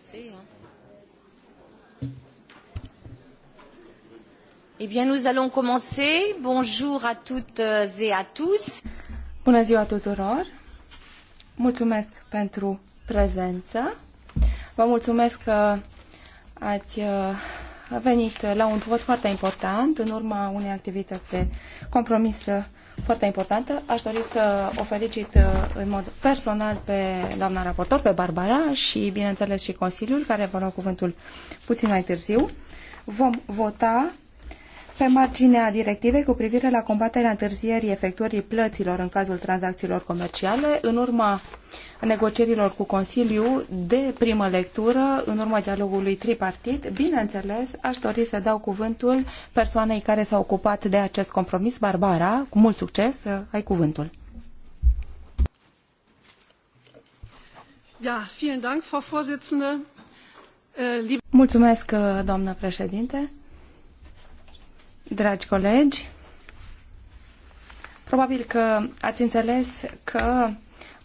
commencer. Hein. Eh bien, nous allons commencer. Bonjour à toutes euh, et à tous. Bună ziua tuturor. Mulțumesc pentru prezență. Vă mulțumesc că ați uh, venit la un vot foarte important în urma unei activități de compromis foarte importantă. Aș dori să o felicit uh, în mod personal pe doamna raportor, pe Barbara și, bineînțeles, și Consiliul, care vă lua cuvântul puțin mai târziu. Vom vota pe marginea directivei cu privire la combaterea întârzierii efectuării plăților în cazul tranzacțiilor comerciale, în urma negocierilor cu Consiliu de primă lectură, în urma dialogului tripartit, bineînțeles, aș dori să dau cuvântul persoanei care s-a ocupat de acest compromis, Barbara, cu mult succes, ai cuvântul. Ja, vielen Dank, Frau Vorsitzende. Äh, Mulțumesc, doamnă președinte. Dragi colegi, probabil că ați înțeles că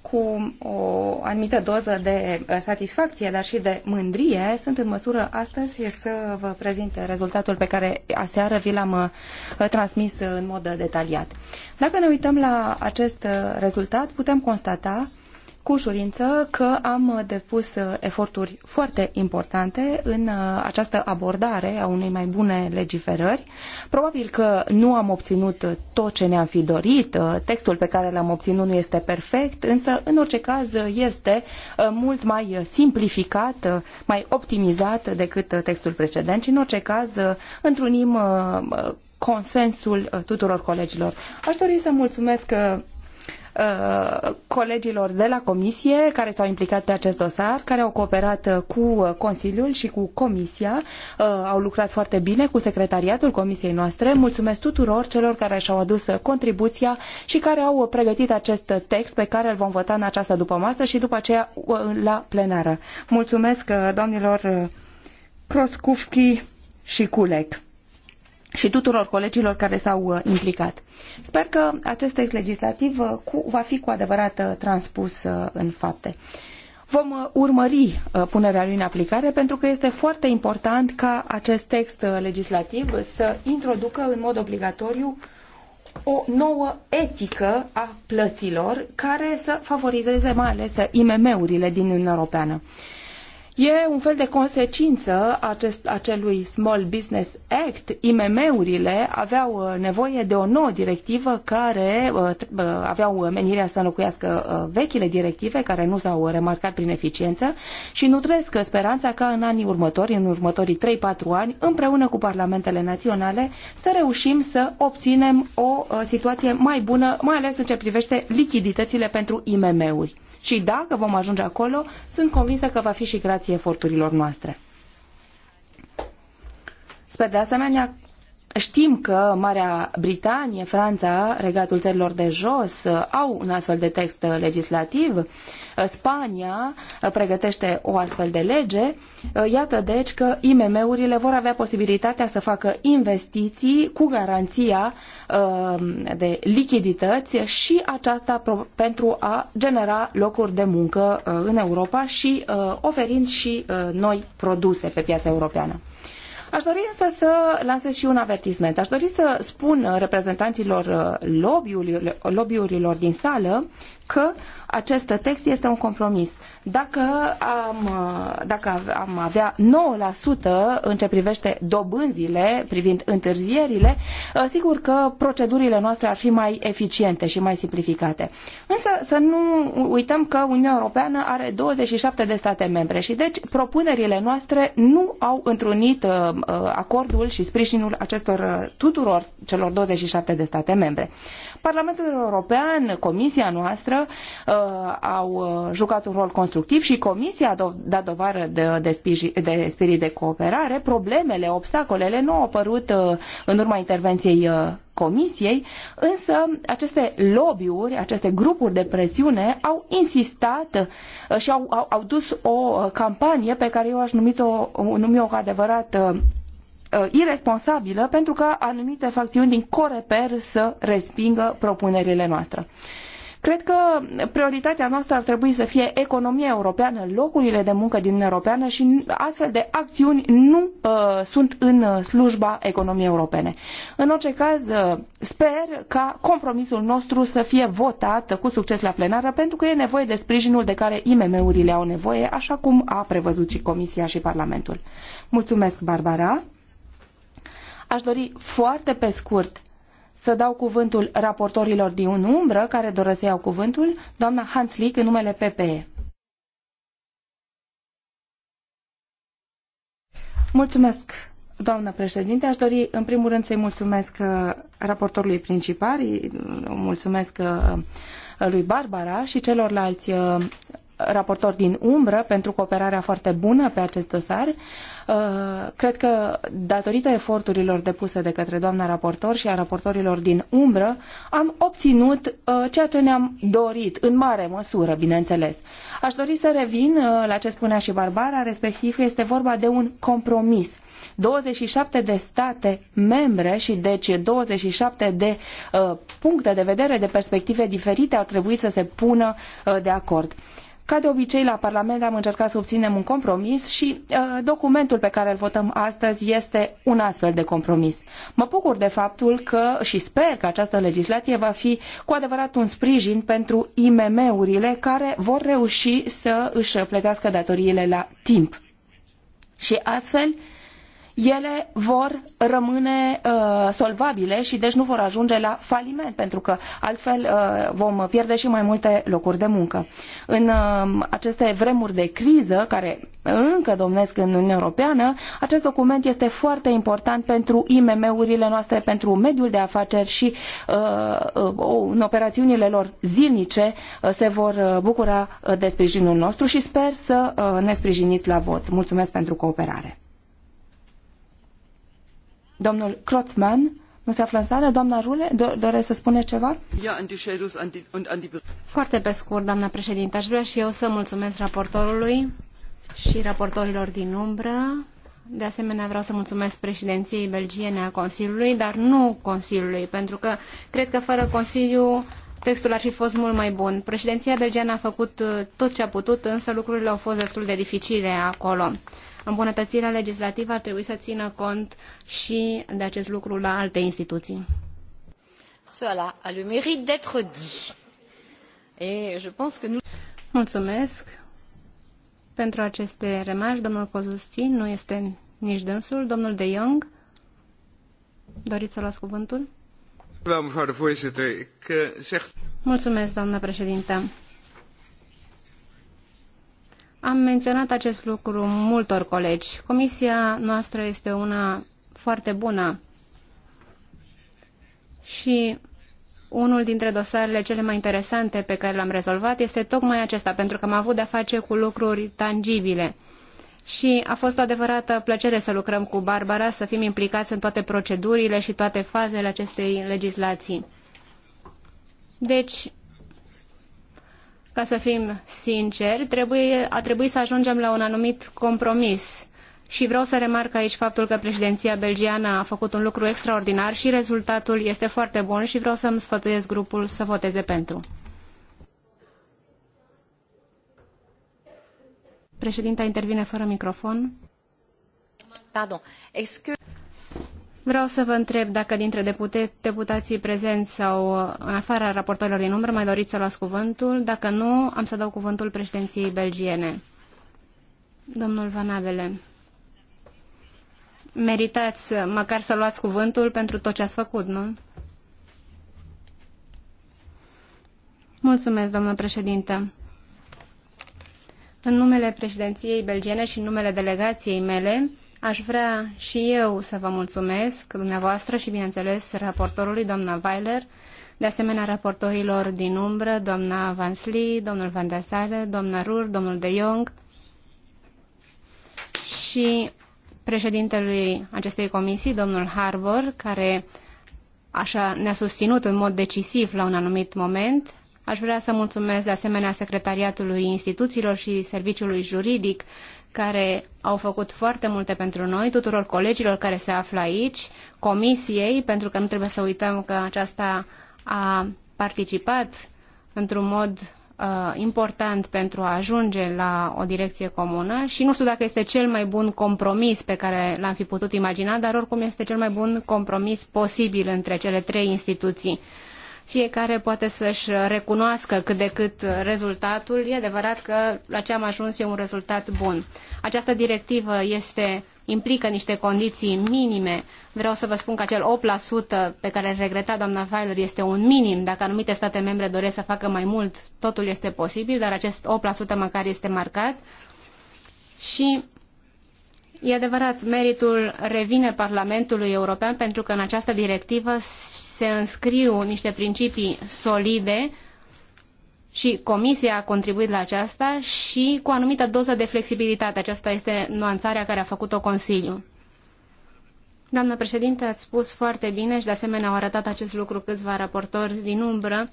cu o anumită doză de uh, satisfacție, dar și de mândrie, sunt în măsură astăzi să vă prezint rezultatul pe care aseară vi l-am uh, transmis în mod detaliat. Dacă ne uităm la acest uh, rezultat, putem constata cu ușurință că am depus eforturi foarte importante în uh, această abordare a unei mai bune legiferări. Probabil că nu am obținut tot ce ne-am fi dorit, uh, textul pe care l-am obținut nu este perfect, însă în orice caz este uh, mult mai simplificat, mai optimizat decât textul precedent și în orice caz întrunim consensul tuturor colegilor. Aș dori să mulțumesc Uh, colegilor de la Comisie care s-au implicat pe acest dosar, care au cooperat uh, cu uh, Consiliul și cu Comisia, au lucrat foarte bine cu secretariatul Comisiei noastre. Mulțumesc tuturor celor care și-au adus contribuția și care au pregătit acest text pe care îl vom vota în această dupa-masă și după aceea la plenară. Mulțumesc doamnelor Kroskovski și Culec și tuturor colegilor care s-au uh, implicat. Sper că acest text legislativ uh, va fi cu adevărat uh, transpus în fapte. Vom urmări punerea lui în aplicare pentru că este foarte important ca acest text legislativ să introducă în mod obligatoriu o nouă etică a plăților care să favorizeze mai ales IMM-urile din Uniunea Europeană. E un fel de consecință acest, acelui Small Business Act. IMM-urile aveau uh, nevoie de o nouă directivă care uh, uh, aveau menirea să înlocuiască vechile directive care nu s-au remarcat prin eficiență și nutresc speranța ca în anii următori, în următorii 3-4 ani, împreună cu parlamentele naționale, să reușim să obținem o situație mai bună, mai ales în ce privește lichiditățile pentru IMM-uri și dacă vom ajunge acolo, sunt convinsă că va fi și grație eforturilor noastre. Sper de asemenea Știm că Marea Britanie, Franța, Regatul Țărilor de Jos uh, au un astfel de text legislativ. Uh, Spania uh, pregătește o astfel de lege. Iată deci că IMM-urile vor avea posibilitatea să facă investiții cu garanția de lichidități și aceasta pentru a genera locuri de muncă în Europa și oferind și noi produse pe piața europeană. Aș dori însă să lansez și un avertisment. Aș dori să spun uh, reprezentanților uh, lobby-urilor din sală uh, că acest text este un compromis. Dacă am, dacă am avea 9% în ce privește dobânzile privind întârzierile, ă, sigur că procedurile noastre ar fi mai eficiente și mai simplificate. Însă să nu uităm că Uniunea Europeană are 27 de state membre și deci propunerile noastre nu au întrunit ă, ă, acordul și sprijinul acestor tuturor celor 27 de state membre. Parlamentul European, Comisia noastră uh, au uh, jucat un rol constructiv și Comisia a dat dovadă de, de, de spirit de cooperare. Problemele, obstacolele nu au apărut uh, în urma intervenției Comisiei, însă aceste lobby-uri, aceste grupuri de presiune au insistat și au, au, au dus o campanie pe care eu aș numi-o numi -o adevărat Uh, irresponsabilă pentru ca anumite facțiuni din Coreper să respingă propunerile noastre. Cred că prioritatea noastră ar trebui să fie economia europeană, locurile de muncă din Uniunea Europeană și astfel de acțiuni nu uh, sunt în slujba economiei europene. În orice caz, uh, sper ca compromisul nostru să fie votat cu succes la plenară pentru că e nevoie de sprijinul de care IMM-urile au nevoie, așa cum a prevăzut și Comisia și Parlamentul. Mulțumesc, Barbara! Aș dori foarte pe scurt să dau cuvântul raportorilor din umbră care doresc să cuvântul, doamna Hanslick în numele PPE. Mulțumesc, doamnă președinte. Aș dori, în primul rând, să-i mulțumesc uh, raportorului principal, mulțumesc uh, lui Barbara și celorlalți uh, raportor din umbră pentru cooperarea foarte bună pe acest dosar. Uh, cred că, datorită eforturilor depuse de către doamna raportor și a raportorilor din umbră, am obținut uh, ceea ce ne-am dorit, în mare măsură, bineînțeles. Aș dori să revin uh, la ce spunea și Barbara, respectiv că este vorba de un compromis. 27 de state membre și deci 27 de uh, puncte de vedere, de perspective diferite au trebuit să se pună uh, de acord. Ca de obicei, la Parlament am încercat să obținem un compromis și uh, documentul pe care îl votăm astăzi este un astfel de compromis. Mă bucur de faptul că și sper că această legislație va fi cu adevărat un sprijin pentru IMM-urile care vor reuși să își plătească datoriile la timp. Și astfel, uh, ele vor rămâne uh, solvabile și deci nu vor ajunge la faliment, pentru că altfel uh, vom pierde și mai multe locuri de muncă. În uh, aceste vremuri de criză care încă domnesc în Uniunea Europeană, acest document este foarte important pentru IMM-urile noastre, pentru mediul de afaceri și uh, uh, în operațiunile lor zilnice uh, se vor bucura de sprijinul nostru și sper să ne sprijiniți la vot. Mulțumesc pentru cooperare. Domnul Klotzmann nu se află în sală. Doamna Rule, do doresc să spune ceva? Foarte pe scurt, doamna președinte, aș vrea și eu să mulțumesc raportorului și raportorilor din umbră. De asemenea, vreau să mulțumesc președinției belgiene a Consiliului, dar nu Consiliului, pentru că cred că fără Consiliu textul ar fi fost mult mai bun. Președinția belgiană a făcut uh, tot ce a putut, însă lucrurile au fost destul de dificile acolo. Îmbunătățirea legislativă ar trebui să țină cont și de acest lucru la alte instituții. Cela a le mérite d'être dit. Et je pense que nous... Mulțumesc pentru aceste remarci. Domnul Cozusti nu este nici dânsul. Domnul De Jong, doriți să luați cuvântul? Mulțumesc, doamna președintă. Am menționat acest lucru multor colegi. Comisia noastră este una foarte bună și unul dintre dosarele cele mai interesante pe care l-am rezolvat este tocmai acesta, pentru că am avut de-a face cu lucruri tangibile. Și a fost o adevărată plăcere să lucrăm cu Barbara, să fim implicați în toate procedurile și toate fazele acestei legislații. Deci, ca să fim sinceri, trebuie, a trebuit să ajungem la un anumit compromis. Și vreau să remarc aici faptul că președinția belgiană a făcut un lucru extraordinar și rezultatul este foarte bun și vreau să-mi sfătuiesc grupul să voteze pentru. Președinta intervine fără microfon. Pardon. Vreau să vă întreb dacă dintre depute, deputații prezenți sau în afara raportorilor din umbră mai doriți să luați cuvântul. Dacă nu, am să dau cuvântul președinției belgiene. Domnul Avele, meritați măcar să luați cuvântul pentru tot ce ați făcut, nu? Mulțumesc, doamnă președintă. În numele președinției belgiene și în numele delegației mele, Aș vrea și eu să vă mulțumesc dumneavoastră și, bineînțeles, raportorului, doamna Weiler, de asemenea raportorilor din umbră, doamna Vansli, domnul Van der Sale, doamna Rur, domnul De Jong și președintelui acestei comisii, domnul Harbour, care așa ne-a susținut în mod decisiv la un anumit moment. Aș vrea să mulțumesc de asemenea secretariatului instituțiilor și serviciului juridic care au făcut foarte multe pentru noi, tuturor colegilor care se află aici, comisiei, pentru că nu trebuie să uităm că aceasta a participat într-un mod uh, important pentru a ajunge la o direcție comună și nu știu dacă este cel mai bun compromis pe care l-am fi putut imagina, dar oricum este cel mai bun compromis posibil între cele trei instituții. Uh, fiecare poate să-și recunoască cât de cât rezultatul. E adevărat că la ce am ajuns e un rezultat bun. Această directivă este implică niște condiții minime. Vreau să vă spun că acel 8% pe care îl regreta doamna Weiler este un minim. Dacă anumite state membre doresc să facă mai mult, totul este posibil, dar acest 8% măcar este marcat. Și E adevărat, meritul revine Parlamentului European pentru că în această directivă se înscriu niște principii solide și Comisia a contribuit la aceasta și cu o anumită doză de flexibilitate. Aceasta este nuanțarea care a făcut-o Consiliu. Doamnă președinte, ați spus foarte bine și de asemenea au arătat acest lucru câțiva raportori din umbră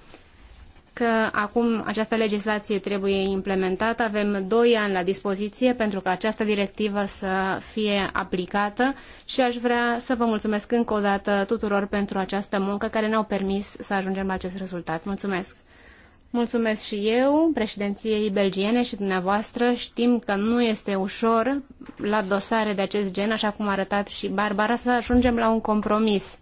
că acum această legislație trebuie implementată. Avem doi ani la dispoziție pentru ca această directivă să fie aplicată și aș vrea să vă mulțumesc încă o dată tuturor pentru această muncă care ne-au permis să ajungem la acest rezultat. Mulțumesc! Mulțumesc și eu, președinției belgiene și dumneavoastră. Știm că nu este ușor la dosare de acest gen, așa cum a arătat și Barbara, să ajungem la un compromis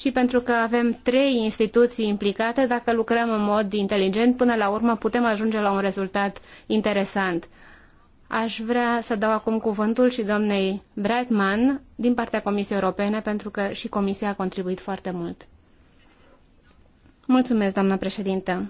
și pentru că avem trei instituții implicate, dacă lucrăm în mod inteligent, până la urmă putem ajunge la un rezultat interesant. Aș vrea să dau acum cuvântul și doamnei Bradman din partea Comisiei Europene, pentru că și Comisia a contribuit foarte mult. Mulțumesc, doamna președintă.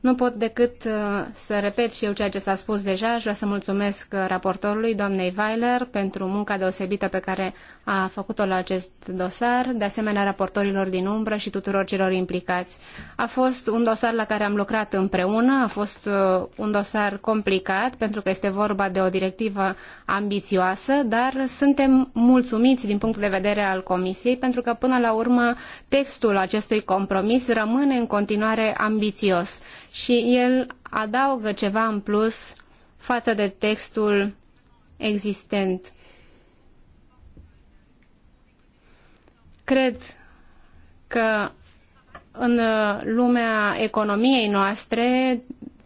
Nu pot decât uh, să repet și eu ceea ce s-a spus deja. Aș vrea să mulțumesc uh, raportorului, doamnei Weiler, pentru munca deosebită pe care a făcut-o la acest dosar, de asemenea raportorilor din umbră și tuturor celor implicați. A fost un dosar la care am lucrat împreună, a fost uh, un dosar complicat, pentru că este vorba de o directivă ambițioasă, dar suntem mulțumiți din punctul de vedere al Comisiei, pentru că până la urmă textul acestui compromis rămâne în continuare ambițios și el adaugă ceva în plus față de textul existent. Cred că în uh, lumea economiei noastre,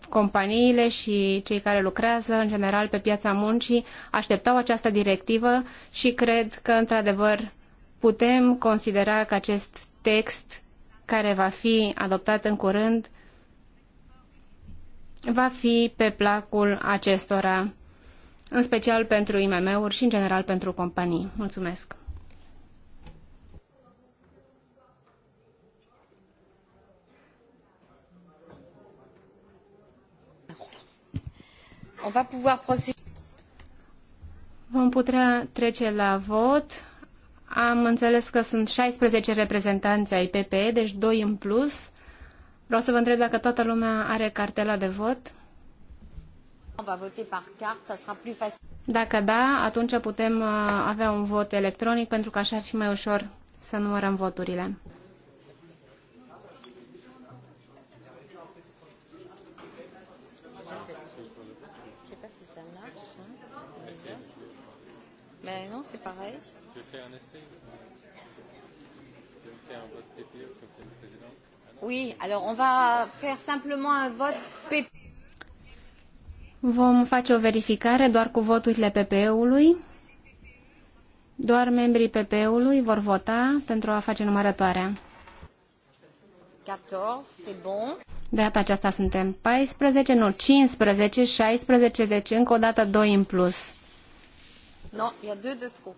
companiile și cei care lucrează în general pe piața muncii așteptau această directivă și cred că într-adevăr putem considera că acest text care va fi adoptat în curând va fi pe placul acestora, în special pentru IMM-uri și în general pentru companii. Mulțumesc! Vom putea trece la vot. Am înțeles că sunt 16 reprezentanți ai PPE, deci doi în plus. Vreau să vă întreb dacă toată lumea are cartela de vot. Dacă da, atunci putem uh, avea un vot electronic pentru că așa ar fi mai ușor să numărăm voturile. Mais non, c'est pareil. Je fais un essai. Oui, alors on va faire simplement un PP. Vom face o verificare doar cu voturile pp ului Doar membrii pp ului vor vota pentru a face numărătoarea. 14, c'est bon. De data aceasta suntem 14, nu, 15, 16, deci încă o dată 2 în plus. Non, il y 2 de trop.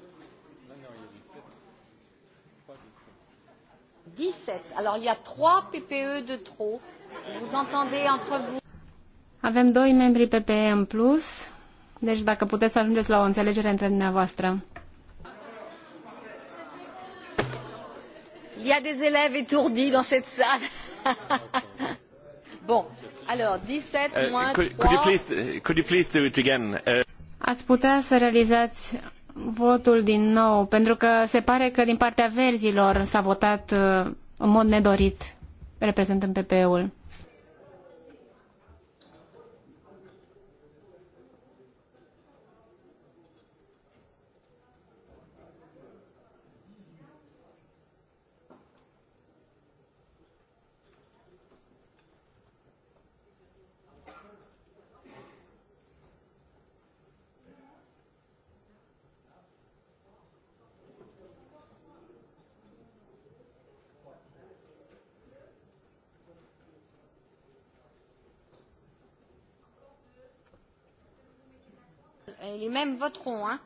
17. Alors, il y a 3 PPE de trop. Vous entendez entre vous. Avem doi membri PPE în plus, deci dacă puteți să ajungeți la o înțelegere între dumneavoastră. Il y a des élèves étourdis dans cette salle. bon, alors 17 euh, moins 3. Could you please, could you please do it again? Uh... Ați putea să realizați votul din nou, pentru că se pare că din partea verzilor s-a votat uh, în mod nedorit reprezentând PPE-ul. Et les mêmes voteront, hein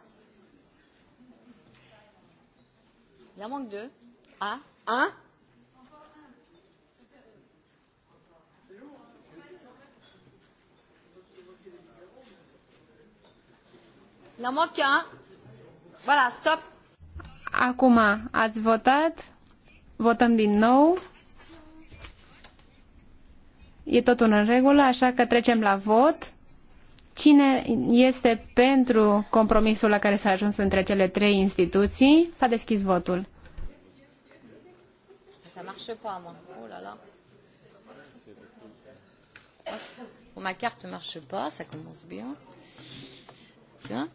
Il en manque deux. Ah, un Il en manque un. Voilà, stop. Acum ați votat, votăm din nou. E totul în regulă, așa că trecem la vot. Cine este pentru compromisul la care s-a ajuns între cele trei instituții? S-a deschis votul. Ça marche pas, Oh là là. ma carte ne marche pas, ça commence bien. Bien.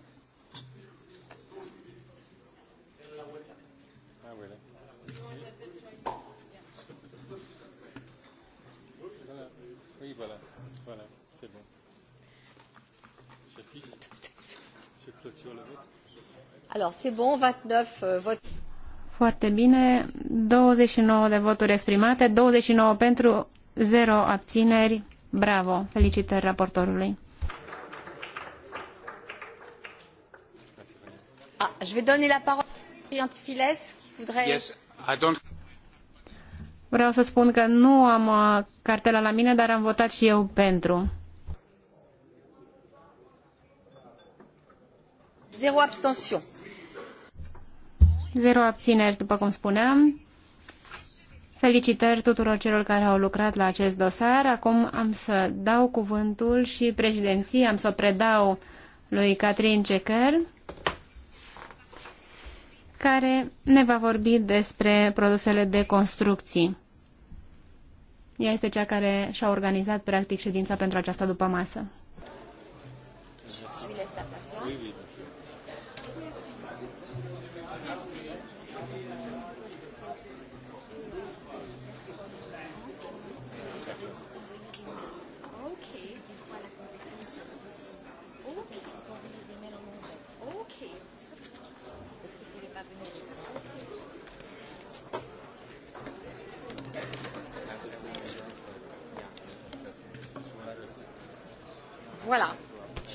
Oui, voilà. voilà. Euh, Foarte bine, 29 de voturi exprimate, 29 pentru, 0 abțineri. Bravo, felicitări raportorului. Ah, je vais donner la parole à qui voudrait yes, I don't... Vreau să spun că nu am uh, cartela la mine, dar am votat și eu pentru. Zero abstention. Zero abțineri, după cum spuneam. Felicitări tuturor celor care au lucrat la acest dosar. Acum am să dau cuvântul și președinții, am să o predau lui Catrin Cecher, care ne va vorbi despre produsele de construcții. Ea este cea care și-a organizat practic ședința pentru această după masă.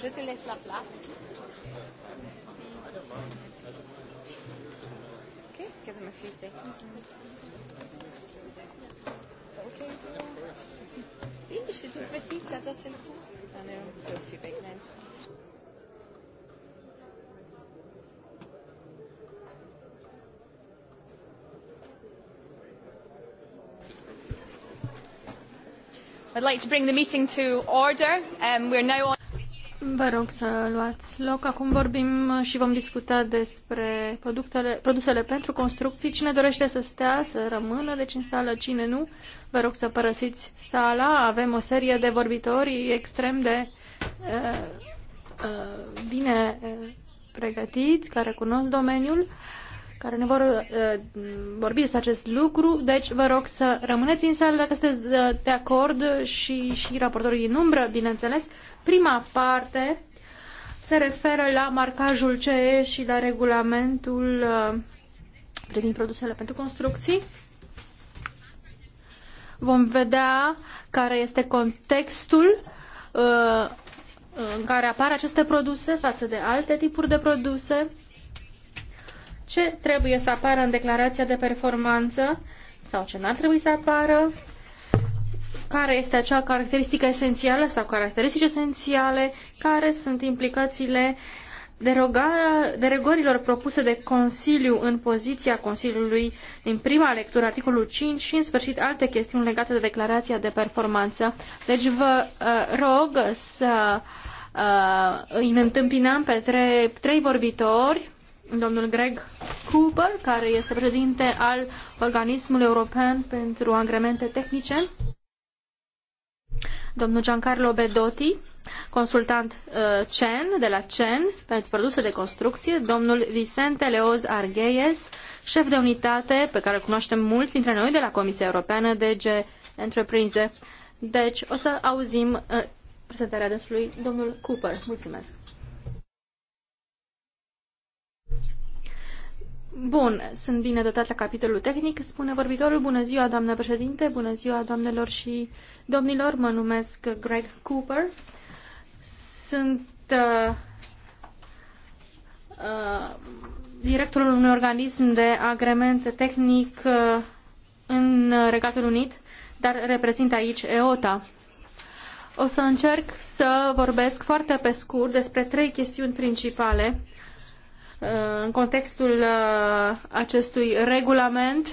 Je te laisse la place. Okay, give them a few seconds. Okay. Oui, je suis toute petite, là, d'un seul coup. Ah non, je suis big man. I'd like to bring the meeting to order. Um, we're now on Vă rog să luați loc. Acum vorbim și vom discuta despre productele, produsele pentru construcții. Cine dorește să stea, să rămână, deci în sală, cine nu, vă rog să părăsiți sala. Avem o serie de vorbitori extrem de uh, uh, bine uh, pregătiți, care cunosc domeniul. Uh, care ne vor uh, vorbi despre acest lucru, deci vă rog să rămâneți în sală dacă sunteți uh, de acord și, și raportorii din umbră, bineînțeles. Prima parte se referă la marcajul CE și la regulamentul uh, privind produsele pentru construcții. Vom vedea care este contextul uh, în care apar aceste produse față de alte tipuri de produse ce trebuie să apară în declarația de performanță sau ce n-ar trebui să apară, care este acea caracteristică esențială sau caracteristici esențiale, care sunt implicațiile derogărilor propuse de Consiliu în poziția Consiliului din prima lectură, articolul 5 și, în sfârșit, alte chestiuni legate de declarația de performanță. Deci vă uh, rog să uh, îi întâmpinăm pe tre- trei vorbitori domnul Greg Cooper, care este președinte al Organismului European pentru Angremente Tehnice, domnul Giancarlo Bedotti, consultant uh, CEN, de la CEN, pentru produse de construcție, domnul Vicente Leoz Argheies, șef de unitate, pe care îl cunoaștem mulți dintre noi, de la Comisia Europeană DG Enterprise. Deci, o să auzim uh, prezentarea dânsului domnul Cooper. Mulțumesc! Bun, sunt bine dotat la capitolul tehnic, spune vorbitorul. Bună ziua, doamnă președinte, bună ziua, doamnelor și domnilor. Mă numesc Greg Cooper. Sunt uh, uh, directorul unui organism de agrement tehnic uh, în Regatul Unit, dar reprezint aici EOTA. O să încerc să vorbesc foarte pe scurt despre trei chestiuni principale Uh, în contextul uh, acestui regulament.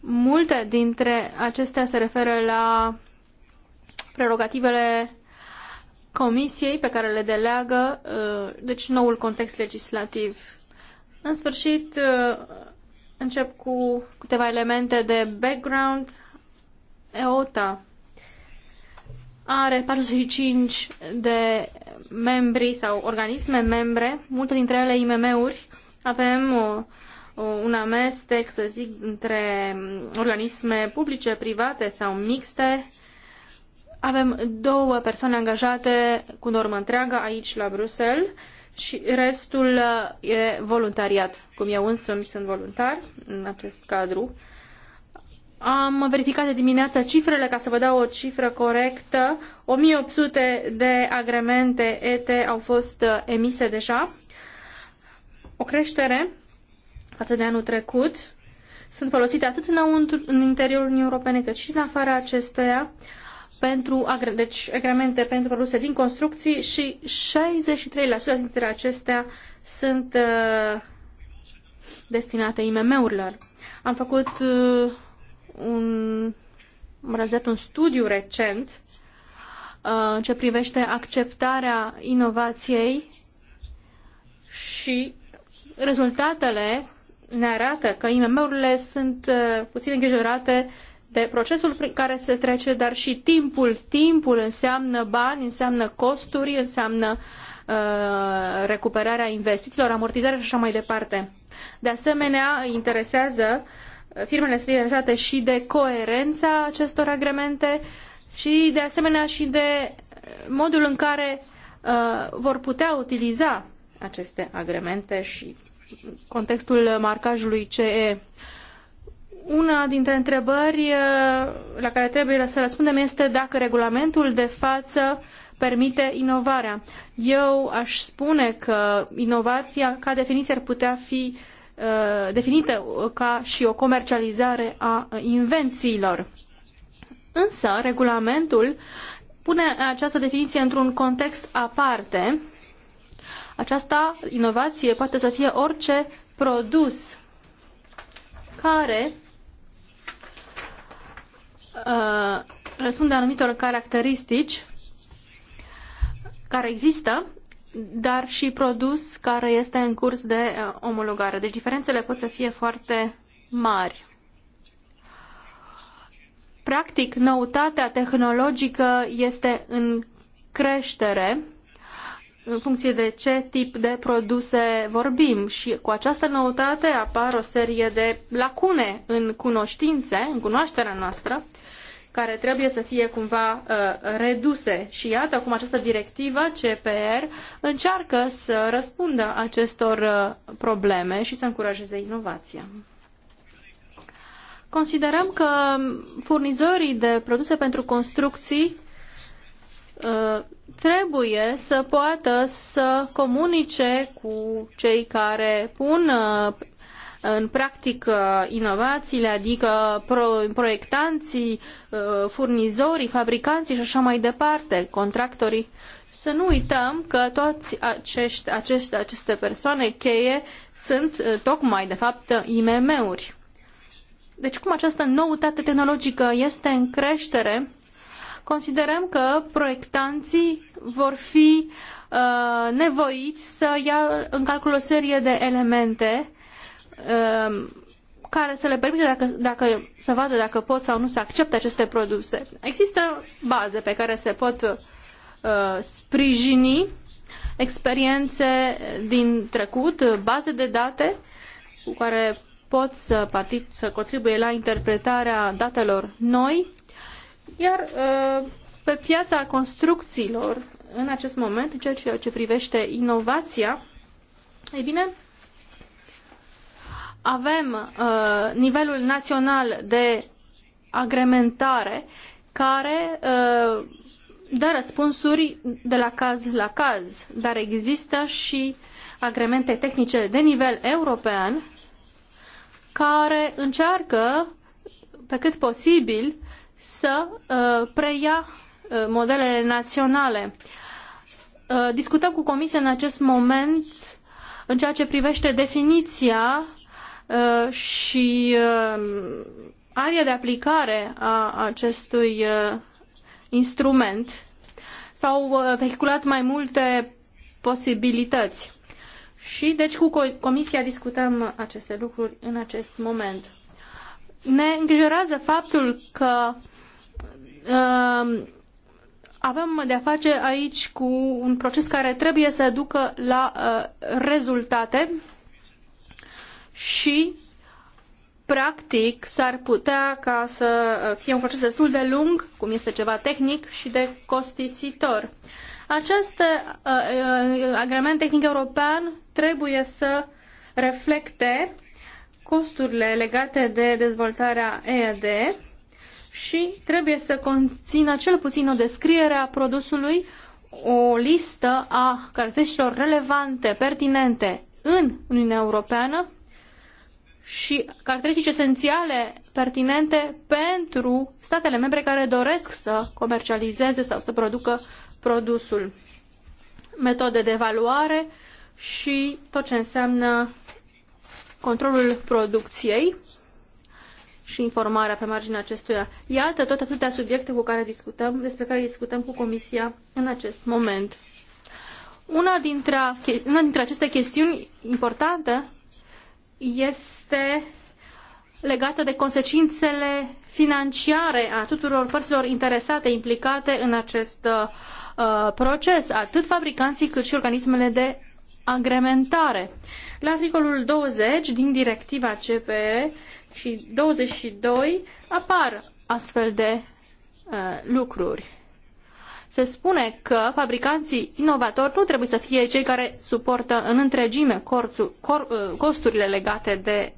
Multe dintre acestea se referă la prerogativele comisiei pe care le deleagă, uh, deci noul context legislativ. În sfârșit, încep cu câteva elemente de background. EOTA are 45 de membri sau organisme membre, multe dintre ele IMM-uri, avem o, uh, o, uh, un amestec, să zic, între um, organisme publice, private sau mixte. Avem două persoane angajate cu normă întreagă aici la Bruxelles și restul uh, e voluntariat, cum eu însumi sunt voluntar în acest cadru. Am verificat de dimineață cifrele ca să vă dau o cifră corectă. 1800 de agremente ET au fost uh, emise deja. O creștere față de anul trecut. Sunt folosite atât înăuntru, în interiorul Uniunii Europene cât și în afara acesteia pentru deci agremente pentru produse din construcții și 63% dintre acestea sunt uh, destinate IMM-urilor. Am făcut uh, un, am realizat un studiu recent uh, în ce privește acceptarea inovației și rezultatele ne arată că IMM-urile sunt uh, puțin îngrijorate de procesul prin care se trece, dar și timpul. Timpul înseamnă bani, înseamnă costuri, înseamnă uh, recuperarea investițiilor, amortizarea și așa mai departe. De asemenea, interesează uh, firmele sunt interesate și de coerența acestor agremente și de asemenea și de modul în care uh, vor putea utiliza aceste agremente și contextul marcajului CE. Una dintre întrebări uh, la care trebuie să răspundem este dacă regulamentul de față permite inovarea. Eu aș spune că inovația, ca definiție, ar putea fi uh, Uh, definită ca și o comercializare a invențiilor. Însă, regulamentul pune această definiție într-un context aparte. Această inovație poate să fie orice produs care uh, răspunde anumitor caracteristici care există dar și produs care este în curs de uh, omologare. Deci diferențele pot să fie foarte mari. Practic, noutatea tehnologică este în creștere în funcție de ce tip de produse vorbim și cu această noutate apar o serie de lacune în cunoștințe, în cunoașterea noastră care trebuie să fie cumva uh, reduse. Și iată cum această directivă CPR încearcă să răspundă acestor uh, probleme și să încurajeze inovația. Considerăm că furnizorii de produse pentru construcții uh, trebuie să poată să comunice cu cei care pun uh, în practică inovațiile, adică pro, proiectanții, uh, furnizorii, fabricanții și așa mai departe, contractorii. Să nu uităm că toți acești, acești, aceste persoane cheie sunt uh, tocmai, de fapt, IMM-uri. Deci cum această noutate tehnologică este în creștere, considerăm că proiectanții vor fi uh, nevoiți să ia în calcul o serie de elemente Um, care să le permită dacă, dacă, să vadă dacă pot sau nu să accepte aceste produse. Există baze pe care se pot uh, sprijini experiențe din trecut, baze de date cu care pot să, partic- să contribuie la interpretarea datelor noi, iar uh, pe piața construcțiilor, în acest moment, în ceea ce privește inovația, ei bine, avem uh, nivelul național de agrementare care uh, dă răspunsuri de la caz la caz, dar există și agremente tehnice de nivel european care încearcă pe cât posibil să uh, preia uh, modelele naționale. Uh, discutăm cu Comisia în acest moment în ceea ce privește definiția Uh, și uh, aria de aplicare a acestui uh, instrument. S-au vehiculat mai multe posibilități. Și deci cu Comisia discutăm aceste lucruri în acest moment. Ne îngrijorează faptul că uh, avem de-a face aici cu un proces care trebuie să ducă la uh, rezultate și practic s-ar putea ca să fie un proces destul de lung, cum este ceva tehnic și de costisitor. Acest uh, uh agrement tehnic european trebuie să reflecte costurile legate de dezvoltarea EAD și trebuie să conțină cel puțin o descriere a produsului, o listă a caracteristicilor relevante, pertinente în Uniunea Europeană și caracteristici esențiale pertinente pentru statele membre care doresc să comercializeze sau să producă produsul, metode de evaluare și tot ce înseamnă controlul producției și informarea pe marginea acestuia. Iată tot atâtea subiecte cu care discutăm, despre care discutăm cu Comisia în acest moment. Una dintre, una dintre aceste chestiuni importante este legată de consecințele financiare a tuturor părților interesate, implicate în acest uh, uh proces, atât fabricanții cât și organismele de agrementare. La articolul 20 din directiva CPR și 22 apar astfel de uh, lucruri se spune că fabricanții inovatori nu trebuie să fie cei care suportă în întregime uh, costurile legate de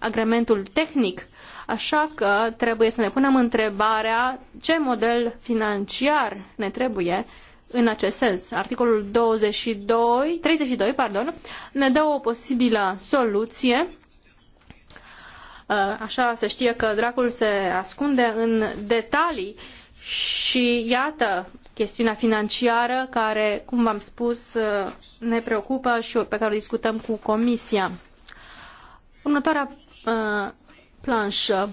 agrementul tehnic. Așa că trebuie să ne punem întrebarea ce model financiar ne trebuie în acest sens. Articolul 22, 32 pardon, ne dă o posibilă soluție uh, Așa se știe că dracul se ascunde în detalii și iată, chestiunea financiară care, cum v-am spus, uh, ne preocupă și pe care o discutăm cu Comisia. Următoarea uh, planșă.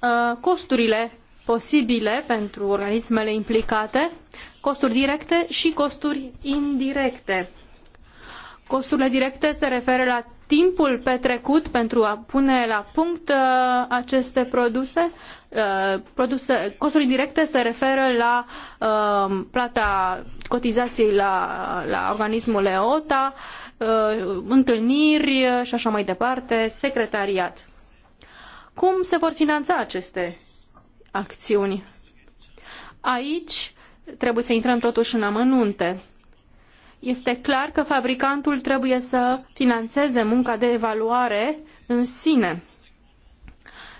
Uh, costurile posibile pentru organismele implicate, costuri directe și costuri indirecte. Costurile directe se referă la timpul petrecut pentru a pune la punct uh, aceste produse, uh, produse costuri directe se referă la uh, plata cotizației la, la organismul EOTA, întâlniri și așa mai departe, secretariat. Cum se vor finanța aceste acțiuni? Aici trebuie să intrăm totuși în amănunte este clar că fabricantul trebuie să financeze munca de evaluare în sine.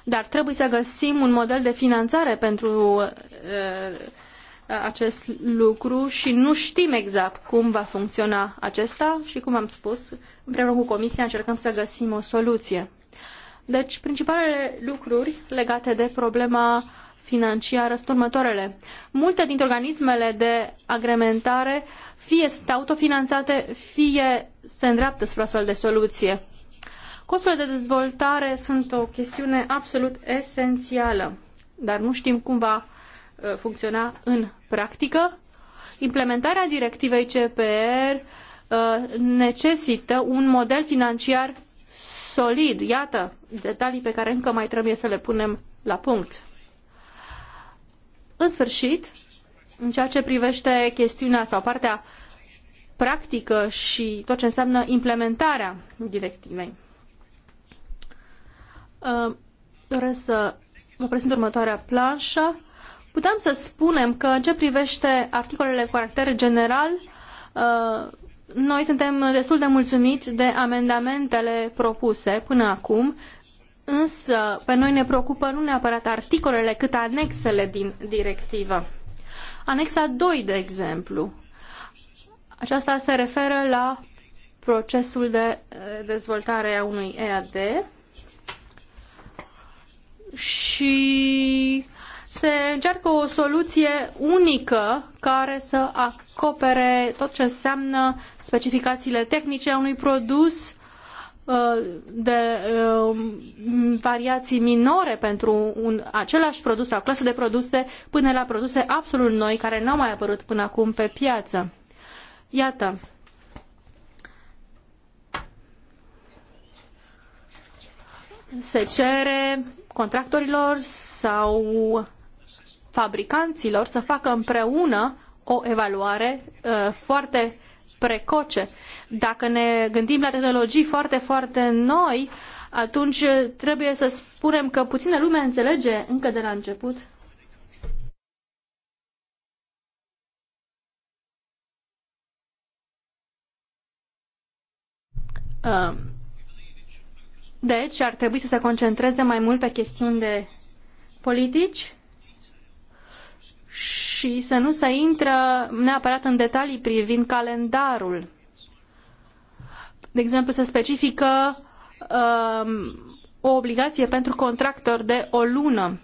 Dar trebuie să găsim un model de finanțare pentru uh, acest lucru și nu știm exact cum va funcționa acesta și, cum am spus, împreună cu Comisia încercăm să găsim o soluție. Deci, principalele lucruri legate de problema financiară sunt următoarele. Multe dintre organismele de agrementare fie sunt autofinanțate, fie se îndreaptă spre astfel de soluție. Costurile de dezvoltare sunt o chestiune absolut esențială, dar nu știm cum va uh, funcționa în practică. Implementarea directivei CPR uh, necesită un model financiar solid. Iată, detalii pe care încă mai trebuie să le punem la punct. În sfârșit, în ceea ce privește chestiunea sau partea practică și tot ce înseamnă implementarea directivei, uh, doresc să vă prezint următoarea planșă. Putem să spunem că în ce privește articolele cu caracter general, uh, noi suntem destul de mulțumiți de amendamentele propuse până acum însă pe noi ne preocupă nu neapărat articolele, cât anexele din directivă. Anexa 2, de exemplu, aceasta se referă la procesul de eh, dezvoltare a unui EAD și se încearcă o soluție unică care să acopere tot ce înseamnă specificațiile tehnice a unui produs, Uh, de uh, variații minore pentru un același produs sau clasă de produse până la produse absolut noi care n-au mai apărut până acum pe piață. Iată. Se cere contractorilor sau fabricanților să facă împreună o evaluare uh, foarte precoce. Dacă ne gândim la tehnologii foarte, foarte noi, atunci trebuie să spunem că puțină lume înțelege încă de la început uh, Deci ar trebui să se concentreze mai mult pe chestiuni de politici și să nu se intră neapărat în detalii privind calendarul. De exemplu, se specifică um, o obligație pentru contractor de o lună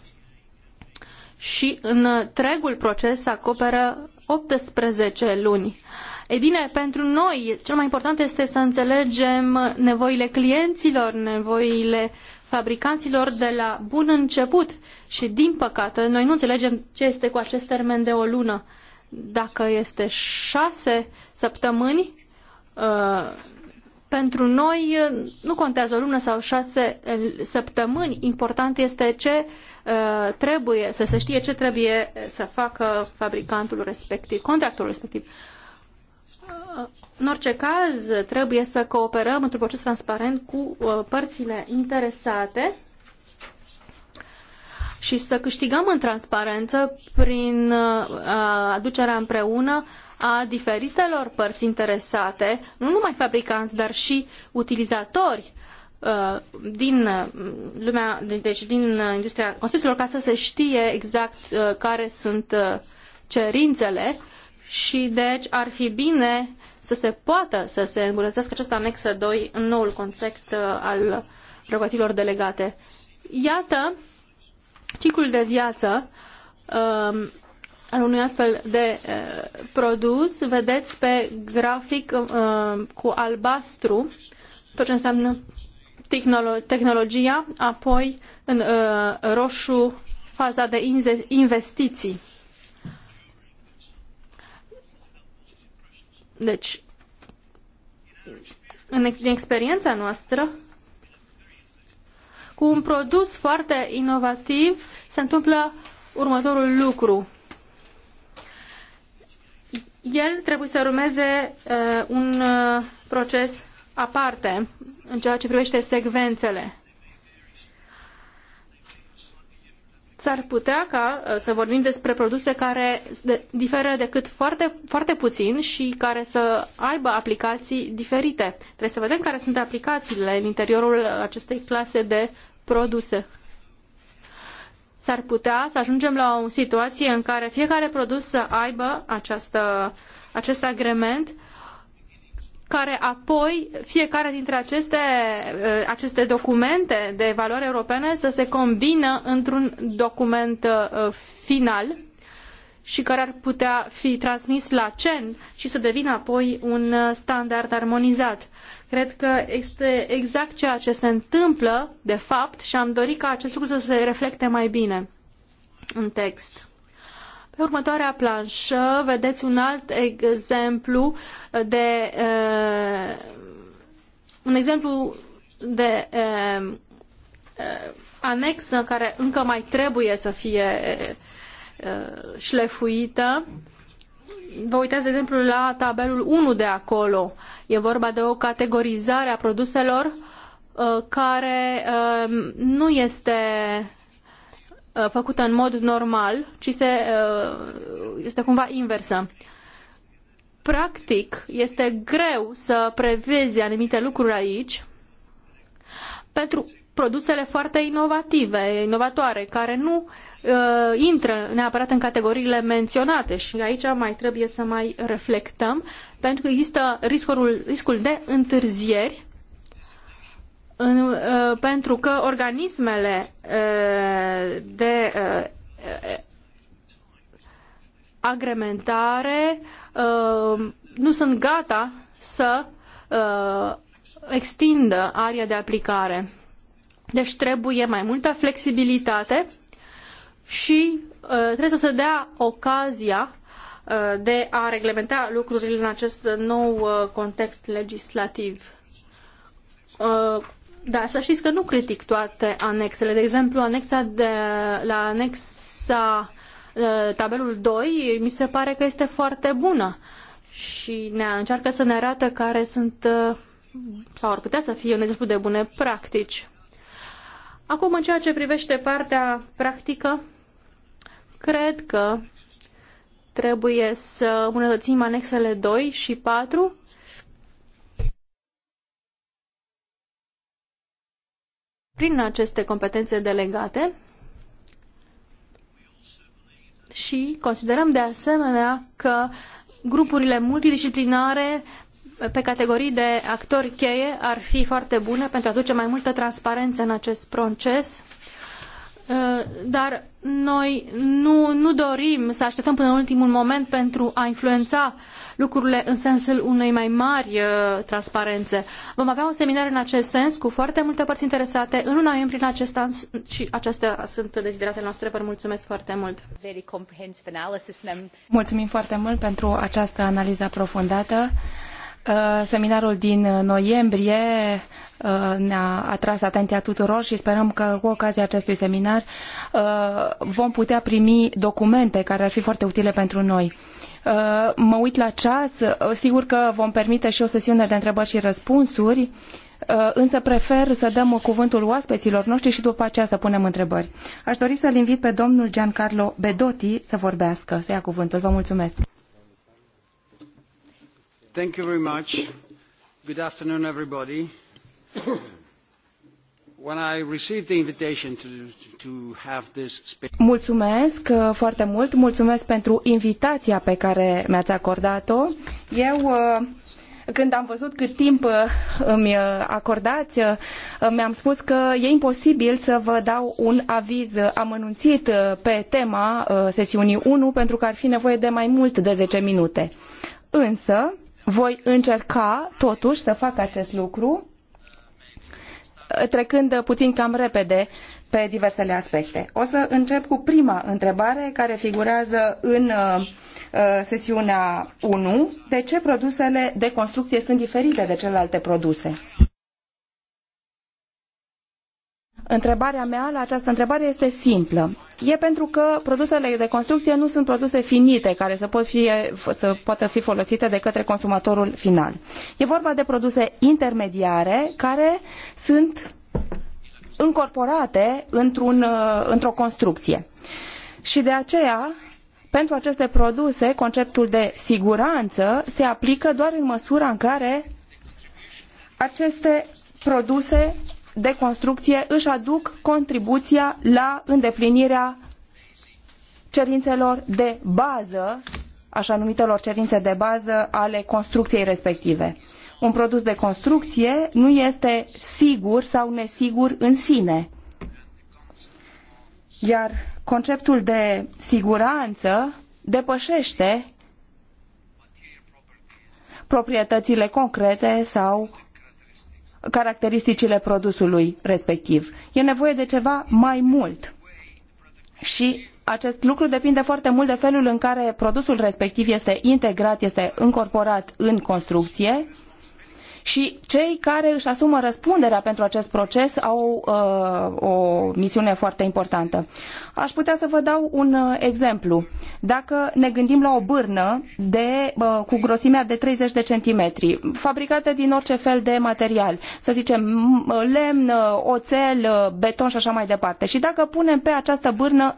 și în întregul proces acoperă 18 luni. Ei bine, pentru noi, cel mai important este să înțelegem nevoile clienților, nevoile fabricanților de la bun început și, din păcate, noi nu înțelegem ce este cu acest termen de o lună. Dacă este șase săptămâni, uh, pentru noi uh, nu contează o lună sau șase uh, săptămâni, important este ce trebuie, să se știe ce trebuie să facă fabricantul respectiv, contractul respectiv. În orice caz, trebuie să cooperăm într-un proces transparent cu uh, părțile interesate și să câștigăm în transparență prin uh, aducerea împreună a diferitelor părți interesate, nu numai fabricanți, dar și utilizatori uh, din lumea, deci din industria construcțiilor, ca să se știe exact care sunt cerințele uh, și deci ar fi bine să se poată să se îmbunătățească această anexă 2 în noul context uh, al rogativilor delegate. Iată ciclul de viață um, al unui astfel de uh, produs. Vedeți pe grafic uh, cu albastru tot ce înseamnă tehnolo tehnologia, apoi în uh, roșu faza de investiții. Deci, în experiența noastră, cu un produs foarte inovativ se întâmplă următorul lucru. El trebuie să urmeze uh, un uh, proces aparte în ceea ce privește secvențele. s-ar putea ca uh, să vorbim despre produse care diferă decât foarte, foarte puțin și care să aibă aplicații diferite. Trebuie să vedem care sunt aplicațiile în interiorul acestei clase de produse. S-ar putea să ajungem la o situație în care fiecare produs să aibă această, acest agrement care apoi fiecare dintre aceste, uh, aceste documente de valoare europene să se combină într-un document uh, final și care ar putea fi transmis la CEN și să devină apoi un uh, standard armonizat. Cred că este exact ceea ce se întâmplă, de fapt, și am dorit ca acest lucru să se reflecte mai bine în text. Pe următoarea planșă vedeți un alt exemplu de uh, un exemplu de uh, uh, anexă care încă mai trebuie să fie uh, șlefuită. Vă uitați, de exemplu, la tabelul 1 de acolo. E vorba de o categorizare a produselor uh, care uh, nu este Uh, făcută în mod normal, ci se, uh, este cumva inversă. Practic, este greu să prevezi anumite lucruri aici pentru produsele foarte inovative, inovatoare, care nu uh, intră neapărat în categoriile menționate și aici mai trebuie să mai reflectăm, pentru că există riscul, riscul de întârzieri în, uh, pentru că organismele uh, de uh, agrementare nu sunt gata să extindă aria de aplicare. Deci trebuie mai multă flexibilitate și trebuie să se dea ocazia de a reglementa lucrurile în acest nou context legislativ da, să știți că nu critic toate anexele. De exemplu, anexa de, la anexa ă, tabelul 2 mi se pare că este foarte bună și ne încearcă să ne arată care sunt ă, sau ar putea să fie un exemplu de bune practici. Acum, în ceea ce privește partea practică, cred că trebuie să îmbunătățim anexele 2 și 4 prin aceste competențe delegate și considerăm de asemenea că grupurile multidisciplinare pe categorii de actori cheie ar fi foarte bune pentru a aduce mai multă transparență în acest proces Eh, dar noi nu, nu dorim să așteptăm până în ultimul moment pentru a influența lucrurile în sensul unei mai mari eh, transparențe. Vom avea un seminar în acest sens cu foarte multe părți interesate în luna noiembrie în acest an și acestea sunt dezideratele noastre. Vă mulțumesc foarte mult! Mulțumim foarte mult pentru această analiză aprofundată. Uh, seminarul din uh, noiembrie uh, ne-a atras atenția tuturor și sperăm că cu ocazia acestui seminar vom putea primi documente care ar fi foarte utile pentru noi. Mă uit la ceas, sigur că vom permite și o sesiune de întrebări și răspunsuri, însă prefer să dăm cuvântul oaspeților noștri și după aceea să punem întrebări. Aș dori să-l invit pe domnul Giancarlo Bedotti să vorbească, să ia cuvântul. Vă mulțumesc! Thank you very much. Good afternoon, everybody. When I received the invitation to, to have this... speech. Mulțumesc uh, foarte mult, mulțumesc pentru invitația pe care mi-ați acordat-o. Eu uh, când am văzut cât timp uh, îmi acordați, mi-am spus că e imposibil să vă dau un aviz amănunțit pe tema sesiunii 1 pentru că ar fi nevoie de mai mult de 10 minute. Însă, voi încerca totuși să fac acest lucru, trecând puțin cam repede pe diversele aspecte. O să încep cu prima întrebare care figurează în uh, uh, sesiunea 1. De ce produsele de construcție sunt diferite de celelalte produse? Întrebarea mea la această întrebare este simplă. E pentru că produsele de construcție nu sunt produse finite care să, pot fi, să poată fi folosite de către consumatorul final. E vorba de produse intermediare care sunt încorporate într-un, uh, într-o construcție. Și de aceea, pentru aceste produse, conceptul de siguranță se aplică doar în măsura în care aceste produse de construcție își aduc contribuția la îndeplinirea cerințelor de bază, așa numitelor cerințe de bază ale construcției respective. Un produs de construcție nu este sigur sau nesigur în sine. Iar conceptul de siguranță depășește proprietățile concrete sau caracteristicile produsului respectiv. E nevoie de ceva mai mult. Și acest lucru depinde foarte mult de felul în care produsul respectiv este integrat, este încorporat în construcție, și cei care își asumă răspunderea pentru acest proces au uh, o misiune foarte importantă. Aș putea să vă dau un uh, exemplu. Dacă ne gândim la o bârnă de, uh, cu grosimea de 30 de centimetri, fabricată din orice fel de material, să zicem lemn, uh, oțel, uh, beton și așa mai departe, și dacă punem pe această bârnă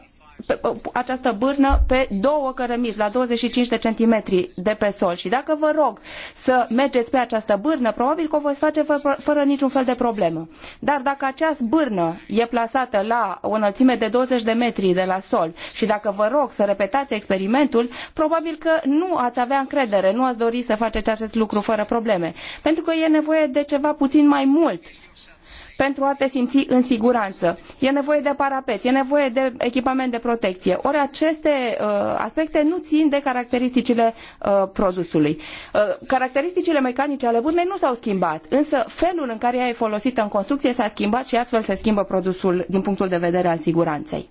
această bârnă pe două cărămizi, la 25 de centimetri de pe sol. Și dacă vă rog să mergeți pe această bârnă, probabil că o voi face fără, fără niciun fel de problemă. Dar dacă această bârnă e plasată la o înălțime de 20 de metri de la sol și dacă vă rog să repetați experimentul, probabil că nu ați avea încredere, nu ați dori să faceți acest lucru fără probleme. Pentru că e nevoie de ceva puțin mai mult pentru a te simți în siguranță. E nevoie de parapeți, e nevoie de echipament de protecție. Ori aceste uh, aspecte nu țin de caracteristicile uh, produsului. Uh, caracteristicile mecanice ale burnei nu s-au schimbat, însă felul în care ea e folosită în construcție s-a schimbat și astfel se schimbă produsul din punctul de vedere al siguranței.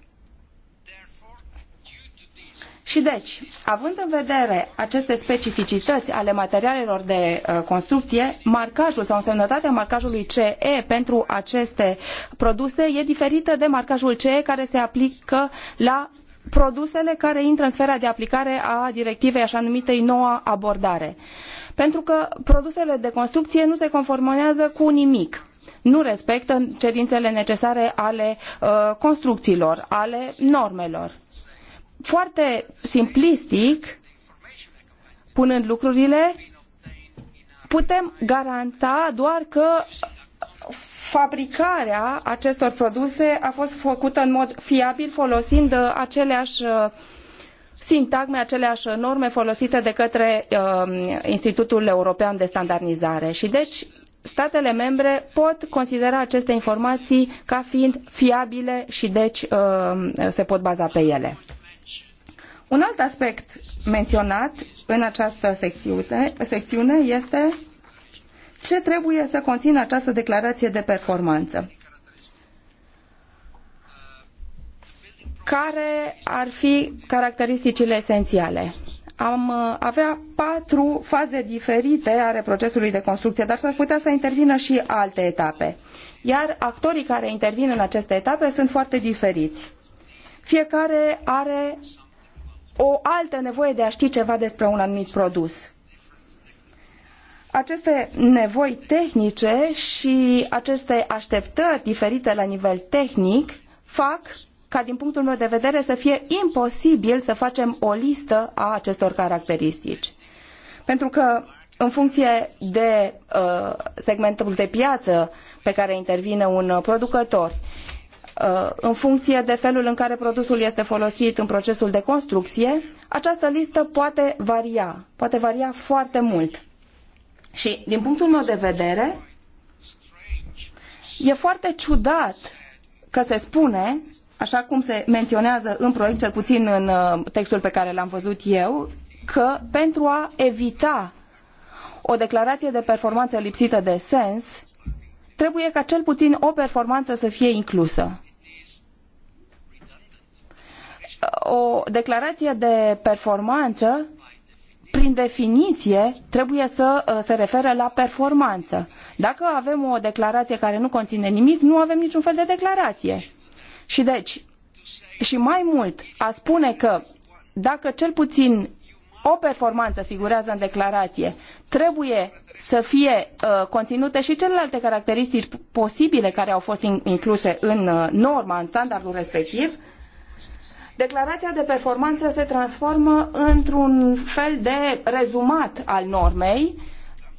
Și deci, având în vedere aceste specificități ale materialelor de uh, construcție, marcajul sau însemnătatea marcajului CE pentru aceste produse e diferită de marcajul CE care se aplică la produsele care intră în sfera de aplicare a directivei așa numitei noua abordare. Pentru că produsele de construcție nu se conformează cu nimic nu respectă cerințele necesare ale uh, construcțiilor, ale normelor foarte simplistic, punând lucrurile, putem garanta doar că fabricarea acestor produse a fost făcută în mod fiabil folosind aceleași uh, sintagme, aceleași norme folosite de către uh, Institutul European de Standardizare. Și deci statele membre pot considera aceste informații ca fiind fiabile și deci uh, se pot baza pe ele. Un alt aspect menționat în această secțiune, secțiune este ce trebuie să conțină această declarație de performanță. Care ar fi caracteristicile esențiale? Am uh, avea patru faze diferite ale procesului de construcție, dar s-ar putea să intervină și alte etape. Iar actorii care intervin în aceste etape sunt foarte diferiți. Fiecare are o altă nevoie de a ști ceva despre un anumit produs. Aceste nevoi tehnice și aceste așteptări diferite la nivel tehnic fac ca din punctul meu de vedere să fie imposibil să facem o listă a acestor caracteristici. Pentru că în funcție de uh, segmentul de piață pe care intervine un producător Uh, în funcție de felul în care produsul este folosit în procesul de construcție, această listă poate varia, poate varia foarte mult. Și din punctul meu de vedere, e foarte ciudat că se spune, așa cum se menționează în proiect, cel puțin în uh, textul pe care l-am văzut eu, că pentru a evita o declarație de performanță lipsită de sens, trebuie ca cel puțin o performanță să fie inclusă o declarație de performanță prin definiție, trebuie să uh, se refere la performanță. Dacă avem o declarație care nu conține nimic, nu avem niciun fel de declarație. Și deci, și mai mult, a spune că dacă cel puțin o performanță figurează în declarație, trebuie să fie uh, conținute și celelalte caracteristici posibile care au fost incluse în uh, norma, în standardul respectiv, uh, Declarația de performanță se transformă într-un fel de rezumat al normei,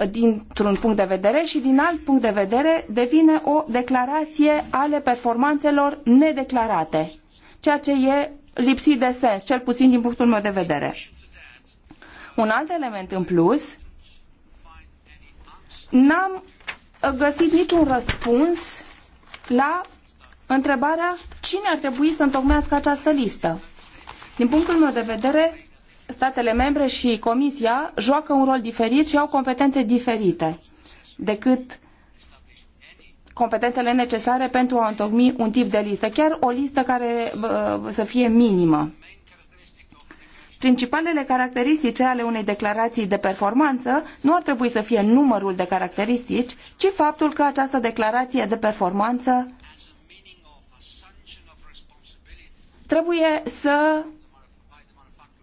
dintr-un punct de vedere și din alt punct de vedere devine o declarație ale performanțelor nedeclarate, ceea ce e lipsit de sens, cel puțin din punctul meu de vedere. Un alt element în plus, n-am găsit niciun răspuns la întrebarea cine ar trebui să întocmească această listă. Din punctul meu de vedere, statele membre și Comisia joacă un rol diferit și au competențe diferite decât competențele necesare pentru a întocmi un tip de listă, chiar o listă care uh, să fie minimă. Principalele caracteristici ale unei declarații de performanță nu ar trebui să fie numărul de caracteristici, ci faptul că această declarație de performanță trebuie să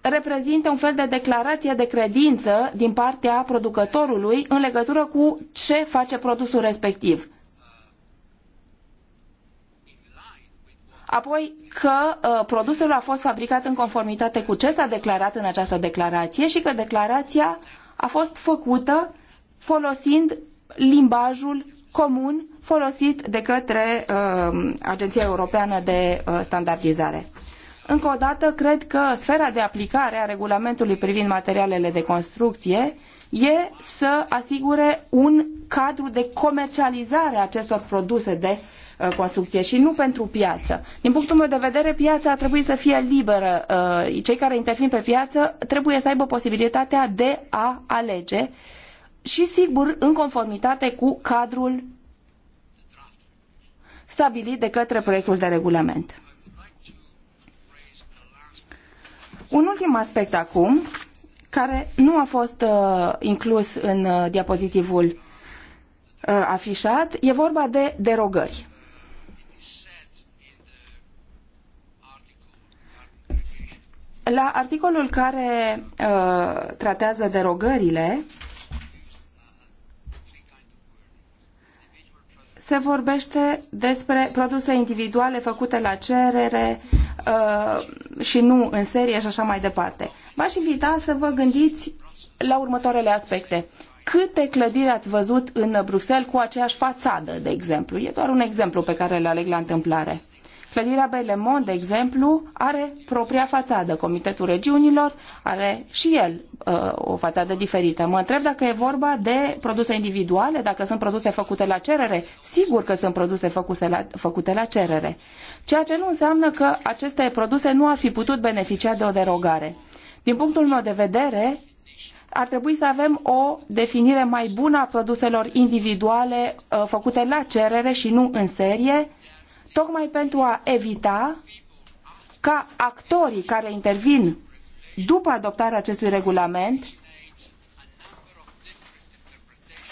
reprezinte un fel de declarație de credință din partea producătorului în legătură cu ce face produsul respectiv. apoi că uh, produsul a fost fabricat în conformitate cu ce s-a declarat în această declarație și că declarația a fost făcută folosind limbajul comun folosit de către uh, Agenția Europeană de uh, Standardizare. Încă o dată, cred că sfera de aplicare a regulamentului privind materialele de construcție e să asigure un cadru de comercializare a acestor produse de uh, construcție și nu pentru piață. Din punctul meu de vedere, piața ar trebui să fie liberă. Uh, cei care intervin pe piață trebuie să aibă posibilitatea de a alege și, sigur, în conformitate cu cadrul stabilit de către proiectul de regulament. Un ultim aspect acum, care nu a fost uh, inclus în uh, diapozitivul uh, afișat, e vorba de derogări. La articolul care uh, tratează derogările, se vorbește despre produse individuale făcute la cerere, uh, și nu în serie și așa mai departe. V-aș invita să vă gândiți la următoarele aspecte. Câte clădiri ați văzut în Bruxelles cu aceeași fațadă, de exemplu? E doar un exemplu pe care îl aleg la întâmplare. Clădirea Belemont, de exemplu, are propria fațadă. Comitetul Regiunilor are și el uh, o fațadă diferită. Mă întreb dacă e vorba de produse individuale, dacă sunt produse făcute la cerere. Sigur că sunt produse făcute la, făcute la cerere. Ceea ce nu înseamnă că aceste produse nu ar fi putut beneficia de o derogare. Din punctul meu de vedere, ar trebui să avem o definire mai bună a produselor individuale uh, făcute la cerere și nu în serie, tocmai pentru a evita ca actorii care intervin după adoptarea acestui regulament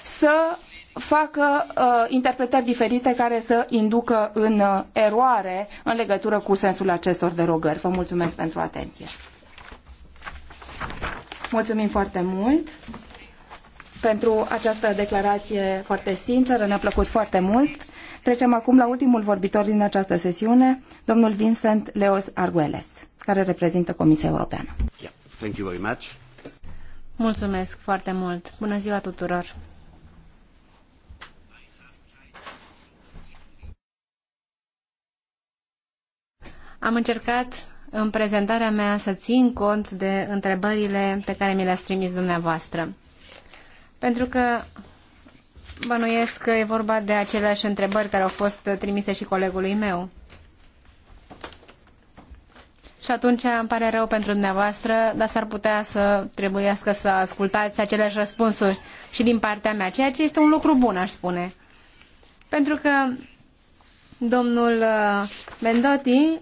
să facă uh, interpretări diferite care să inducă în uh, eroare în legătură cu sensul acestor derogări. Vă mulțumesc pentru atenție. Mulțumim foarte mult pentru această declarație foarte sinceră, ne-a plăcut foarte mult. Trecem acum la ultimul vorbitor din această sesiune, domnul Vincent Leos Arguelles, care reprezintă Comisia Europeană. Yeah. Thank you very much. Mulțumesc foarte mult. Bună ziua tuturor. Am încercat în prezentarea mea să țin cont de întrebările pe care mi le-ați trimis dumneavoastră. Pentru că Bănuiesc că e vorba de aceleași întrebări care au fost trimise și colegului meu. Și atunci îmi pare rău pentru dumneavoastră, dar s-ar putea să trebuiască să ascultați aceleași răspunsuri și din partea mea, ceea ce este un lucru bun, aș spune. Pentru că domnul Bendotti uh,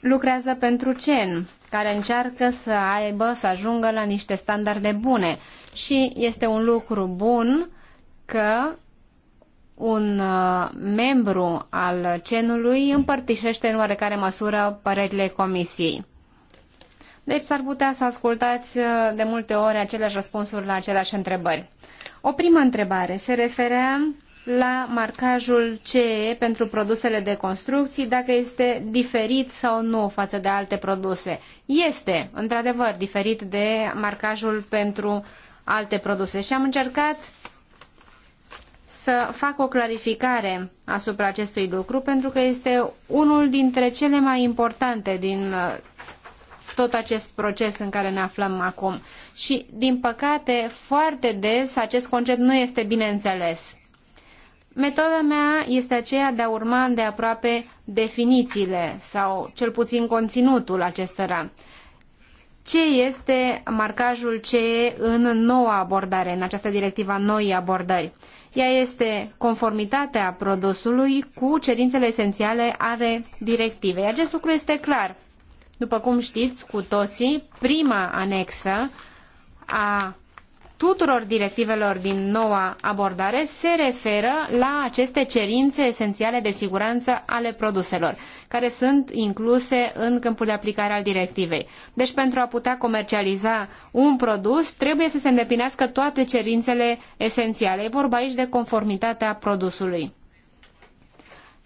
lucrează pentru CEN, care încearcă să aibă, să ajungă la niște standarde bune. Și este un lucru bun că un uh, membru al cenului împărtășește în oarecare măsură părerile comisiei. Deci s-ar putea să ascultați uh, de multe ori aceleași răspunsuri la aceleași întrebări. O primă întrebare se referea la marcajul CE pentru produsele de construcții, dacă este diferit sau nu față de alte produse. Este, într-adevăr, diferit de marcajul pentru alte produse și am încercat să fac o clarificare asupra acestui lucru, pentru că este unul dintre cele mai importante din uh, tot acest proces în care ne aflăm acum. Și, din păcate, foarte des acest concept nu este bine înțeles. Metoda mea este aceea de a urma de aproape definițiile sau cel puțin conținutul acestora. Ce este marcajul CE în noua abordare, în această directivă a noii abordări? Ea este conformitatea produsului cu cerințele esențiale ale directivei. Acest lucru este clar. După cum știți cu toții, prima anexă a tuturor directivelor din noua abordare se referă la aceste cerințe esențiale de siguranță ale produselor, care sunt incluse în câmpul de aplicare al directivei. Deci pentru a putea comercializa un produs trebuie să se îndeplinească toate cerințele esențiale. E vorba aici de conformitatea produsului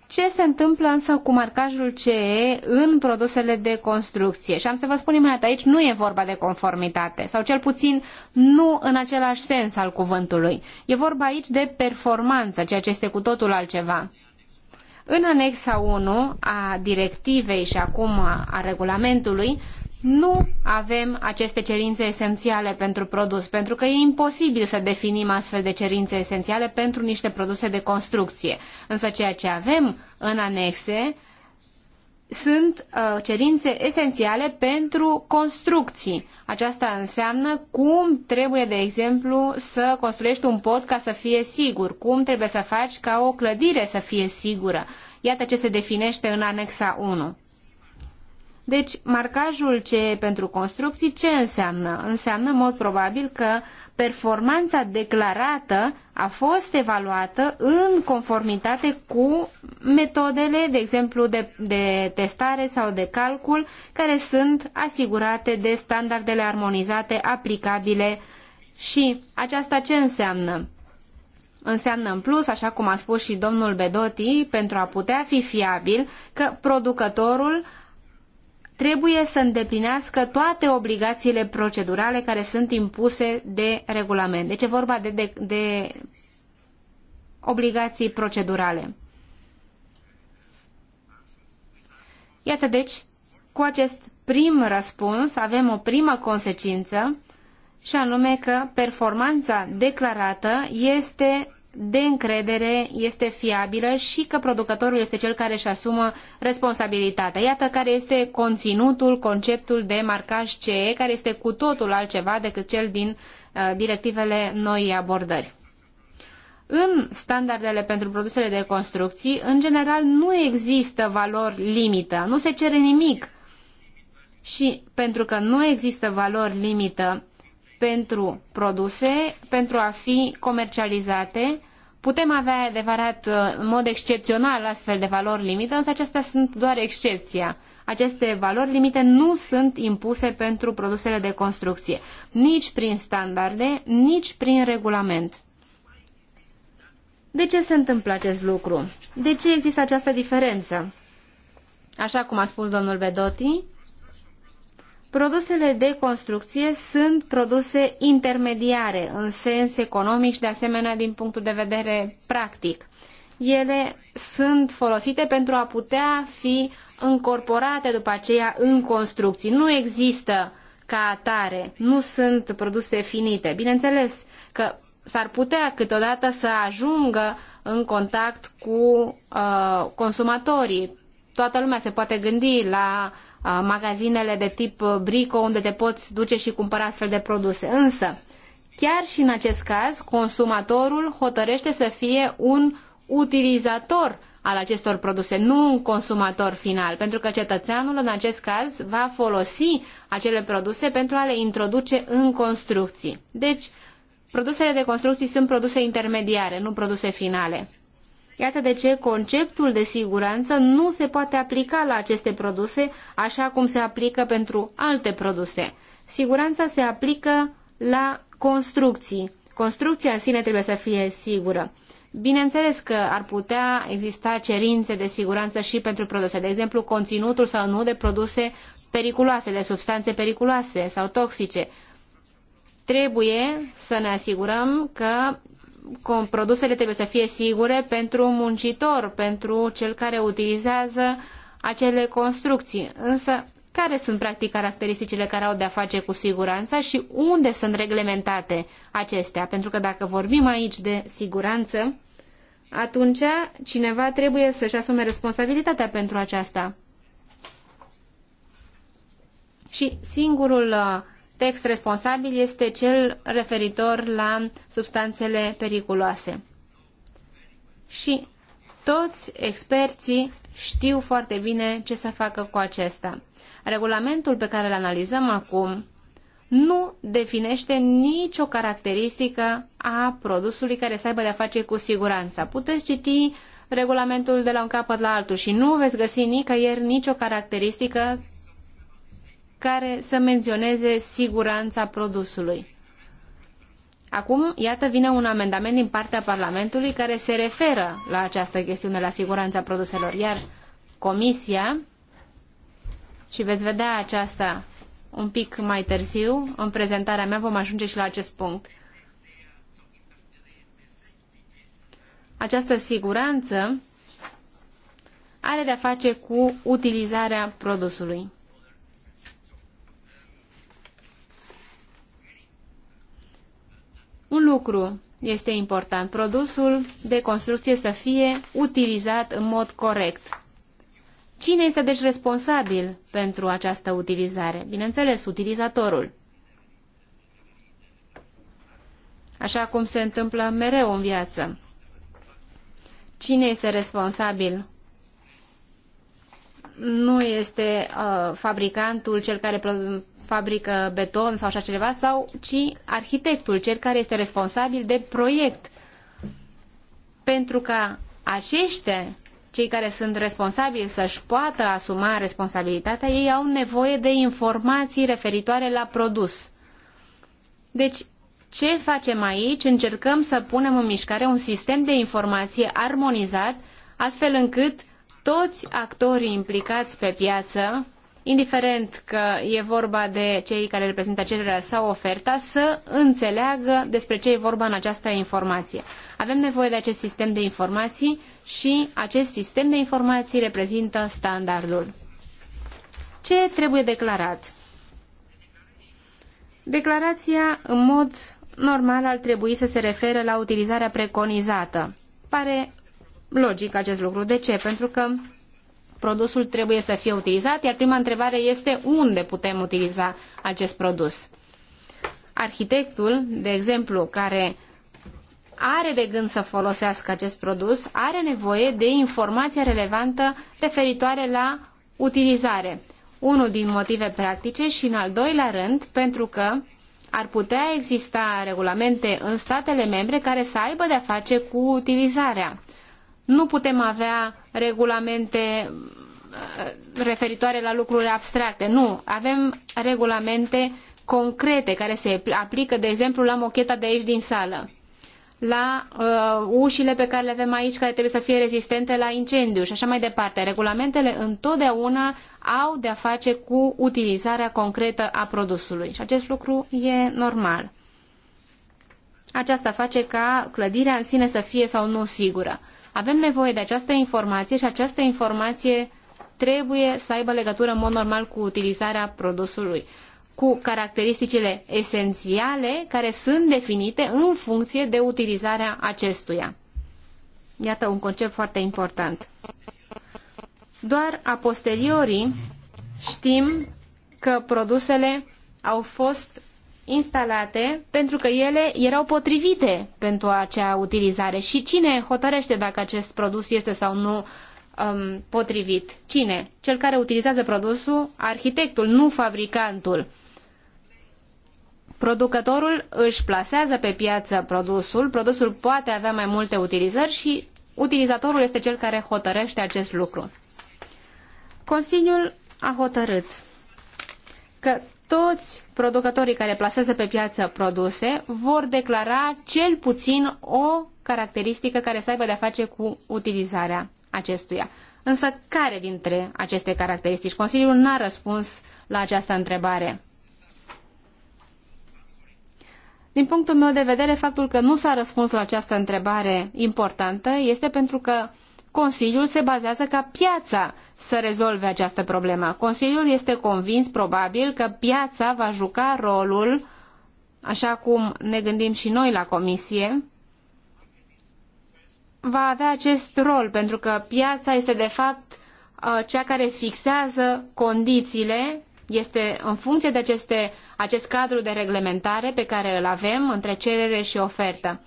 ce se întâmplă însă cu marcajul CE în produsele de construcție? Și am să vă spun imediat, aici nu e vorba de conformitate, sau cel puțin nu în același sens al cuvântului. E vorba aici de performanță, ceea ce este cu totul altceva. În anexa 1 a directivei și acum a regulamentului nu avem aceste cerințe esențiale pentru produs, pentru că e imposibil să definim astfel de cerințe esențiale pentru niște produse de construcție. Însă ceea ce avem în anexe sunt uh, cerințe esențiale pentru construcții. Aceasta înseamnă cum trebuie, de exemplu, să construiești un pod ca să fie sigur, cum trebuie să faci ca o clădire să fie sigură. Iată ce se definește în anexa 1. Deci, marcajul CE pentru construcții ce înseamnă? Înseamnă, în mod probabil, că performanța declarată a fost evaluată în conformitate cu metodele, de exemplu, de, de testare sau de calcul, care sunt asigurate de standardele armonizate aplicabile. Și aceasta ce înseamnă? Înseamnă în plus, așa cum a spus și domnul Bedoti, pentru a putea fi fiabil, că producătorul trebuie să îndeplinească toate obligațiile procedurale care sunt impuse de regulament. Deci e vorba de, de, de obligații procedurale. Iată deci, cu acest prim răspuns avem o primă consecință și anume că performanța declarată este de încredere este fiabilă și că producătorul este cel care își asumă responsabilitatea. Iată care este conținutul, conceptul de marcaj CE, care este cu totul altceva decât cel din uh, directivele noii abordări. În standardele pentru produsele de construcții, în general, nu există valori limită, nu se cere nimic. Și pentru că nu există valori limită pentru produse, pentru a fi comercializate. Putem avea adevărat, uh, în mod excepțional, astfel de valori limită, însă acestea sunt doar excepția. Aceste valori limite nu sunt impuse pentru produsele de construcție, nici prin standarde, nici prin regulament. De ce se întâmplă acest lucru? De ce există această diferență? Așa cum a spus domnul Bedotti, Produsele de construcție sunt produse intermediare în sens economic și de asemenea din punctul de vedere practic. Ele sunt folosite pentru a putea fi încorporate după aceea în construcții. Nu există ca atare, nu sunt produse finite. Bineînțeles că s-ar putea câteodată să ajungă în contact cu uh, consumatorii. Toată lumea se poate gândi la magazinele de tip uh, brico unde te poți duce și cumpăra astfel de produse. Însă, chiar și în acest caz, consumatorul hotărăște să fie un utilizator al acestor produse, nu un consumator final, pentru că cetățeanul în acest caz va folosi acele produse pentru a le introduce în construcții. Deci, produsele de construcții sunt produse intermediare, nu produse finale. Iată de ce conceptul de siguranță nu se poate aplica la aceste produse așa cum se aplică pentru alte produse. Siguranța se aplică la construcții. Construcția în sine trebuie să fie sigură. Bineînțeles că ar putea exista cerințe de siguranță și pentru produse, de exemplu conținutul sau nu de produse periculoase, de substanțe periculoase sau toxice. Trebuie să ne asigurăm că produsele trebuie să fie sigure pentru muncitor, pentru cel care utilizează acele construcții. Însă, care sunt practic caracteristicile care au de-a face cu siguranța și unde sunt reglementate acestea? Pentru că dacă vorbim aici de siguranță, atunci cineva trebuie să-și asume responsabilitatea pentru aceasta. Și singurul uh, text responsabil este cel referitor la substanțele periculoase. Și toți experții știu foarte bine ce să facă cu acesta. Regulamentul pe care îl analizăm acum nu definește nicio caracteristică a produsului care să aibă de-a face cu siguranța. Puteți citi regulamentul de la un capăt la altul și nu veți găsi nicăieri nicio caracteristică care să menționeze siguranța produsului. Acum, iată, vine un amendament din partea Parlamentului care se referă la această chestiune, la siguranța produselor, iar Comisia, și veți vedea aceasta un pic mai târziu, în prezentarea mea vom ajunge și la acest punct. Această siguranță are de-a face cu utilizarea produsului. Un lucru este important, produsul de construcție să fie utilizat în mod corect. Cine este deci responsabil pentru această utilizare? Bineînțeles, utilizatorul. Așa cum se întâmplă mereu în viață. Cine este responsabil? Nu este uh, fabricantul cel care fabrică beton sau așa ceva, sau, ci arhitectul, cel care este responsabil de proiect. Pentru că aceștia, cei care sunt responsabili să-și poată asuma responsabilitatea, ei au nevoie de informații referitoare la produs. Deci, ce facem aici? Încercăm să punem în mișcare un sistem de informație armonizat, astfel încât toți actorii implicați pe piață, indiferent că e vorba de cei care reprezintă cererea sau oferta, să înțeleagă despre ce e vorba în această informație. Avem nevoie de acest sistem de informații și acest sistem de informații reprezintă standardul. Ce trebuie declarat? Declarația, în mod normal, ar trebui să se refere la utilizarea preconizată. Pare logic acest lucru. De ce? Pentru că produsul trebuie să fie utilizat, iar prima întrebare este unde putem utiliza acest produs. Arhitectul, de exemplu, care are de gând să folosească acest produs, are nevoie de informație relevantă referitoare la utilizare. Unul din motive practice și, în al doilea rând, pentru că ar putea exista regulamente în statele membre care să aibă de-a face cu utilizarea. Nu putem avea regulamente uh, referitoare la lucruri abstracte. Nu, avem regulamente concrete care se aplică, de exemplu, la mocheta de aici din sală, la uh, ușile pe care le avem aici, care trebuie să fie rezistente la incendiu și așa mai departe. Regulamentele întotdeauna au de-a face cu utilizarea concretă a produsului și acest lucru e normal. Aceasta face ca clădirea în sine să fie sau nu sigură. Avem nevoie de această informație și această informație trebuie să aibă legătură în mod normal cu utilizarea produsului, cu caracteristicile esențiale care sunt definite în funcție de utilizarea acestuia. Iată un concept foarte important. Doar a posteriori știm că produsele au fost instalate pentru că ele erau potrivite pentru acea utilizare. Și cine hotărăște dacă acest produs este sau nu um, potrivit? Cine? Cel care utilizează produsul, arhitectul, nu fabricantul. Producătorul își plasează pe piață produsul, produsul poate avea mai multe utilizări și utilizatorul este cel care hotărăște acest lucru. Consiliul a hotărât că toți producătorii care plasează pe piață produse vor declara cel puțin o caracteristică care să aibă de-a face cu utilizarea acestuia. Însă care dintre aceste caracteristici? Consiliul n-a răspuns la această întrebare. Din punctul meu de vedere, faptul că nu s-a răspuns la această întrebare importantă este pentru că Consiliul se bazează ca piața să rezolve această problemă. Consiliul este convins, probabil, că piața va juca rolul, așa cum ne gândim și noi la Comisie, va avea acest rol, pentru că piața este, de fapt, uh, cea care fixează condițiile, este în funcție de aceste, acest cadru de reglementare pe care îl avem între cerere și ofertă.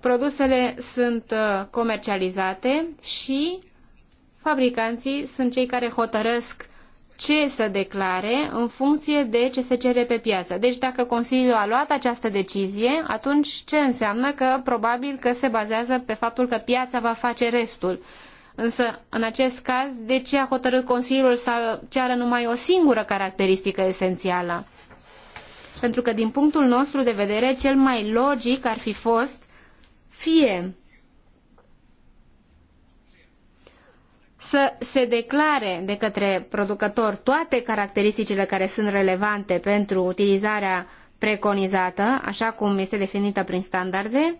produsele sunt uh, comercializate și fabricanții sunt cei care hotărăsc ce să declare în funcție de ce se cere pe piață. Deci dacă Consiliul a luat această decizie, atunci ce înseamnă că probabil că se bazează pe faptul că piața va face restul. Însă, în acest caz, de ce a hotărât Consiliul să ceară numai o singură caracteristică esențială? Pentru că, din punctul nostru de vedere, cel mai logic ar fi fost fie să se declare de către producător toate caracteristicile care sunt relevante pentru utilizarea preconizată, așa cum este definită prin standarde,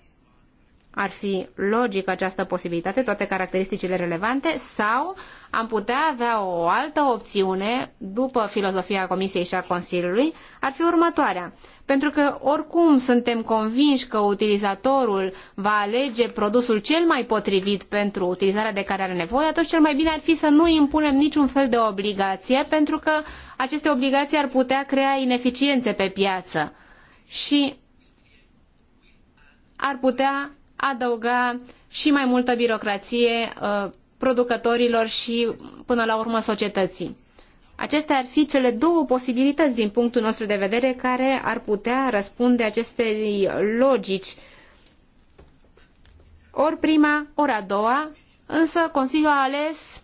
ar fi logic această posibilitate, toate caracteristicile relevante, sau am putea avea o altă opțiune, după filozofia Comisiei și a Consiliului, ar fi următoarea. Pentru că oricum suntem convinși că utilizatorul va alege produsul cel mai potrivit pentru utilizarea de care are nevoie, atunci cel mai bine ar fi să nu impunem niciun fel de obligație, pentru că aceste obligații ar putea crea ineficiențe pe piață. Și ar putea adăuga și mai multă birocrație uh, producătorilor și, până la urmă, societății. Acestea ar fi cele două posibilități, din punctul nostru de vedere, care ar putea răspunde acestei logici. Ori prima, ori a doua, însă Consiliul a ales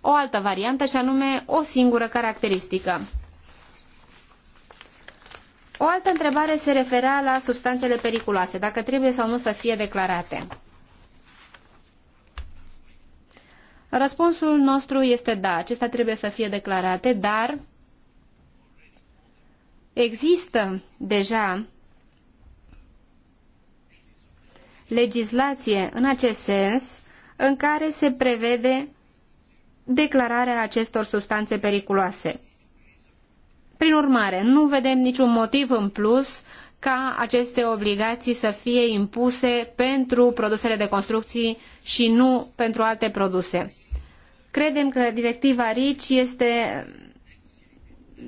o altă variantă, și anume o singură caracteristică. O altă întrebare se referea la substanțele periculoase, dacă trebuie sau nu să fie declarate. Răspunsul nostru este da, acestea trebuie să fie declarate, dar există deja legislație în acest sens în care se prevede declararea acestor substanțe periculoase. Prin urmare, nu vedem niciun motiv în plus ca aceste obligații să fie impuse pentru produsele de construcții și nu pentru alte produse. Credem că directiva RICI este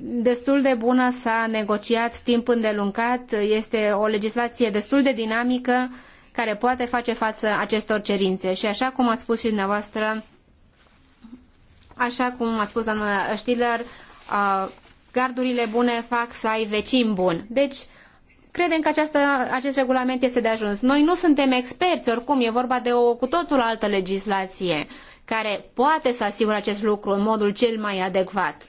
destul de bună, s-a negociat timp îndelungat, este o legislație destul de dinamică care poate face față acestor cerințe. Și așa cum a spus și dumneavoastră, așa cum a spus doamna Stiller, gardurile bune fac să ai vecini buni. Deci, credem că această, acest regulament este de ajuns. Noi nu suntem experți, oricum, e vorba de o cu totul altă legislație care poate să asigure acest lucru în modul cel mai adecvat.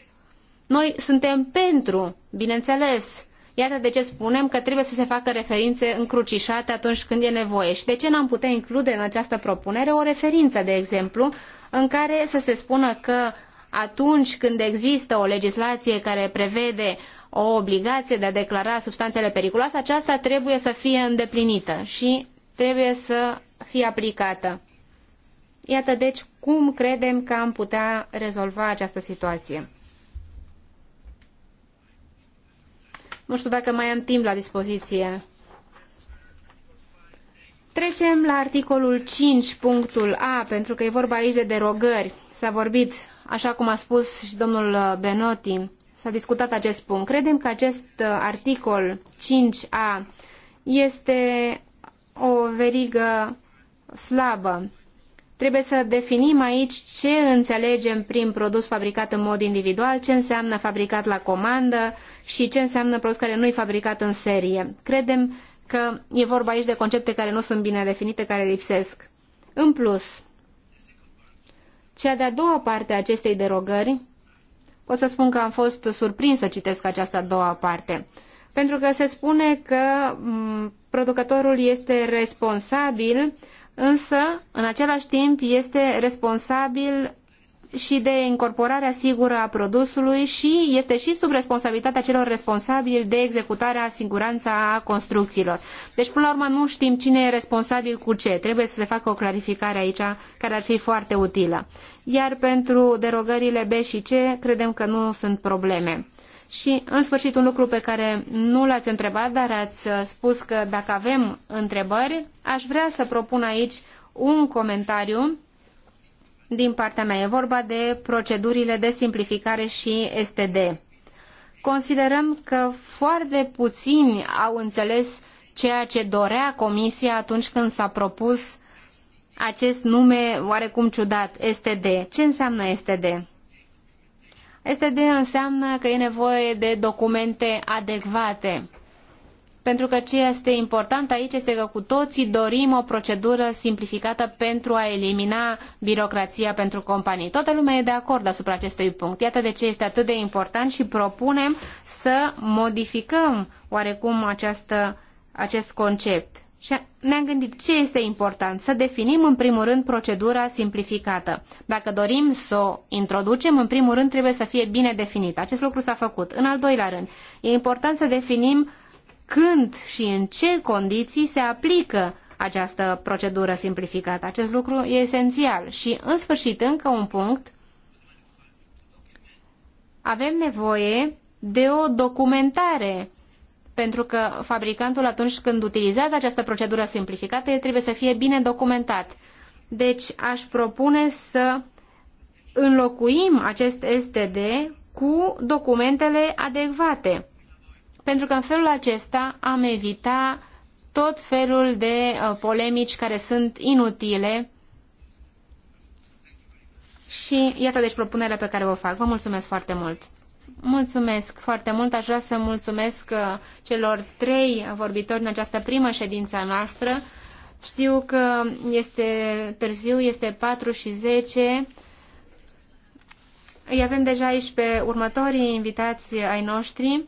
Noi suntem pentru, bineînțeles. Iată de ce spunem că trebuie să se facă referințe încrucișate atunci când e nevoie. Și de ce n-am putea include în această propunere o referință, de exemplu, în care să se spună că atunci când există o legislație care prevede o obligație de a declara substanțele periculoase, aceasta trebuie să fie îndeplinită și trebuie să fie aplicată. Iată deci cum credem că am putea rezolva această situație. Nu știu dacă mai am timp la dispoziție. Trecem la articolul 5, punctul A, pentru că e vorba aici de derogări. S-a vorbit Așa cum a spus și domnul uh, Benotti, s-a discutat acest punct. Credem că acest uh, articol 5a este o verigă slabă. Trebuie să definim aici ce înțelegem prin produs fabricat în mod individual, ce înseamnă fabricat la comandă și ce înseamnă produs care nu e fabricat în serie. Credem că e vorba aici de concepte care nu sunt bine definite, care lipsesc. În plus, cea de-a doua parte a acestei derogări, pot să spun că am fost surprins să citesc această a doua parte, pentru că se spune că producătorul este responsabil, însă, în același timp, este responsabil și de incorporarea sigură a produsului și este și sub responsabilitatea celor responsabili de executarea siguranța a construcțiilor. Deci, până la urmă, nu știm cine e responsabil cu ce. Trebuie să se facă o clarificare aici care ar fi foarte utilă. Iar pentru derogările B și C, credem că nu sunt probleme. Și, în sfârșit, un lucru pe care nu l-ați întrebat, dar ați spus că dacă avem întrebări, aș vrea să propun aici un comentariu din partea mea. E vorba de procedurile de simplificare și STD. Considerăm că foarte puțini au înțeles ceea ce dorea Comisia atunci când s-a propus acest nume oarecum ciudat, STD. Ce înseamnă STD? STD înseamnă că e nevoie de documente adecvate pentru că ce este important aici este că cu toții dorim o procedură simplificată pentru a elimina birocrația pentru companii. Toată lumea e de acord asupra acestui punct. Iată de ce este atât de important și propunem să modificăm oarecum această, acest concept. Și ne-am gândit ce este important. Să definim în primul rând procedura simplificată. Dacă dorim să o introducem, în primul rând trebuie să fie bine definită. Acest lucru s-a făcut. În al doilea rând, e important să definim când și în ce condiții se aplică această procedură simplificată. Acest lucru e esențial. Și, în sfârșit, încă un punct. Avem nevoie de o documentare pentru că fabricantul atunci când utilizează această procedură simplificată, el trebuie să fie bine documentat. Deci aș propune să înlocuim acest STD cu documentele adecvate pentru că în felul acesta am evita tot felul de uh, polemici care sunt inutile și iată deci propunerea pe care o fac. Vă mulțumesc foarte mult! Mulțumesc foarte mult. Aș vrea să mulțumesc uh, celor trei vorbitori în această primă ședință noastră. Știu că este târziu, este 4 și 10. Îi avem deja aici pe următorii invitați ai noștri.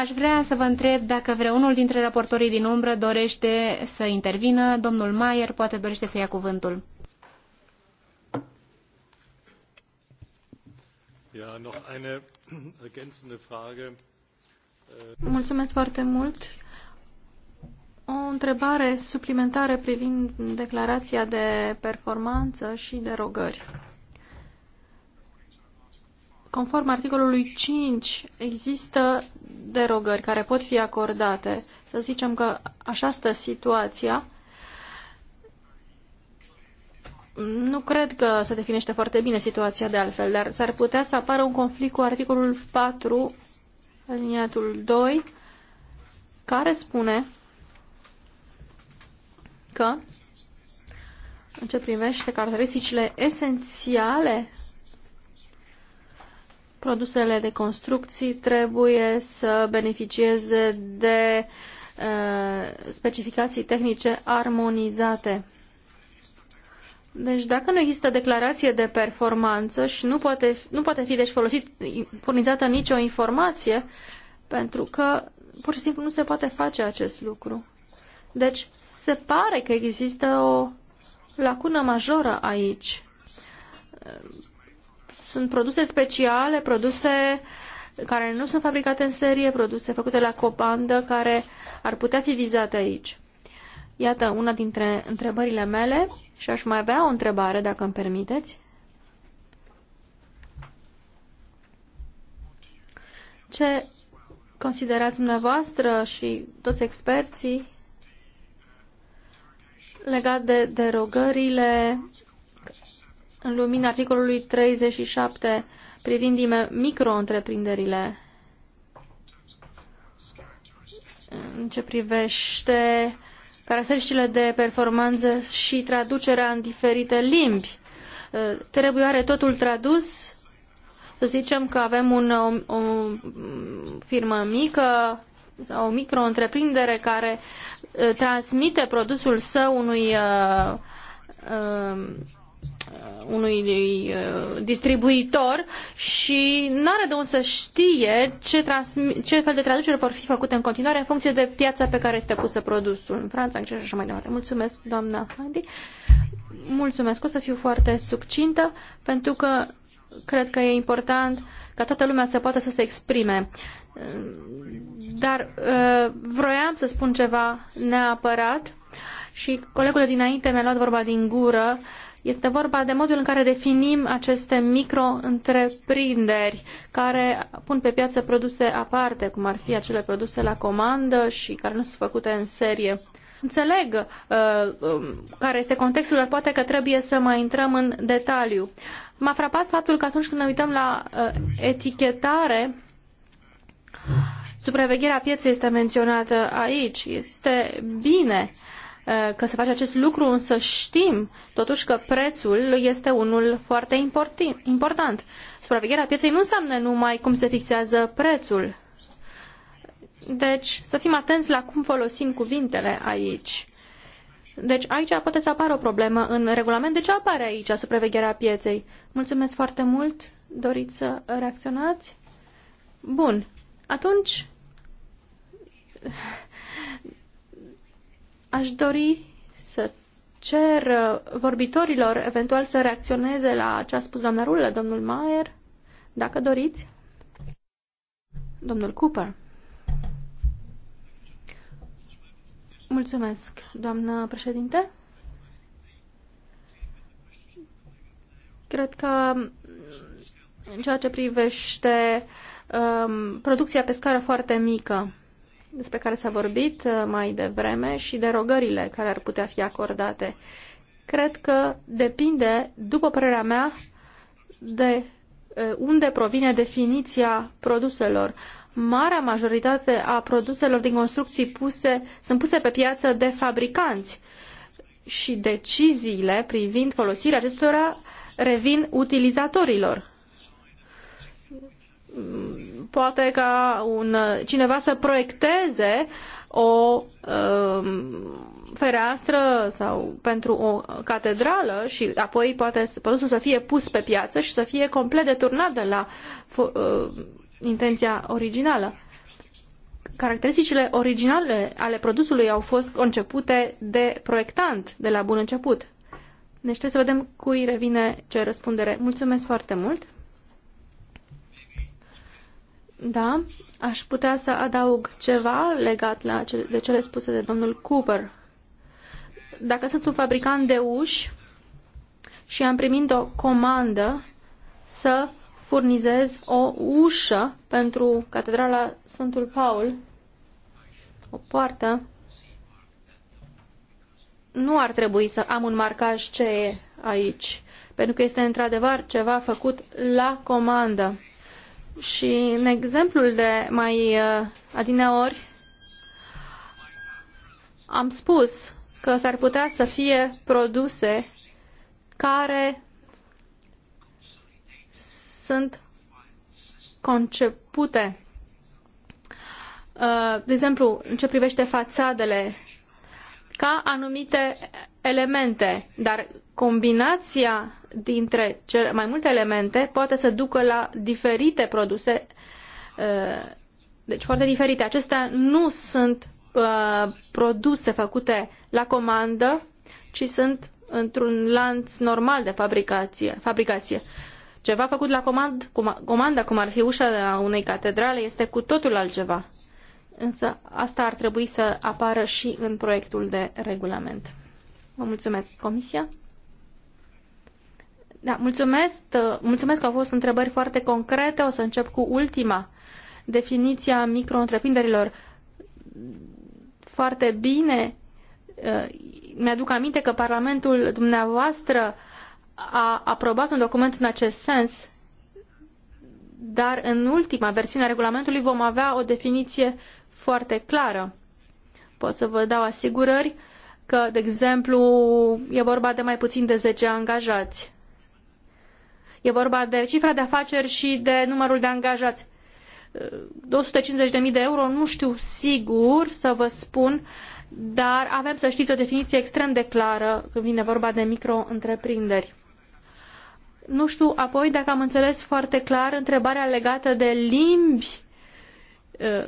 Aș vrea să vă întreb dacă vreunul dintre raportorii din umbră dorește să intervină. Domnul Maier poate dorește să ia cuvântul. Ja, noch eine ergänzende Frage. Mulțumesc foarte mult. O întrebare suplimentară privind declarația de performanță și derogări. Conform articolului 5, există derogări care pot fi acordate. Să zicem că așa stă situația. Nu cred că se definește foarte bine situația de altfel, dar s-ar putea să apară un conflict cu articolul 4, aliniatul 2, care spune că în ce privește caracteristicile esențiale produsele de construcții trebuie să beneficieze de uh, specificații tehnice armonizate. Deci dacă nu există declarație de performanță și nu poate, nu poate fi deci folosit, furnizată nicio informație, pentru că pur și simplu nu se poate face acest lucru. Deci se pare că există o lacună majoră aici sunt produse speciale, produse care nu sunt fabricate în serie, produse făcute la copandă care ar putea fi vizate aici. Iată una dintre întrebările mele și aș mai avea o întrebare, dacă îmi permiteți. Ce considerați dumneavoastră și toți experții legat de derogările în lumina articolului 37 privind micro-întreprinderile în ce privește caracteristicile de performanță și traducerea în diferite limbi. Ă, trebuie are totul tradus? Să zicem că avem un, o, o firmă mică sau o micro-întreprindere care ă, transmite produsul său unui uh, Uh, unui uh, distribuitor și nu are de unde să știe ce, ce fel de traduceri vor fi făcute în continuare în funcție de piața pe care este pusă produsul în Franța, în Grecia și așa mai departe. Mulțumesc, doamna Heidi. Mulțumesc, o să fiu foarte succintă pentru că cred că e important ca toată lumea să poată să se exprime. Dar uh, vroiam să spun ceva neapărat și colegul de dinainte mi-a luat vorba din gură este vorba de modul în care definim aceste micro-întreprinderi care pun pe piață produse aparte, cum ar fi acele produse la comandă și care nu sunt făcute în serie. Înțeleg uh, um, care este contextul, dar poate că trebuie să mai intrăm în detaliu. M-a frapat faptul că atunci când ne uităm la uh, etichetare, supravegherea pieței este menționată aici. Este bine uh, Eh, că se face acest lucru, însă știm totuși că prețul este unul foarte important. Supravegherea pieței nu înseamnă numai cum se fixează prețul. Deci să fim atenți la cum folosim cuvintele aici. Deci aici poate să apară o problemă în regulament. De ce apare aici supravegherea pieței? Mulțumesc foarte mult. Doriți să reacționați? Bun. Atunci Aș dori să cer uh, vorbitorilor eventual să reacționeze la ce a spus doamna Rulă, domnul Maier, dacă doriți. Domnul Cooper. Mulțumesc, doamnă președinte. Cred că mm, în ceea ce privește um, producția pescară foarte mică, despre care s-a vorbit uh, mai devreme și derogările care ar putea fi acordate. Cred că depinde, după părerea mea, de uh, unde provine definiția produselor. Marea majoritate a produselor din construcții puse, sunt puse pe piață de fabricanți și deciziile privind folosirea acestora revin utilizatorilor poate ca un, cineva să proiecteze o um, fereastră sau pentru o catedrală și apoi poate produsul să fie pus pe piață și să fie complet deturnat de la uh, intenția originală. Caracteristicile originale ale produsului au fost concepute de proiectant de la bun început. Deci trebuie să vedem cui revine ce răspundere. Mulțumesc foarte mult! Da, aș putea să adaug ceva legat la ce, de cele spuse de domnul Cooper. Dacă sunt un fabricant de uși și am primit o comandă să furnizez o ușă pentru Catedrala Sfântul Paul, o poartă, nu ar trebui să am un marcaj ce e aici, pentru că este într-adevăr ceva făcut la comandă și în exemplul de mai uh, adineori am spus că s-ar putea să fie produse care sunt concepute. Uh, de exemplu, în ce privește fațadele, ca anumite elemente, dar combinația dintre cele mai multe elemente poate să ducă la diferite produse, eh, deci foarte diferite. Acestea nu sunt eh, produse făcute la comandă, ci sunt într-un lanț normal de fabricație. fabricație. Ceva făcut la comand, cum, comandă, cum ar fi ușa unei catedrale, este cu totul altceva. Însă asta ar trebui să apară și în proiectul de regulament. Vă mulțumesc, Comisia. Da, mulțumesc, uh, mulțumesc că au fost întrebări foarte concrete. O să încep cu ultima. Definiția micro-întreprinderilor. Foarte bine. Uh, mi-aduc aminte că Parlamentul dumneavoastră a aprobat un document în acest sens, dar în ultima versiune a regulamentului vom avea o definiție foarte clară. Pot să vă dau asigurări că, de exemplu, e vorba de mai puțin de zece angajați E vorba de cifra de afaceri și de numărul de angajați. 250.000 de euro, nu știu sigur să vă spun, dar avem să știți o definiție extrem de clară când vine vorba de micro-întreprinderi. Nu știu apoi dacă am înțeles foarte clar întrebarea legată de limbi uh,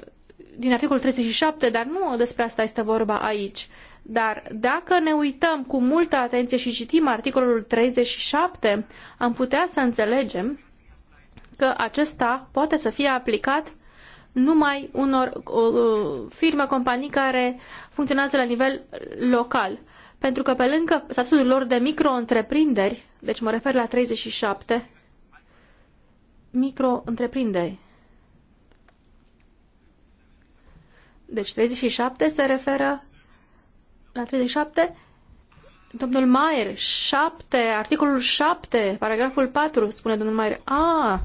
din articolul 37, dar nu despre asta este vorba aici. Dar dacă ne uităm cu multă atenție și citim articolul 37, am putea să înțelegem că acesta poate să fie aplicat numai unor uh, uh, firme, companii care funcționează la nivel local. Pentru că pe lângă statutul lor de micro-întreprinderi, deci mă refer la 37, micro-întreprinderi, deci 37 se referă la 37, domnul Maier, 7, articolul 7, paragraful 4, spune domnul Maier. A,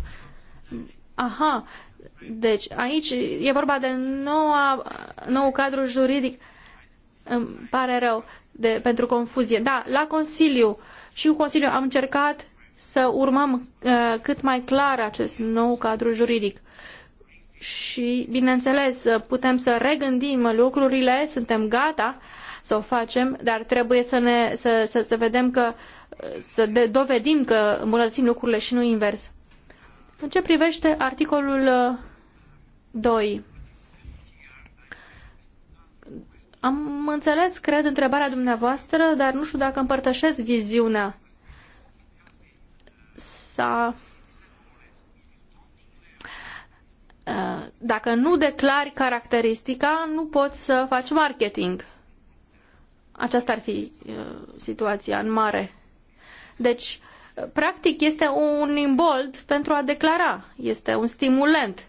aha, deci aici e vorba de noua, nou cadru juridic. Îmi pare rău de, pentru confuzie. Da, la Consiliu și cu Consiliu am încercat să urmăm uh, cât mai clar acest nou cadru juridic. Și, bineînțeles, putem să regândim lucrurile, suntem gata uh, să o facem, dar trebuie să, ne, să, să, să vedem că, să de, dovedim că îmbunătățim lucrurile și nu invers. În ce privește articolul 2, uh, am înțeles, cred, întrebarea dumneavoastră, dar nu știu dacă împărtășesc viziunea. Sa... Uh, dacă nu declari caracteristica, nu poți să faci marketing. Aceasta ar fi uh, situația în mare. Deci, practic, este un imbold pentru a declara, este un stimulant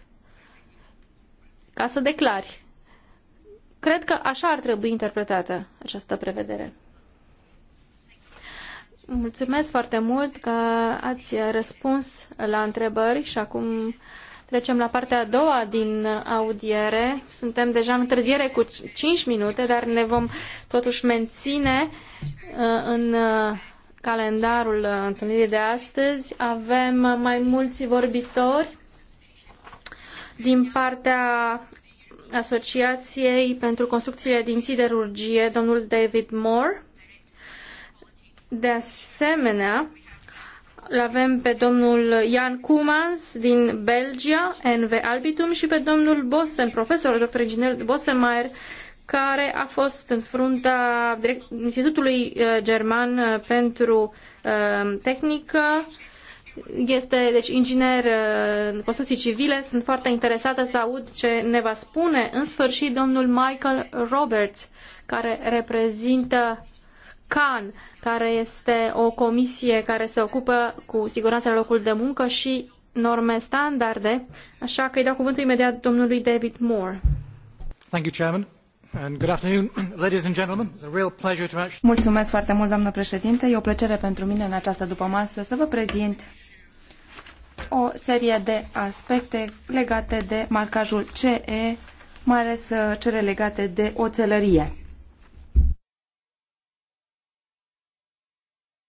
ca să declari. Cred că așa ar trebui interpretată această prevedere. Mulțumesc foarte mult că ați răspuns la întrebări și acum Trecem la partea a doua din audiere. Suntem deja în întârziere cu 5 minute, dar ne vom totuși menține uh, în uh, calendarul uh, întâlnirii de astăzi. Avem mai mulți vorbitori din partea Asociației pentru Construcțiile din Siderurgie, domnul David Moore. De asemenea, îl avem pe domnul Jan Cumans din Belgia, NV Albitum, și pe domnul Bossen, profesorul dr. inginer Bossenmeier, care a fost în frunta Institutului uh, German uh, pentru uh, Tehnică. Este, deci, inginer în construcții civile. Sunt foarte interesată să aud ce ne va spune, în sfârșit, domnul Michael Roberts, care reprezintă CAN, care este o comisie care se ocupă cu siguranța la locul de muncă și norme standarde, așa că îi dau cuvântul imediat domnului David Moore. Thank you, Chairman. And good afternoon, ladies and gentlemen. It's a real pleasure to actually... Mulțumesc foarte mult, doamnă președinte. E o plăcere pentru mine în această dupămasă să vă prezint o serie de aspecte legate de marcajul CE, mai ales uh, cele legate de oțelărie.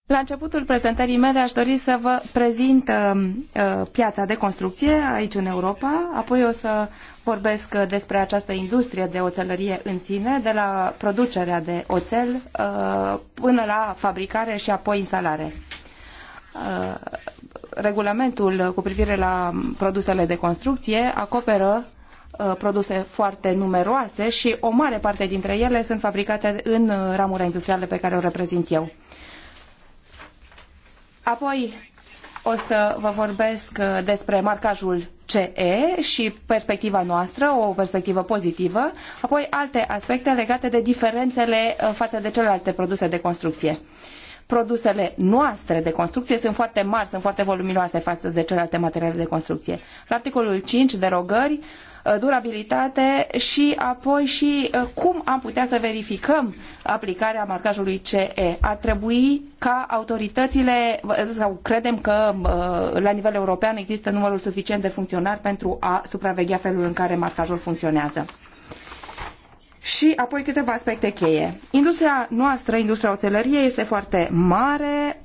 La începutul prezentării mele aș dori să vă prezint uh, uh, piața de construcție aici în Europa, apoi o să vorbesc despre această industrie de oțelărie în sine, de la producerea de oțel uh, până la fabricare și apoi instalare. Uh, regulamentul cu privire la produsele de construcție acoperă uh, produse foarte numeroase și o mare parte dintre ele sunt fabricate în uh, ramura industrială pe care o reprezint eu. Apoi o să vă vorbesc uh, despre marcajul CE și perspectiva noastră, o perspectivă pozitivă, apoi alte aspecte legate de diferențele uh, față de celelalte produse de construcție. Produsele noastre de construcție sunt foarte mari, sunt foarte voluminoase față de celelalte materiale de construcție. La articolul 5, derogări, Uh, durabilitate și apoi și uh, cum am putea să verificăm aplicarea marcajului CE. Ar trebui ca autoritățile, uh, sau credem că la nivel european există numărul suficient de funcționari pentru a supraveghea felul în care marcajul funcționează. Și apoi câteva aspecte cheie. Industria noastră, industria oțelăriei, este foarte mare.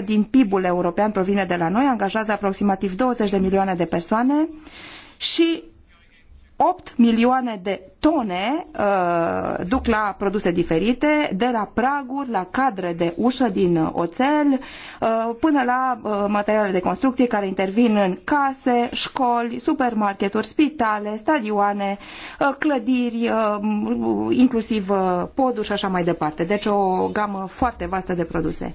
8% din PIB-ul european provine de la noi, angajează aproximativ 20 de milioane de persoane și 8 milioane de tone uh, duc la produse diferite, de la praguri, la cadre de ușă din oțel, uh, până la uh, materiale de construcție care intervin în case, școli, supermarketuri, spitale, stadioane, uh, clădiri, uh, inclusiv uh, poduri și așa mai departe. Deci o gamă foarte vastă de produse.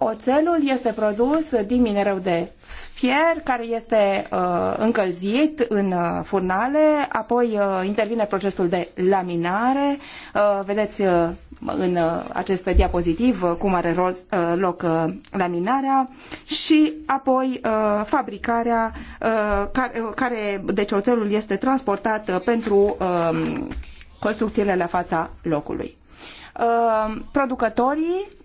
Oțelul este produs din minereu de fier care este uh, încălzit în uh, furnale, apoi uh, intervine procesul de laminare. Uh, vedeți uh, în uh, acest diapozitiv uh, cum are roz, uh, loc uh, laminarea și apoi uh, fabricarea uh, care, uh, care, deci oțelul este transportat uh, pentru uh, construcțiile la fața locului. Uh, producătorii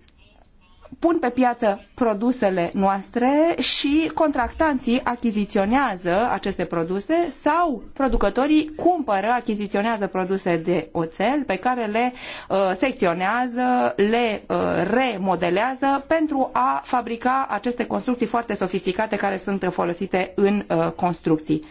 pun pe piață produsele noastre și contractanții achiziționează aceste produse sau producătorii cumpără, achiziționează produse de oțel pe care le uh, secționează, le uh, remodelează pentru a fabrica aceste construcții foarte sofisticate care sunt folosite în uh, construcții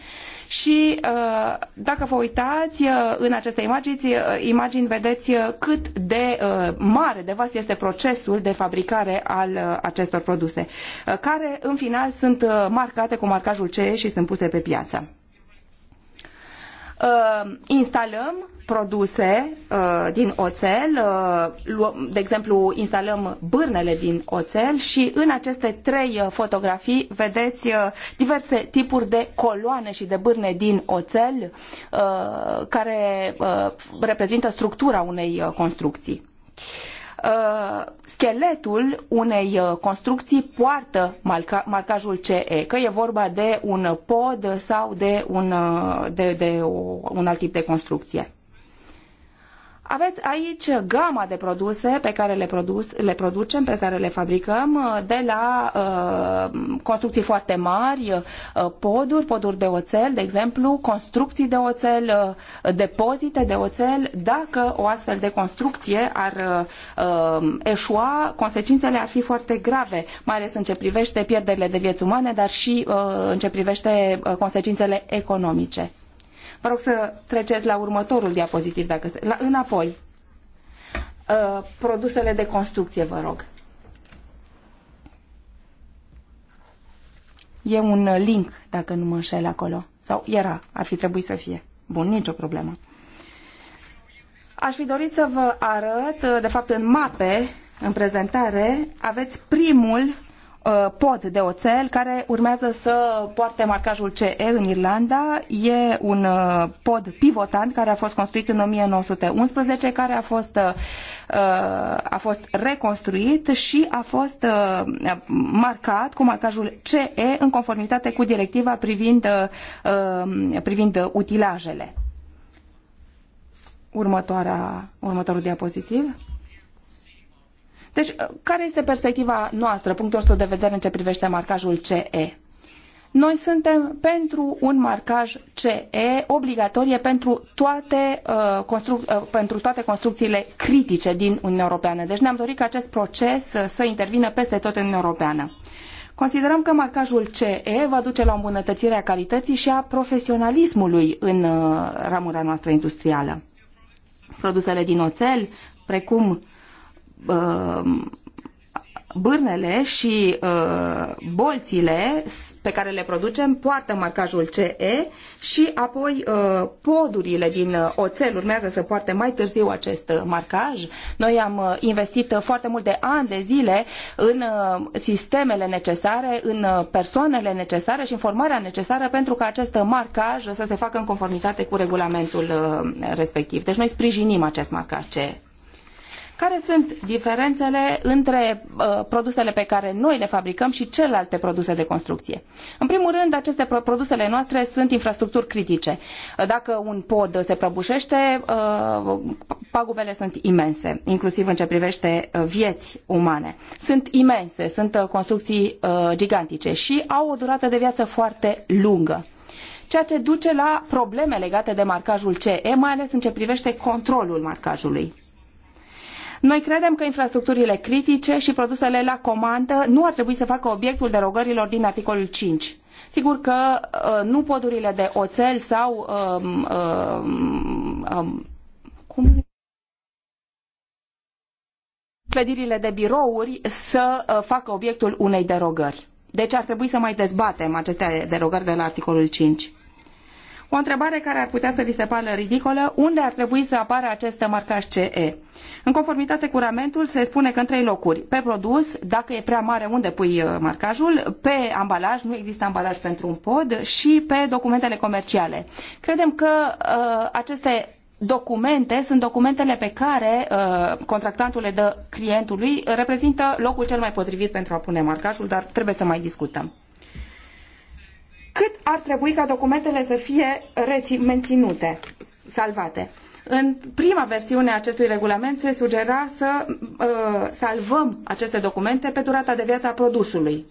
și uh, dacă vă uitați uh, în aceste imagini, uh, imagini vedeți cât de mare, de vast este procesul de fabricare al acestor produse, care în final sunt marcate cu marcajul CE și sunt puse pe piață. Uh, instalăm produse uh, din oțel, uh, de exemplu instalăm bârnele din oțel și în aceste trei fotografii vedeți diverse tipuri de coloane și de bârne din oțel care reprezintă structura unei construcții. Uh, scheletul unei uh, construcții poartă marcajul CE, că e vorba de un pod sau de un, uh, de, de un alt tip de construcție. Aveți aici gama de produse pe care le, produs, le producem, pe care le fabricăm, uh, de la uh, construcții foarte mari, uh, poduri, poduri de oțel, de exemplu, construcții de oțel, uh, depozite de oțel. Dacă o astfel de construcție ar uh, eșua, consecințele ar fi foarte grave, mai ales în ce privește pierderile de vieți umane, dar și uh, în ce privește uh, consecințele economice. Vă rog să treceți la următorul diapozitiv, dacă se... la, înapoi. Uh, produsele de construcție, vă rog. E un uh, link, dacă nu mă înșel acolo. Sau era, ar fi trebuit să fie. Bun, nicio problemă. Aș fi dorit să vă arăt, uh, de fapt în mape, în prezentare, aveți primul Uh, pod de oțel care urmează să poarte marcajul CE în Irlanda. E un uh, pod pivotant care a fost construit în 1911, care a fost, uh, a fost reconstruit și a fost marcat cu marcajul CE în conformitate cu directiva privind, privind utilajele. Următoarea, următorul diapozitiv. Deci, care este perspectiva noastră, punctul nostru de vedere în ce privește marcajul CE? Noi suntem pentru un marcaj CE obligatorie pentru toate, uh, uh, pentru toate construcțiile critice din Uniunea Europeană. Deci ne-am dorit ca acest proces uh, să intervină peste tot în Uniunea Europeană. Considerăm că marcajul CE va duce la îmbunătățirea calității și a profesionalismului în uh, ramura noastră industrială. Produsele din oțel, precum Uh, bârnele și uh, bolțile pe care le producem poartă marcajul CE și apoi uh, podurile din uh, oțel urmează să poarte mai târziu acest uh, marcaj. Noi am investit foarte multe ani de zile în uh, sistemele necesare, în persoanele necesare și în formarea necesară pentru ca acest marcaj să se facă în conformitate cu regulamentul uh, respectiv. Deci noi sprijinim acest marcaj CE. Care sunt diferențele între uh, produsele pe care noi le fabricăm și celelalte produse de construcție? În primul rând, aceste produsele noastre sunt infrastructuri critice. Dacă un pod se prăbușește, uh, pagubele sunt imense, inclusiv în ce privește uh, vieți umane. Sunt imense, sunt construcții gigantice și au o durată de viață foarte lungă ceea ce duce la probleme legate de marcajul CE, mai ales în ce privește controlul marcajului. Noi credem că infrastructurile critice și produsele la comandă nu ar trebui să facă obiectul derogărilor din articolul 5. Sigur că uh, nu podurile de oțel sau um, um, um, cum clădirile de birouri să uh, facă obiectul unei derogări. Deci ar trebui să mai dezbatem aceste derogări de la articolul 5. O întrebare care ar putea să vi se pară ridicolă, unde ar trebui să apară acest marcaj CE? În conformitate cu ramentul se spune că în trei locuri, pe produs, dacă e prea mare unde pui uh, marcajul, pe ambalaj, nu există ambalaj pentru un pod și pe documentele comerciale. Credem că uh, aceste documente sunt documentele pe care uh, contractantul le dă clientului, reprezintă locul cel mai potrivit pentru a pune marcajul, dar trebuie să mai discutăm cât ar trebui ca documentele să fie menținute, salvate. În prima versiune a acestui regulament se sugera să uh, salvăm aceste documente pe durata de viață a produsului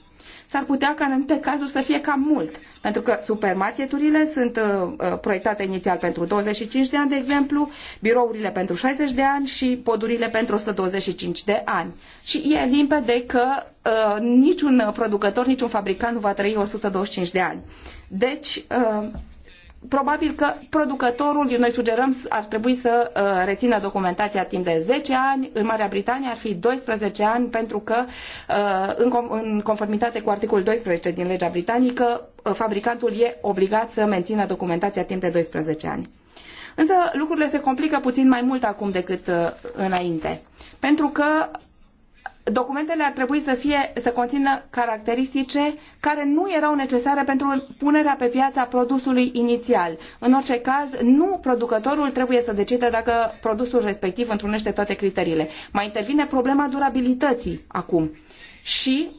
s-ar putea ca în anumite cazuri să fie cam mult, pentru că supermarketurile sunt uh, uh proiectate inițial pentru 25 de ani, de exemplu, birourile pentru 60 de ani și podurile pentru 125 de ani. Și e limpede că uh, niciun producător, niciun fabricant nu va trăi 125 de ani. Deci, uh, probabil că producătorul, noi sugerăm, ar trebui să uh, rețină documentația timp de 10 ani, în Marea Britanie ar fi 12 ani, pentru că uh, în, conformitate cu articolul 12 din legea britanică, uh, fabricantul e obligat să mențină documentația timp de 12 ani. Însă lucrurile se complică puțin mai mult acum decât uh, înainte, pentru că documentele ar trebui să, fie, să conțină caracteristice care nu erau necesare pentru punerea pe piață a produsului inițial. În orice caz, nu producătorul trebuie să decide dacă produsul respectiv întrunește toate criteriile. Mai intervine problema durabilității acum. Și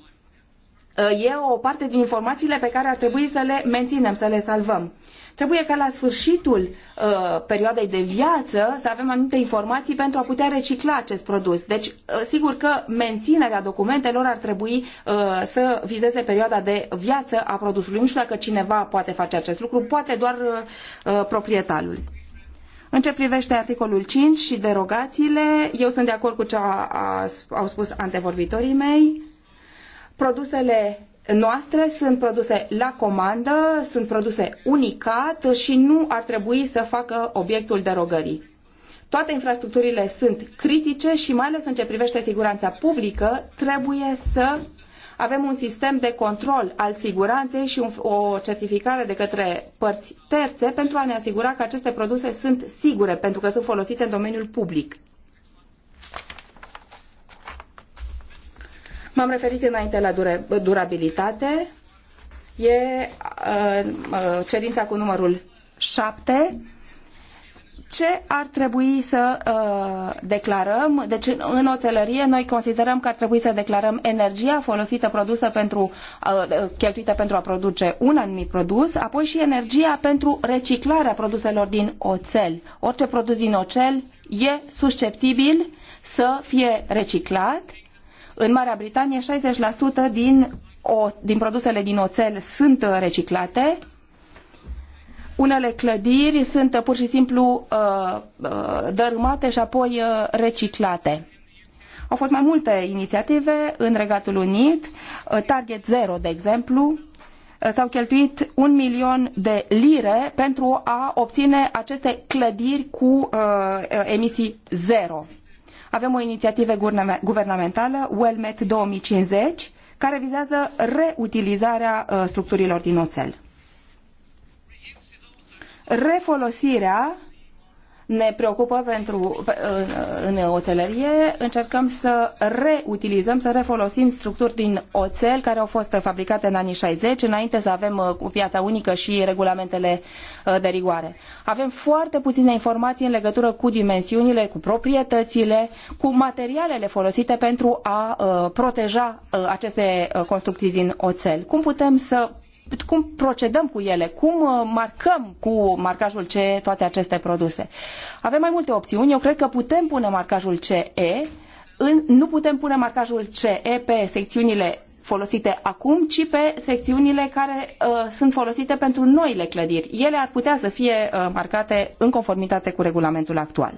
e o parte din informațiile pe care ar trebui să le menținem, să le salvăm. Uh, Trebuie ca la sfârșitul uh, perioadei de viață să avem anumite informații pentru a putea recicla acest produs. Deci, uh, sigur că menținerea documentelor ar trebui uh, să vizeze perioada de viață a produsului. Nu știu dacă cineva poate face acest lucru, poate doar uh, uh, proprietarul. În ce privește articolul 5 și derogațiile, eu sunt de acord cu ce a, a, au spus antevorbitorii mei. Produsele noastre sunt produse la comandă, sunt produse unicat și nu ar trebui să facă obiectul derogării. Toate infrastructurile sunt critice și mai ales în ce privește siguranța publică, trebuie să avem un sistem de control al siguranței și o certificare de către părți terțe pentru a ne asigura că aceste produse sunt sigure pentru că sunt folosite în domeniul public. M-am referit înainte la durabilitate. E uh, uh, cerința cu numărul 7 ce ar trebui să uh, declarăm. Deci, în oțelărie, noi considerăm că ar trebui să declarăm energia folosită, produsă pentru, uh, uh, cheltuită pentru a produce un anumit produs, apoi și energia pentru reciclarea produselor din oțel. Orice produs din oțel e susceptibil să fie reciclat în Marea Britanie, 60% din, o, din produsele din oțel sunt uh, reciclate. Unele clădiri sunt uh, pur și simplu uh, uh, dărâmate și apoi uh, reciclate. Au fost mai multe inițiative în Regatul Unit, uh, Target Zero, de exemplu, s-au cheltuit un milion de lire pentru a obține aceste clădiri cu emisii zero. Avem o inițiativă guvernamentală, WellMet 2050, care vizează reutilizarea uh, structurilor din oțel. Refolosirea ne preocupă pentru, în oțelărie. Încercăm să reutilizăm, să refolosim structuri din oțel care au fost fabricate în anii 60, înainte să avem uh, piața unică și regulamentele uh, de rigoare. Avem foarte puține informații în legătură cu dimensiunile, cu proprietățile, cu materialele folosite pentru a uh, proteja aceste construcții din oțel. Cum putem să cum procedăm cu ele, cum uh, marcăm cu marcajul CE toate aceste produse. Avem mai multe opțiuni. Eu cred că putem pune marcajul CE, în, nu putem pune marcajul CE pe secțiunile folosite acum, ci pe secțiunile care uh, sunt folosite pentru noile clădiri. Ele ar putea să fie uh, marcate în conformitate cu regulamentul actual.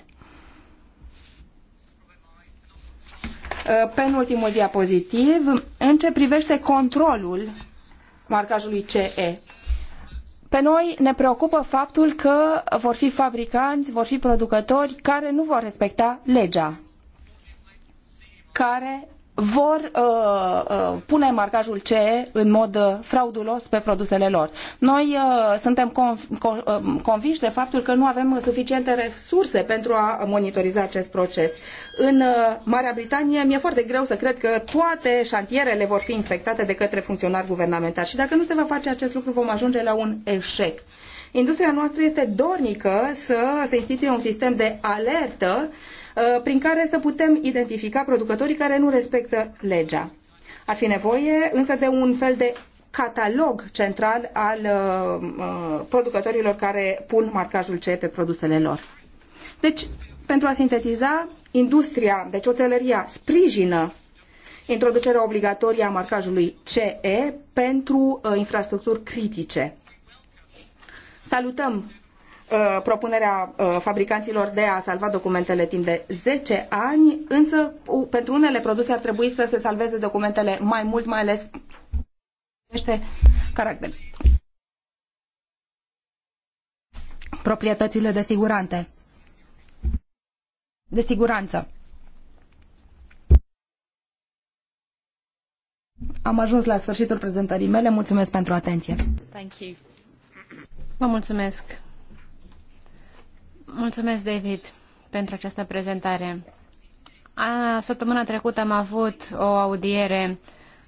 Uh, penultimul diapozitiv, în ce privește controlul marcajului CE. Pe noi ne preocupă faptul că vor fi fabricanți, vor fi producători care nu vor respecta legea, care vor uh, uh, pune marcajul CE în mod uh, fraudulos pe produsele lor. Noi uh, suntem conv- uh, convinși de faptul că nu avem suficiente resurse pentru a monitoriza acest proces. În uh, Marea Britanie mi-e foarte greu să cred că toate șantierele vor fi inspectate de către funcționari guvernamentali și dacă nu se va face acest lucru vom ajunge la un eșec. Industria noastră este dornică să se instituie un sistem de alertă uh, prin care să putem identifica producătorii care nu respectă legea. Ar fi nevoie însă de un fel de catalog central al uh, uh producătorilor care pun marcajul CE pe produsele lor. Deci, pentru a sintetiza, industria, deci oțelăria, sprijină introducerea obligatorie a marcajului CE pentru uh, infrastructuri critice. Salutăm uh, propunerea uh, fabricanților de a salva documentele timp de zece ani, însă pentru unele produse ar trebui să se salveze documentele mai mult, mai ales niște Proprietățile de sigurante. De siguranță. Am ajuns la sfârșitul prezentării mele. Mulțumesc pentru atenție. Thank you. Vă mulțumesc. Mulțumesc, David, pentru această prezentare. săptămâna trecută am avut o audiere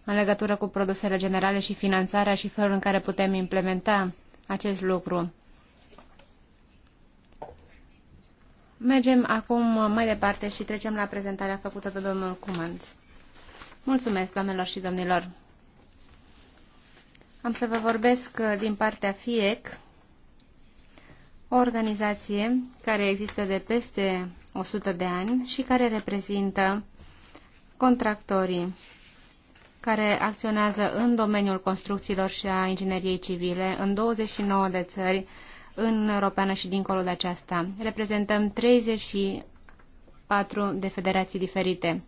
în legătură cu produsele generale și finanțarea și felul în care putem implementa acest lucru. Mergem acum mai departe și trecem la prezentarea făcută de domnul Cumans. Mulțumesc, doamnelor și domnilor! Am să vă vorbesc din partea FIEC, o organizație care există de peste 100 de ani și care reprezintă contractorii care acționează în domeniul construcțiilor și a ingineriei civile în 29 de țări în Europeană și dincolo de aceasta. Reprezentăm 34 de federații diferite.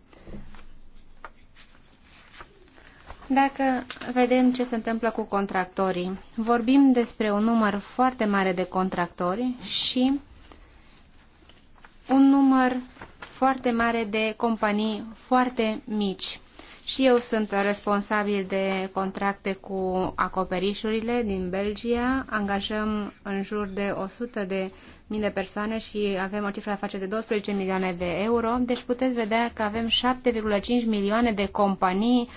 Dacă vedem ce se întâmplă cu contractorii, vorbim despre un număr foarte mare de contractori și un număr foarte mare de companii foarte mici. Și eu sunt responsabil de contracte cu acoperișurile din Belgia. Angajăm în jur de 100 de mii de persoane și avem o cifră de de 12 milioane de euro. Deci puteți vedea că avem 7,5 milioane de companii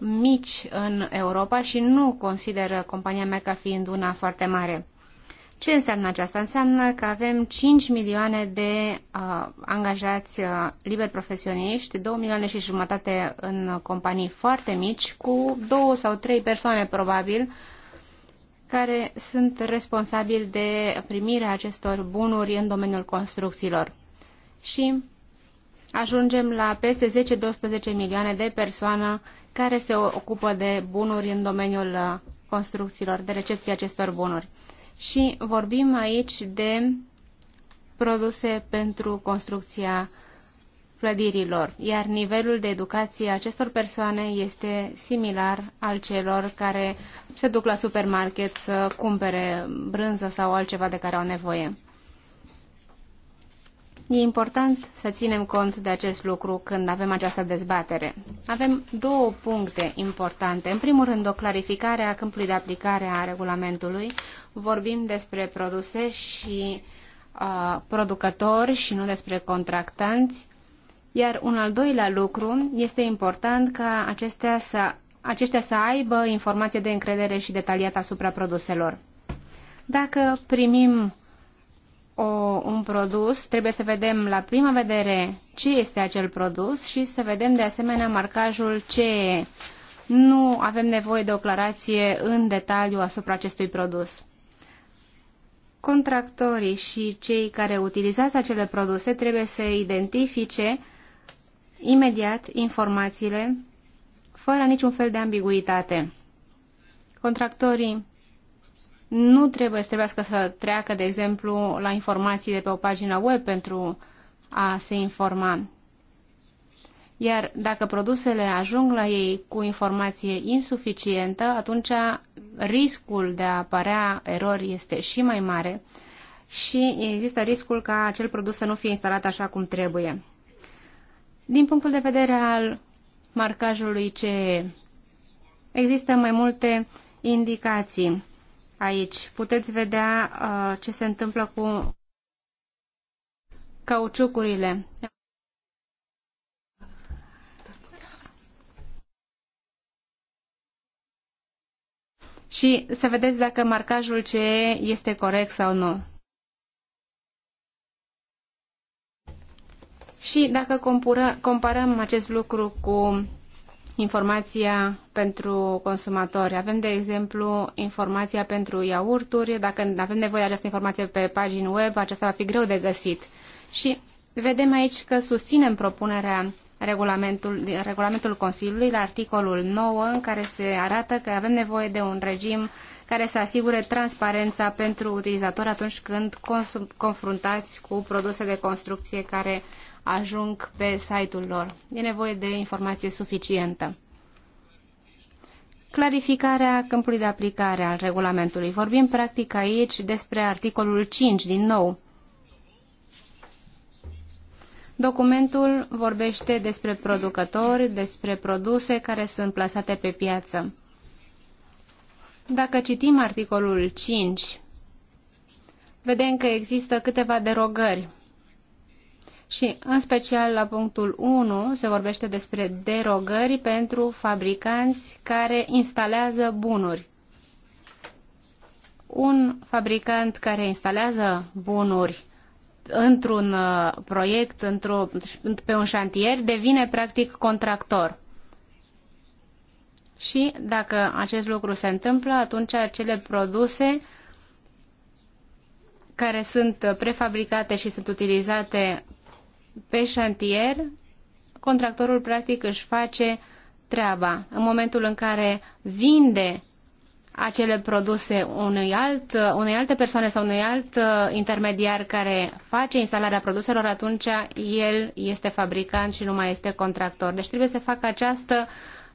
mici în Europa și nu consider compania mea ca fiind una foarte mare. Ce înseamnă aceasta? Înseamnă că avem 5 milioane de uh, angajați uh, liberi profesioniști, 2 milioane și jumătate în companii foarte mici, cu două sau trei persoane probabil, care sunt responsabili de primirea acestor bunuri în domeniul construcțiilor. Și ajungem la peste 10-12 milioane de persoane care se ocupă de bunuri în domeniul uh, construcțiilor, de recepția acestor bunuri. Și vorbim aici de produse pentru construcția clădirilor, iar nivelul de educație a acestor persoane este similar al celor care se duc la supermarket să cumpere brânză sau altceva de care au nevoie. E important să ținem cont de acest lucru când avem această dezbatere. Avem două puncte importante. În primul rând, o clarificare a câmpului de aplicare a regulamentului. Vorbim despre produse și uh, producători și nu despre contractanți. Iar un al doilea lucru este important ca acestea să, aceștia să aibă informație de încredere și detaliată asupra produselor. Dacă primim o, un produs, trebuie să vedem la prima vedere ce este acel produs și să vedem de asemenea marcajul CE. Nu avem nevoie de o clarație în detaliu asupra acestui produs. Contractorii și cei care utilizează acele produse trebuie să identifice imediat informațiile fără niciun fel de ambiguitate. Contractorii nu trebuie să trebuiască să treacă, de exemplu, la informații de pe o pagină web pentru a se informa. Iar dacă produsele ajung la ei cu informație insuficientă, atunci riscul de a apărea erori este și mai mare și există riscul ca acel produs să nu fie instalat așa cum trebuie. Din punctul de vedere al marcajului CE, există mai multe indicații aici. Puteți vedea uh, ce se întâmplă cu cauciucurile. Și să vedeți dacă marcajul CE este corect sau nu. Și dacă comparăm acest lucru cu informația pentru consumatori. Avem, de exemplu, informația pentru iaurturi. Dacă avem nevoie de această informație pe pagini web, aceasta va fi greu de găsit. Și vedem aici că susținem propunerea regulamentul, regulamentul Consiliului la articolul 9, în care se arată că avem nevoie de un regim care să asigure transparența pentru utilizator atunci când confruntați cu produse de construcție care ajung pe site-ul lor. E nevoie de informație suficientă. Clarificarea câmpului de aplicare al regulamentului. Vorbim practic aici despre articolul 5 din nou. Documentul vorbește despre producători, despre produse care sunt plasate pe piață. Dacă citim articolul 5, vedem că există câteva derogări și, în special, la punctul 1 se vorbește despre derogări pentru fabricanți care instalează bunuri. Un fabricant care instalează bunuri într-un uh, proiect, într pe un șantier, devine practic contractor. Și dacă acest lucru se întâmplă, atunci acele produse care sunt prefabricate și sunt utilizate pe șantier, contractorul practic își face treaba. În momentul în care vinde acele produse unui alt, unei alte persoane sau unui alt uh, intermediar care face instalarea produselor, atunci el este fabricant și nu mai este contractor. Deci trebuie să facă această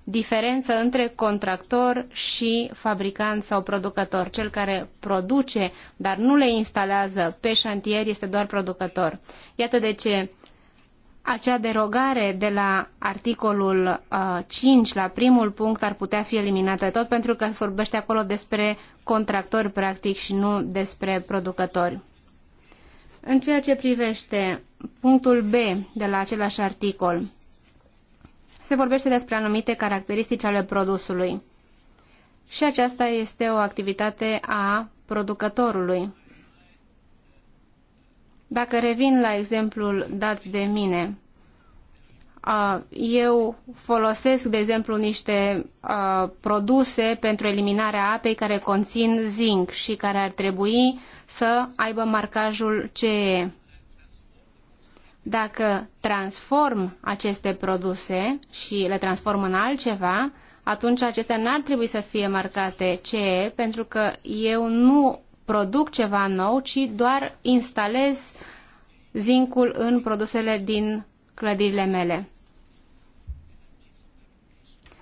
diferență între contractor și fabricant sau producător. Cel care produce, dar nu le instalează pe șantier, este doar producător. Iată de ce acea derogare de la articolul uh, 5 la primul punct ar putea fi eliminată tot pentru că vorbește acolo despre contractori practic și nu despre producători. În ceea ce privește punctul B de la același articol, se vorbește despre anumite caracteristici ale produsului. Și aceasta este o activitate a producătorului. Dacă revin la exemplul dat de mine, eu folosesc, de exemplu, niște produse pentru eliminarea apei care conțin zinc și care ar trebui să aibă marcajul CE. Dacă transform aceste produse și le transform în altceva, atunci acestea n-ar trebui să fie marcate CE pentru că eu nu produc ceva nou, ci doar instalez zincul în produsele din clădirile mele.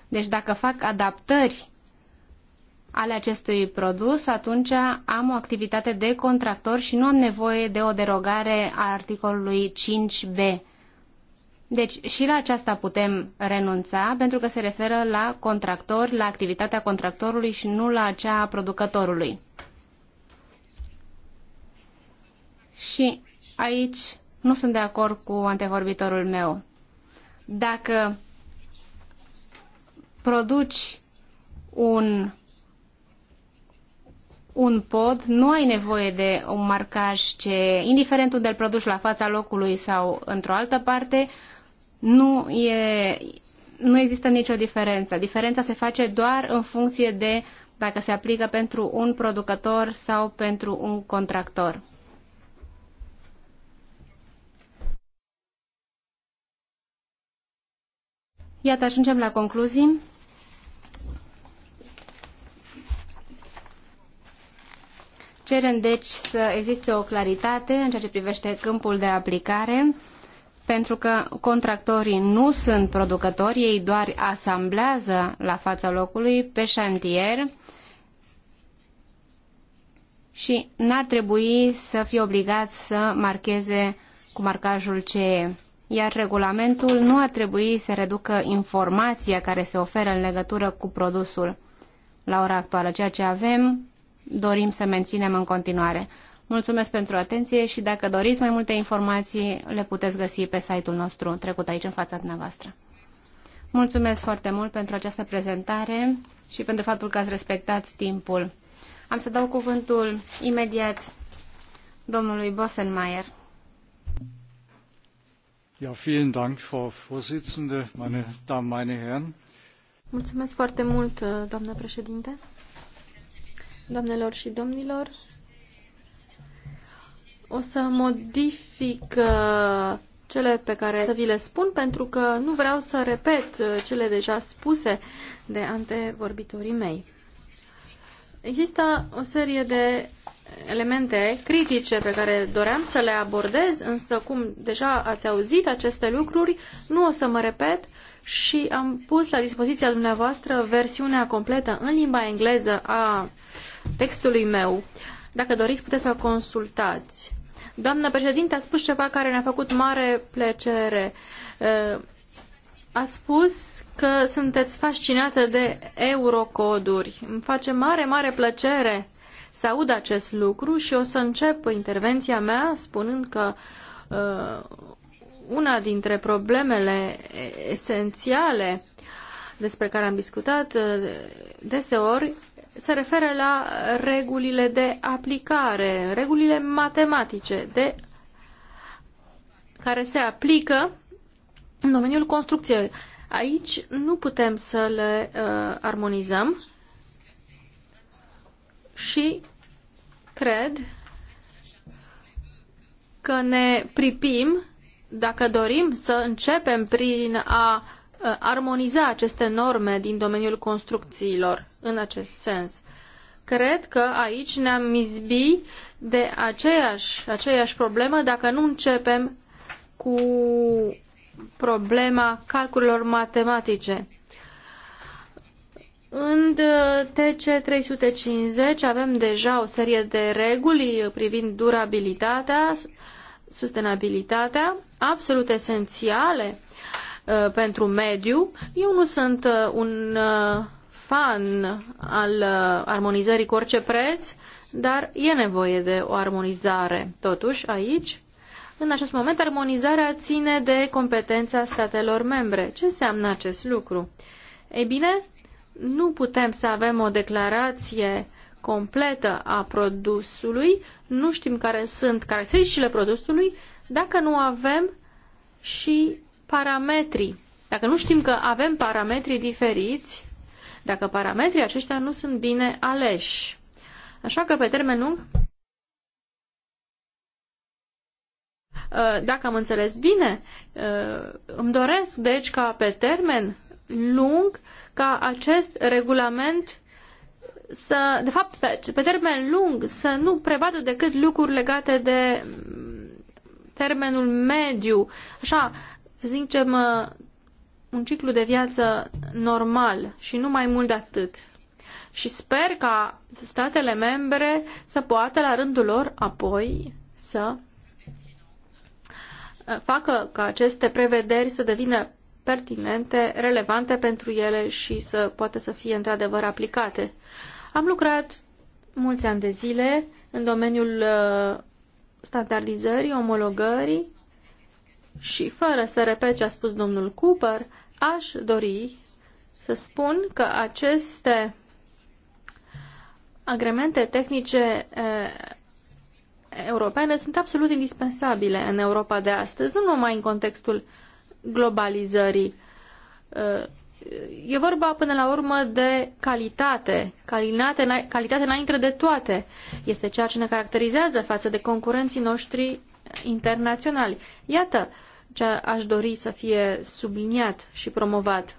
Deci dacă fac adaptări ale acestui produs, atunci am o activitate de contractor și nu am nevoie de o derogare a articolului 5b. Deci și la aceasta putem renunța pentru că se referă la contractor, la activitatea contractorului și nu la cea a producătorului. Și aici nu sunt de acord cu antevorbitorul meu. Dacă produci un un pod, nu ai nevoie de un marcaj ce, indiferent unde îl produci la fața locului sau într-o altă parte, nu, e, nu există nicio diferență. Diferența se face doar în funcție de dacă se aplică pentru un producător sau pentru un contractor. Iată, ajungem la concluzii. Cerem deci să existe o claritate în ceea ce privește câmpul de aplicare, pentru că contractorii nu sunt producători, ei doar asamblează la fața locului pe șantier și n-ar trebui să fie obligați să marcheze cu marcajul CE iar regulamentul nu ar trebui să reducă informația care se oferă în legătură cu produsul. La ora actuală, ceea ce avem, dorim să menținem în continuare. Mulțumesc pentru atenție și dacă doriți mai multe informații, le puteți găsi pe site-ul nostru trecut aici în fața dumneavoastră. Mulțumesc foarte mult pentru această prezentare și pentru faptul că ați respectat timpul. Am să dau cuvântul imediat domnului Bosenmaier. Ja, vielen Dank, Frau Vorsitzende, meine Damen, meine Herren. Mulțumesc foarte mult, uh, doamnă președinte. Doamnelor și domnilor, o să modific uh, cele pe care să vi le spun pentru că nu vreau să repet uh, cele deja spuse de antevorbitorii mei. Există o serie de elemente critice pe care doream să le abordez, însă cum deja ați auzit aceste lucruri, nu o să mă repet și am pus la dispoziția dumneavoastră versiunea completă în limba engleză a textului meu. Dacă doriți, puteți să consultați. Doamnă președinte, a spus ceva care ne-a făcut mare plăcere. Ați spus că sunteți fascinată de eurocoduri. Îmi face mare, mare plăcere să aud acest lucru și o să încep intervenția mea spunând că uh, una dintre problemele esențiale despre care am discutat uh, deseori se referă la regulile de aplicare, regulile matematice de care se aplică în domeniul construcției. Aici nu putem să le uh, armonizăm și cred că ne pripim dacă dorim să începem prin a armoniza aceste norme din domeniul construcțiilor în acest sens. Cred că aici ne-am mizbi de aceeași, aceeași problemă dacă nu începem cu problema calculelor matematice. În uh, TC350 avem deja o serie de reguli privind durabilitatea, sustenabilitatea, absolut esențiale uh, pentru mediu. Eu nu sunt uh, un fan al armonizării cu orice preț, dar e nevoie de o armonizare. Totuși, aici, în acest moment, armonizarea ține de competența statelor membre. Ce înseamnă acest lucru? Ei bine, nu putem să avem o declarație completă a produsului, nu știm care sunt caracteristicile produsului, dacă nu avem și parametrii. Dacă nu știm că avem parametrii diferiți, dacă parametrii aceștia nu sunt bine aleși. Așa că, pe termen lung, uh, dacă am înțeles bine, uh, îmi doresc, deci, ca pe termen lung ca acest regulament să, de fapt, pe, pe termen lung, să nu prevadă decât lucruri legate de mm, termenul mediu, așa, zicem, uh, un ciclu de viață normal și nu mai mult de atât. Și sper ca statele membre să poată, la rândul lor, apoi să uh, facă ca aceste prevederi să devină pertinente, relevante pentru ele și să poată să fie într-adevăr aplicate. Am lucrat mulți ani de zile în domeniul uh, standardizării, omologării și fără să repet ce a spus domnul Cooper, aș dori să spun că aceste agremente tehnice uh, europene sunt absolut indispensabile în Europa de astăzi, nu numai în contextul globalizării. Uh, e vorba până la urmă de calitate, calitate, calitate înainte de toate. Este ceea ce ne caracterizează față de concurenții noștri internaționali. Iată ce aș dori să fie subliniat și promovat.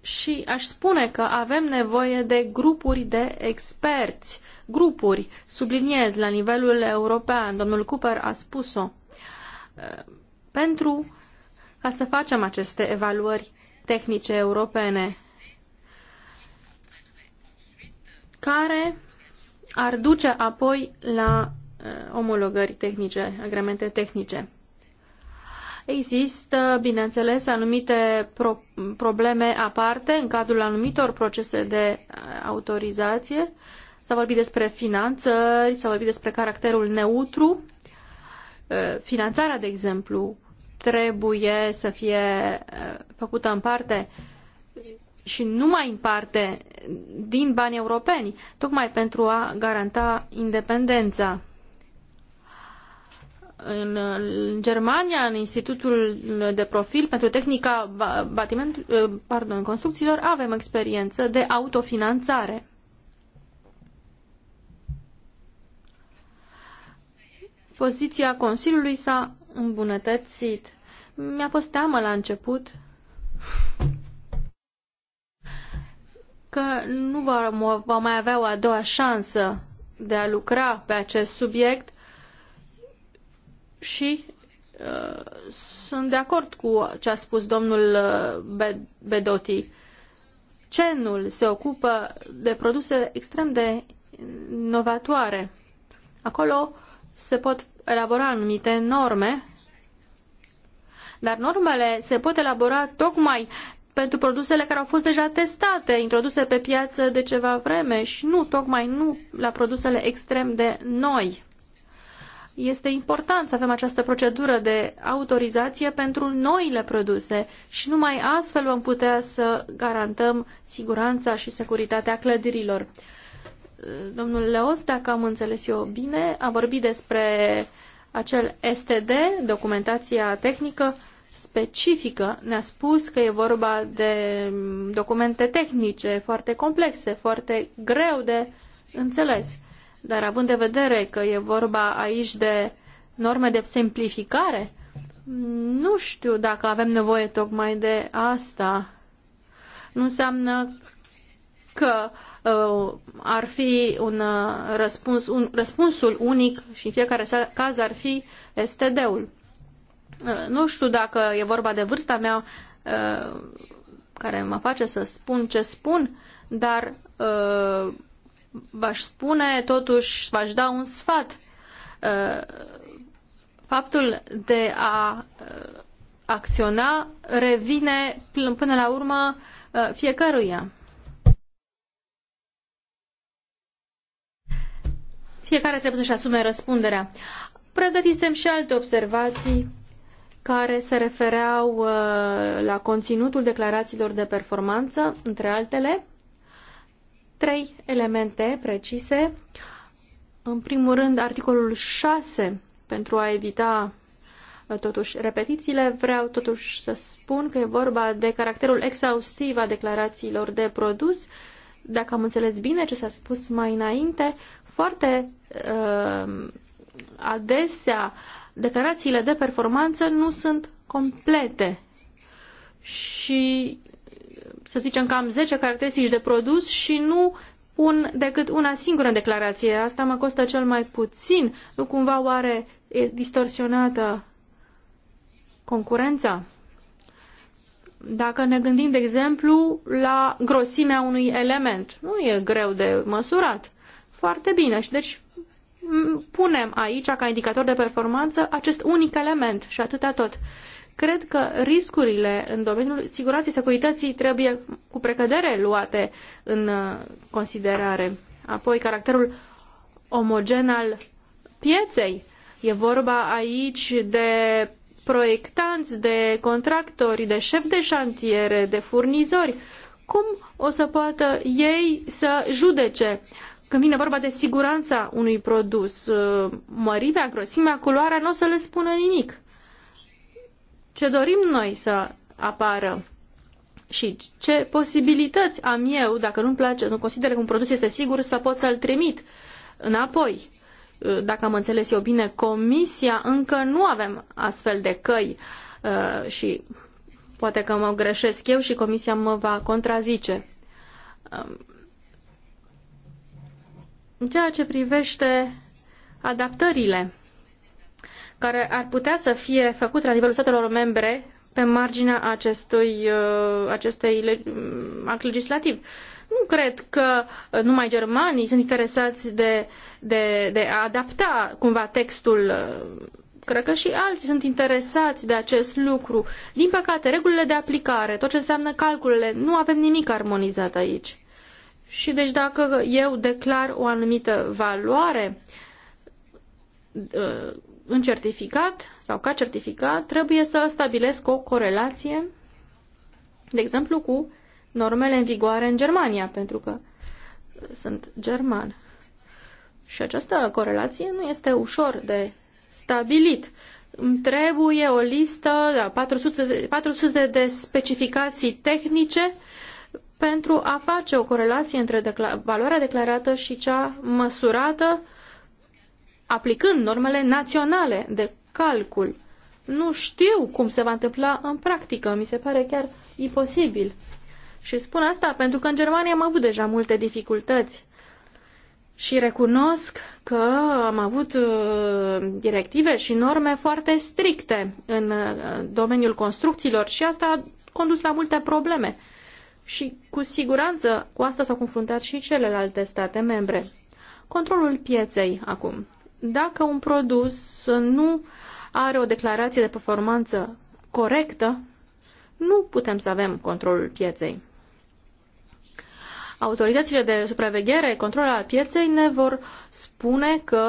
Și aș spune că avem nevoie de grupuri de experți, grupuri, subliniez, la nivelul european, domnul Cooper a spus-o uh, pentru ca să facem aceste evaluări tehnice europene care ar duce apoi la eh, omologări tehnice, agramente tehnice. Există, bineînțeles, anumite pro probleme aparte în cadrul anumitor procese de eh, autorizație. S-a vorbit despre finanțări, s-a vorbit despre caracterul neutru Eh, finanțarea, de exemplu, trebuie să fie eh, făcută în parte și numai în parte din bani europeni, tocmai pentru a garanta independența. În, eh, Germania, în Institutul de Profil pentru Tehnica batiment, pardon, Construcțiilor, avem experiență de autofinanțare. Poziția Consiliului s-a îmbunătățit. Mi-a fost teamă la început că nu va mai avea o a doua șansă de a lucra pe acest subiect și uh, sunt de acord cu ce a spus domnul uh, Bedotti. Cenul se ocupă de produse extrem de novatoare. Acolo uh, se pot elabora anumite norme, dar normele se pot elabora tocmai pentru produsele care au fost deja testate, introduse pe piață de ceva vreme și nu, tocmai nu la produsele extrem de noi. Este important să avem această procedură de autorizație pentru noile produse și numai astfel vom putea să garantăm siguranța și securitatea clădirilor. Domnul Leos, dacă am înțeles eu bine, a vorbit despre acel STD, documentația tehnică specifică. Ne-a spus că e vorba de documente tehnice foarte complexe, foarte greu de înțeles. Dar având de vedere că e vorba aici de norme de simplificare, nu știu dacă avem nevoie tocmai de asta. Nu înseamnă că uh, Uh, ar fi un uh, răspuns, un, răspunsul unic și în fiecare caz ar fi STD-ul. Uh, nu știu dacă e vorba de vârsta mea care mă face să spun ce spun, dar v-aș spune, totuși v-aș da un sfat. Faptul de a acționa revine până la urmă fiecăruia. Fiecare trebuie să-și asume răspunderea. Pregătisem și alte observații care se refereau uh, la conținutul declarațiilor de performanță, între altele, trei elemente precise. În primul rând, articolul 6, pentru a evita uh, totuși repetițiile, vreau totuși să spun că e vorba de caracterul exhaustiv a declarațiilor de produs dacă am înțeles bine ce s-a spus mai înainte, foarte uh, adesea declarațiile de performanță nu sunt complete și să zicem că am 10 caracteristici de produs și nu un, decât una singură în declarație. Asta mă costă cel mai puțin. Nu cumva oare e distorsionată concurența? Dacă ne gândim, de exemplu, la grosimea unui element, nu e greu de măsurat. Foarte bine. Și deci punem aici, ca indicator de performanță, acest unic element și atâta tot. Cred că riscurile în domeniul siguranței securității trebuie cu precădere luate în uh, considerare. Apoi, caracterul omogen al pieței. E vorba aici de proiectanți, de contractori, de șefi de șantiere, de furnizori. Cum o să poată ei să judece când vine vorba de siguranța unui produs, uh, mărimea, grosimea, culoarea, nu o să le spună nimic. Ce dorim noi să apară și ce posibilități am eu, dacă nu-mi place, nu consider că un produs este sigur, să pot să-l trimit înapoi dacă am înțeles eu bine, Comisia, încă nu avem astfel de căi uh, și poate că mă greșesc eu și Comisia mă va contrazice. Um, în ceea ce privește adaptările care ar putea să fie făcute la nivelul statelor membre pe marginea acestui, uh, acestei um, act legislativ. Nu cred că uh, numai germanii sunt interesați de, de, de a adapta cumva textul uh, Cred că și alții sunt interesați de acest lucru. Din păcate, regulile de aplicare, tot ce înseamnă calculele, nu avem nimic armonizat aici. Și deci dacă eu declar o anumită valoare în uh, certificat sau ca certificat, trebuie să stabilesc o corelație, de exemplu, cu normele în vigoare în Germania, pentru că sunt german. Și această corelație nu este ușor de stabilit. Îmi trebuie o listă, da, 400 de, 400 de specificații tehnice pentru a face o corelație între decla- valoarea declarată și cea măsurată aplicând normele naționale de calcul. Nu știu cum se va întâmpla în practică, mi se pare chiar imposibil și spun asta pentru că în Germania am avut deja multe dificultăți și recunosc că am avut uh, directive și norme foarte stricte în uh, domeniul construcțiilor și asta a condus la multe probleme. Și cu siguranță cu asta s-au confruntat și celelalte state membre. Controlul pieței acum. Dacă un produs nu are o declarație de performanță corectă, nu putem să avem controlul pieței autoritățile de supraveghere, control al pieței ne vor spune că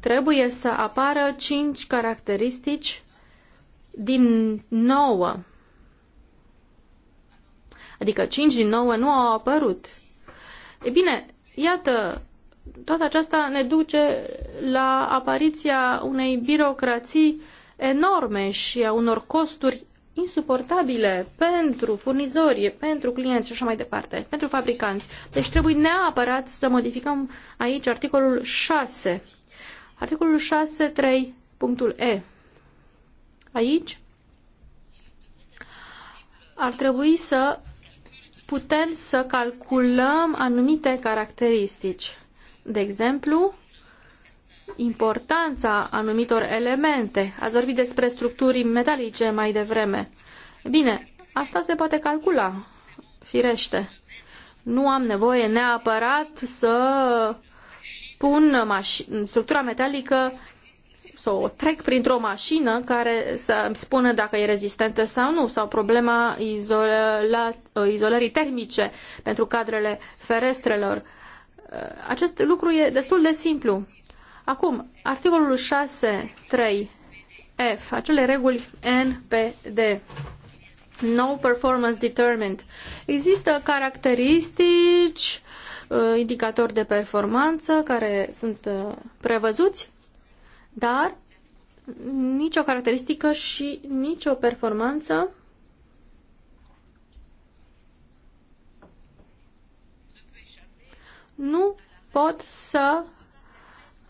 trebuie să apară cinci caracteristici din nouă. Adică cinci din nouă nu au apărut. E bine, iată, toată aceasta ne duce la apariția unei birocrații enorme și a unor costuri insuportabile pentru furnizori, pentru clienți și așa mai departe, pentru fabricanți. Deci trebuie neapărat să modificăm aici articolul 6. Articolul 6, 3, punctul E. Aici ar trebui să putem să calculăm anumite caracteristici. De exemplu, importanța anumitor elemente. Ați vorbit despre structuri metalice mai devreme. Bine, asta se poate calcula, firește. Nu am nevoie neapărat să pun structura metalică să o trec printr-o mașină care să îmi spună dacă e rezistentă sau nu, sau problema izola, izolării termice pentru cadrele ferestrelor. Acest lucru e destul de simplu. Acum, articolul 6.3f, acele reguli NPD, No Performance Determined. Există caracteristici, uh, indicatori de performanță care sunt uh, prevăzuți, dar nicio caracteristică și nicio performanță nu pot să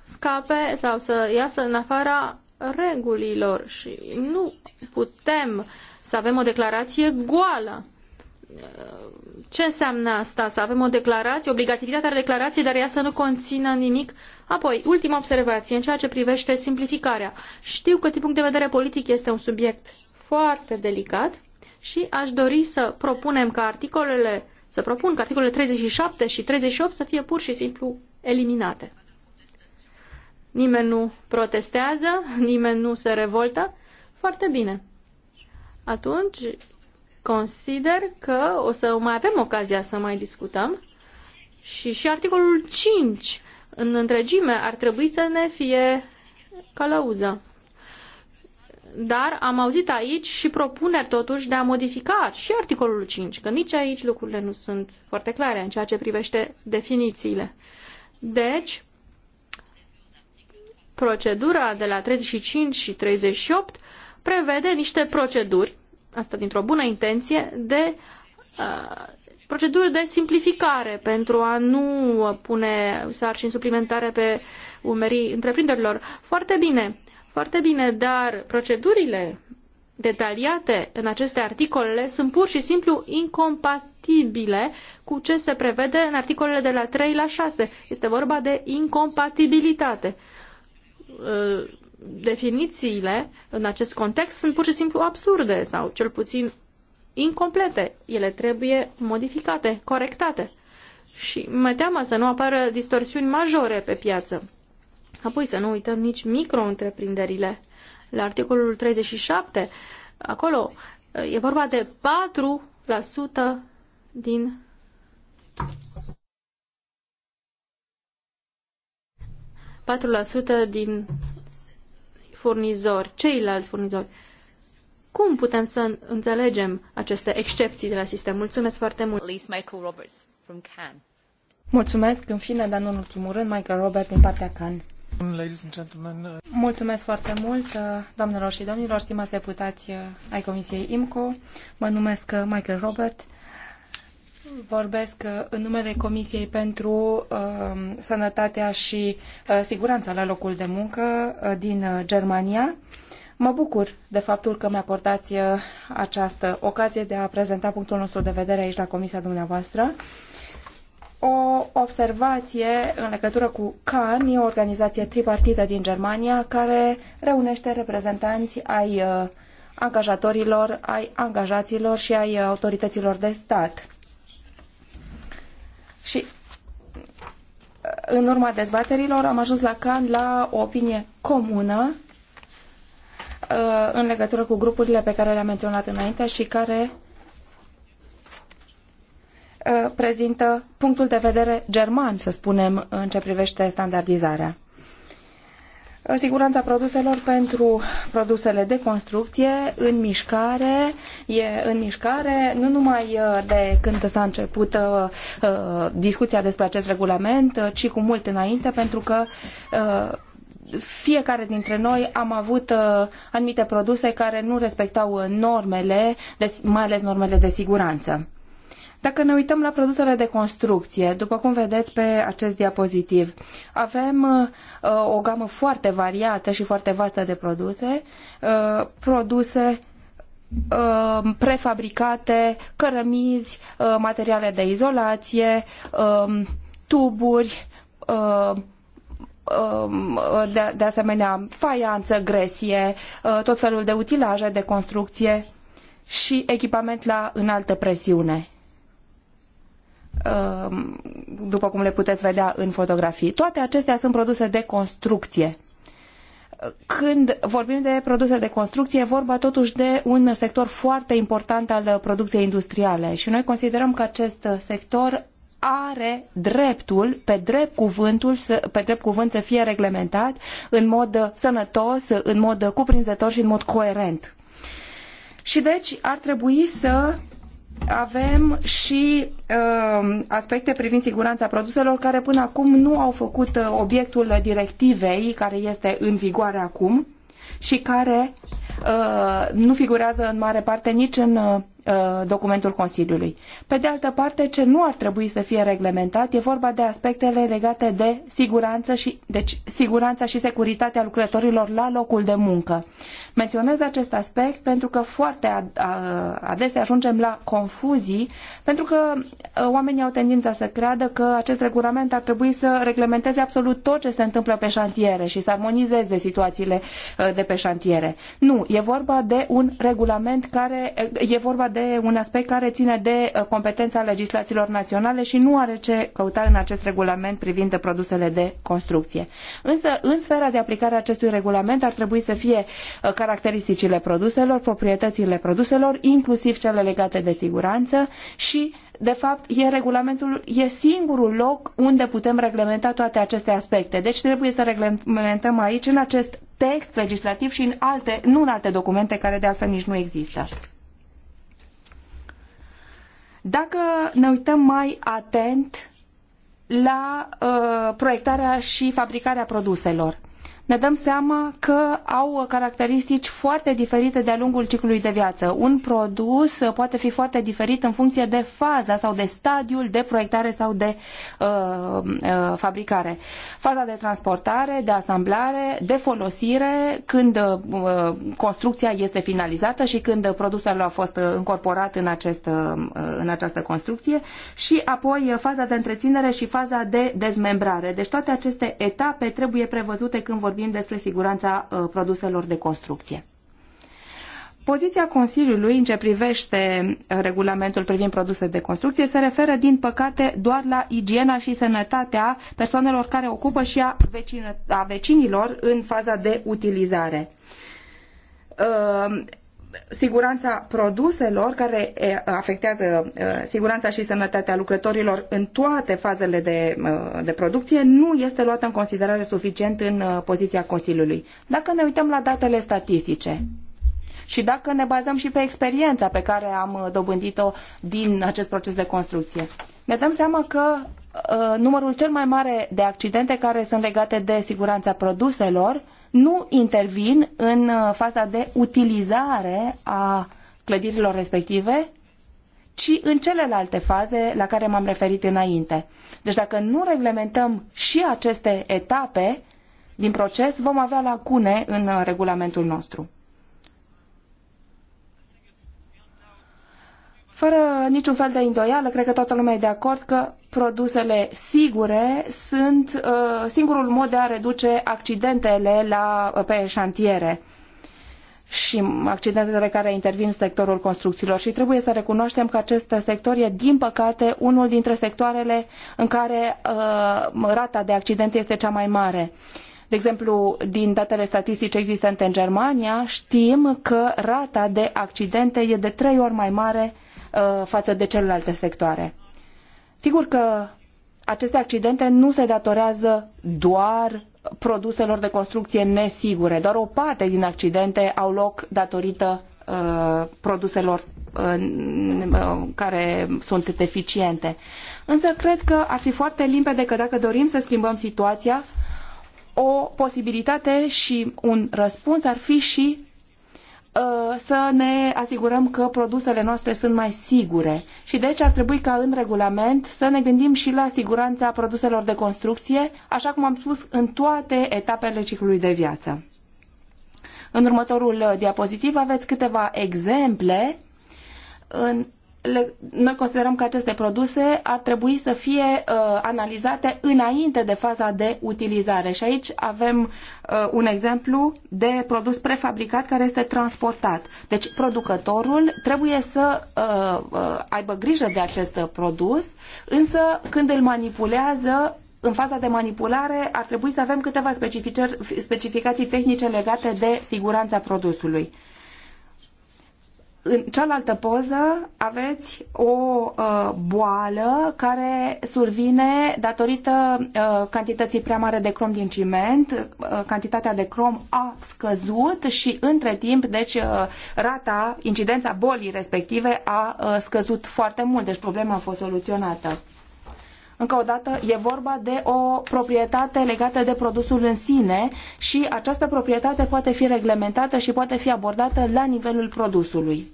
scape sau să iasă în afara regulilor și nu putem să avem o declarație goală. Ce înseamnă asta? Să avem o declarație, obligativitatea declarației, dar ea să nu conțină nimic? Apoi, ultima observație în ceea ce privește simplificarea. Știu că din punct de vedere politic este un subiect foarte delicat și aș dori să propunem ca articolele, să propun că articolele 37 și 38 să fie pur și simplu eliminate. Nimeni nu protestează, nimeni nu se revoltă. Foarte bine. Atunci consider că o să mai avem ocazia să mai discutăm și și articolul 5 în întregime ar trebui să ne fie călăuză. Dar am auzit aici și propuneri totuși de a modifica și articolul 5, că nici aici lucrurile nu sunt foarte clare în ceea ce privește definițiile. Deci, Procedura de la 35 și 38 prevede niște proceduri, asta dintr-o bună intenție, de uh, proceduri de simplificare pentru a nu pune sarcini suplimentare pe umerii întreprinderilor. Foarte bine, foarte bine, dar procedurile detaliate în aceste articole sunt pur și simplu incompatibile cu ce se prevede în articolele de la 3 la 6. Este vorba de incompatibilitate. Uh, definițiile în acest context sunt pur și simplu absurde sau cel puțin incomplete. Ele trebuie modificate, corectate. Și mă teamă să nu apară distorsiuni majore pe piață. Apoi să nu uităm nici micro-întreprinderile. La articolul 37, acolo uh, e vorba de 4% din 4% din furnizori, ceilalți furnizori. Cum putem să înțelegem aceste excepții de la sistem? Mulțumesc foarte mult! Michael Roberts, from Cannes. Mulțumesc, în fine, dar nu în ultimul rând, Michael Robert din partea Cannes. Uh, Mulțumesc foarte mult, uh, doamnelor și domnilor, stimați deputați uh, ai Comisiei IMCO. Mă numesc Michael Robert Vorbesc uh, în numele Comisiei pentru uh, Sănătatea și uh, Siguranța la locul de muncă uh, din uh, Germania. Mă bucur de faptul că mi-acordați uh, această ocazie de a prezenta punctul nostru de vedere aici la Comisia dumneavoastră. O observație în legătură cu CAN, e o organizație tripartită din Germania care reunește reprezentanți ai angajatorilor, ai angajaților și ai autorităților de stat și în urma dezbaterilor am ajuns la CAN la o opinie comună uh, în legătură cu grupurile pe care le-am menționat înainte și care uh, prezintă punctul de vedere german, să spunem, în ce privește standardizarea. Siguranța produselor pentru produsele de construcție în mișcare, e în mișcare nu numai uh, de când s-a început uh, uh discuția despre acest regulament, uh, ci cu mult înainte, pentru că uh, fiecare dintre noi am avut uh, anumite produse care nu respectau normele, de, mai ales normele de siguranță. Dacă ne uităm la produsele de construcție, după cum vedeți pe acest diapozitiv, avem uh, o gamă foarte variată și foarte vastă de produse, uh, produse uh, prefabricate, cărămizi, materiale de izolație, um, tuburi, um, de, de asemenea faianță, gresie, tot felul de utilaje de construcție și echipament la înaltă presiune. Um, după cum le puteți vedea în fotografii. Toate acestea sunt produse de construcție. Când vorbim de produse de construcție, e vorba totuși de un sector foarte important al producției industriale și noi considerăm că acest sector are dreptul, pe drept, cuvântul, să, pe drept cuvânt să fie reglementat în mod sănătos, în mod cuprinzător și în mod coerent. Și deci ar trebui să avem și uh, aspecte privind siguranța produselor care până acum nu au făcut uh, obiectul directivei care este în vigoare acum și care uh, nu figurează în mare parte nici în uh, Uh, documentul Consiliului. Pe de altă parte, ce nu ar trebui să fie reglementat e vorba de aspectele legate de siguranță și, deci, siguranța și securitatea lucrătorilor la locul de muncă. Menționez acest aspect pentru că foarte adesea ajungem la confuzii, pentru că uh, oamenii au tendința să creadă că acest regulament ar trebui să reglementeze absolut tot ce se întâmplă pe șantiere și să armonizeze situațiile uh, de pe șantiere. Nu, e vorba de un regulament care e vorba de un aspect care ține de uh, competența legislațiilor naționale și nu are ce căuta în acest regulament privind produsele de construcție. Însă, în sfera de aplicare a acestui regulament ar trebui să fie uh, caracteristicile produselor, proprietățile produselor, inclusiv cele legate de siguranță și de fapt, e regulamentul, e singurul loc unde putem reglementa toate aceste aspecte. Deci trebuie să reglementăm aici, în acest text legislativ și în alte, nu în alte documente care de altfel nici nu există. Dacă ne uităm mai atent la uh, proiectarea și fabricarea produselor, ne dăm seama că au caracteristici foarte diferite de-a lungul ciclului de viață. Un produs poate fi foarte diferit în funcție de faza sau de stadiul de proiectare sau de uh, uh, fabricare. Faza de transportare, de asamblare, de folosire, când uh, construcția este finalizată și când produsul a fost incorporat în, acest, uh, în această construcție și apoi faza de întreținere și faza de dezmembrare. Deci toate aceste etape trebuie prevăzute când vorbim vorbim despre siguranța uh, produselor de construcție. Poziția Consiliului în ce privește uh, regulamentul privind produse de construcție se referă, din păcate, doar la igiena și sănătatea persoanelor care ocupă și a, vecină, a vecinilor în faza de utilizare uh, siguranța produselor care afectează siguranța și sănătatea lucrătorilor în toate fazele de, de producție nu este luată în considerare suficient în poziția Consiliului. Dacă ne uităm la datele statistice și dacă ne bazăm și pe experiența pe care am dobândit-o din acest proces de construcție, ne dăm seama că numărul cel mai mare de accidente care sunt legate de siguranța produselor nu intervin în uh, faza de utilizare a clădirilor respective, ci în celelalte faze la care m-am referit înainte. Deci dacă nu reglementăm și aceste etape din proces, vom avea lacune în uh, regulamentul nostru. Fără niciun fel de îndoială, cred că toată lumea e de acord că produsele sigure sunt uh, singurul mod de a reduce accidentele la, uh, pe șantiere și accidentele care intervin în sectorul construcțiilor și trebuie să recunoaștem că acest sector e, din păcate, unul dintre sectoarele în care uh, rata de accidente este cea mai mare. De exemplu, din datele statistice existente în Germania, știm că rata de accidente e de trei ori mai mare uh, față de celelalte sectoare. Sigur că aceste accidente nu se datorează doar produselor de construcție nesigure. Doar o parte din accidente au loc datorită uh, produselor uh, uh, care sunt deficiente. Însă cred că ar fi foarte limpede că dacă dorim să schimbăm situația, o posibilitate și un răspuns ar fi și Uh, să ne asigurăm că produsele noastre sunt mai sigure și deci ar trebui ca în regulament să ne gândim și la siguranța produselor de construcție, așa cum am spus, în toate etapele ciclului de viață. În următorul uh, diapozitiv aveți câteva exemple în le, noi considerăm că aceste produse ar trebui să fie uh, analizate înainte de faza de utilizare. Și aici avem uh, un exemplu de produs prefabricat care este transportat. Deci producătorul trebuie să uh, uh aibă grijă de acest produs, însă când îl manipulează, în faza de manipulare ar trebui să avem câteva specificații tehnice legate de siguranța produsului în cealaltă poză aveți o uh, boală care survine datorită uh, cantității prea mare de crom din ciment. Uh, cantitatea de crom a scăzut și între timp, deci uh, rata, incidența bolii respective a uh, scăzut foarte mult, deci problema a fost soluționată. Încă o dată, e vorba de o proprietate legată de produsul în sine și această proprietate poate fi reglementată și poate fi abordată la nivelul produsului.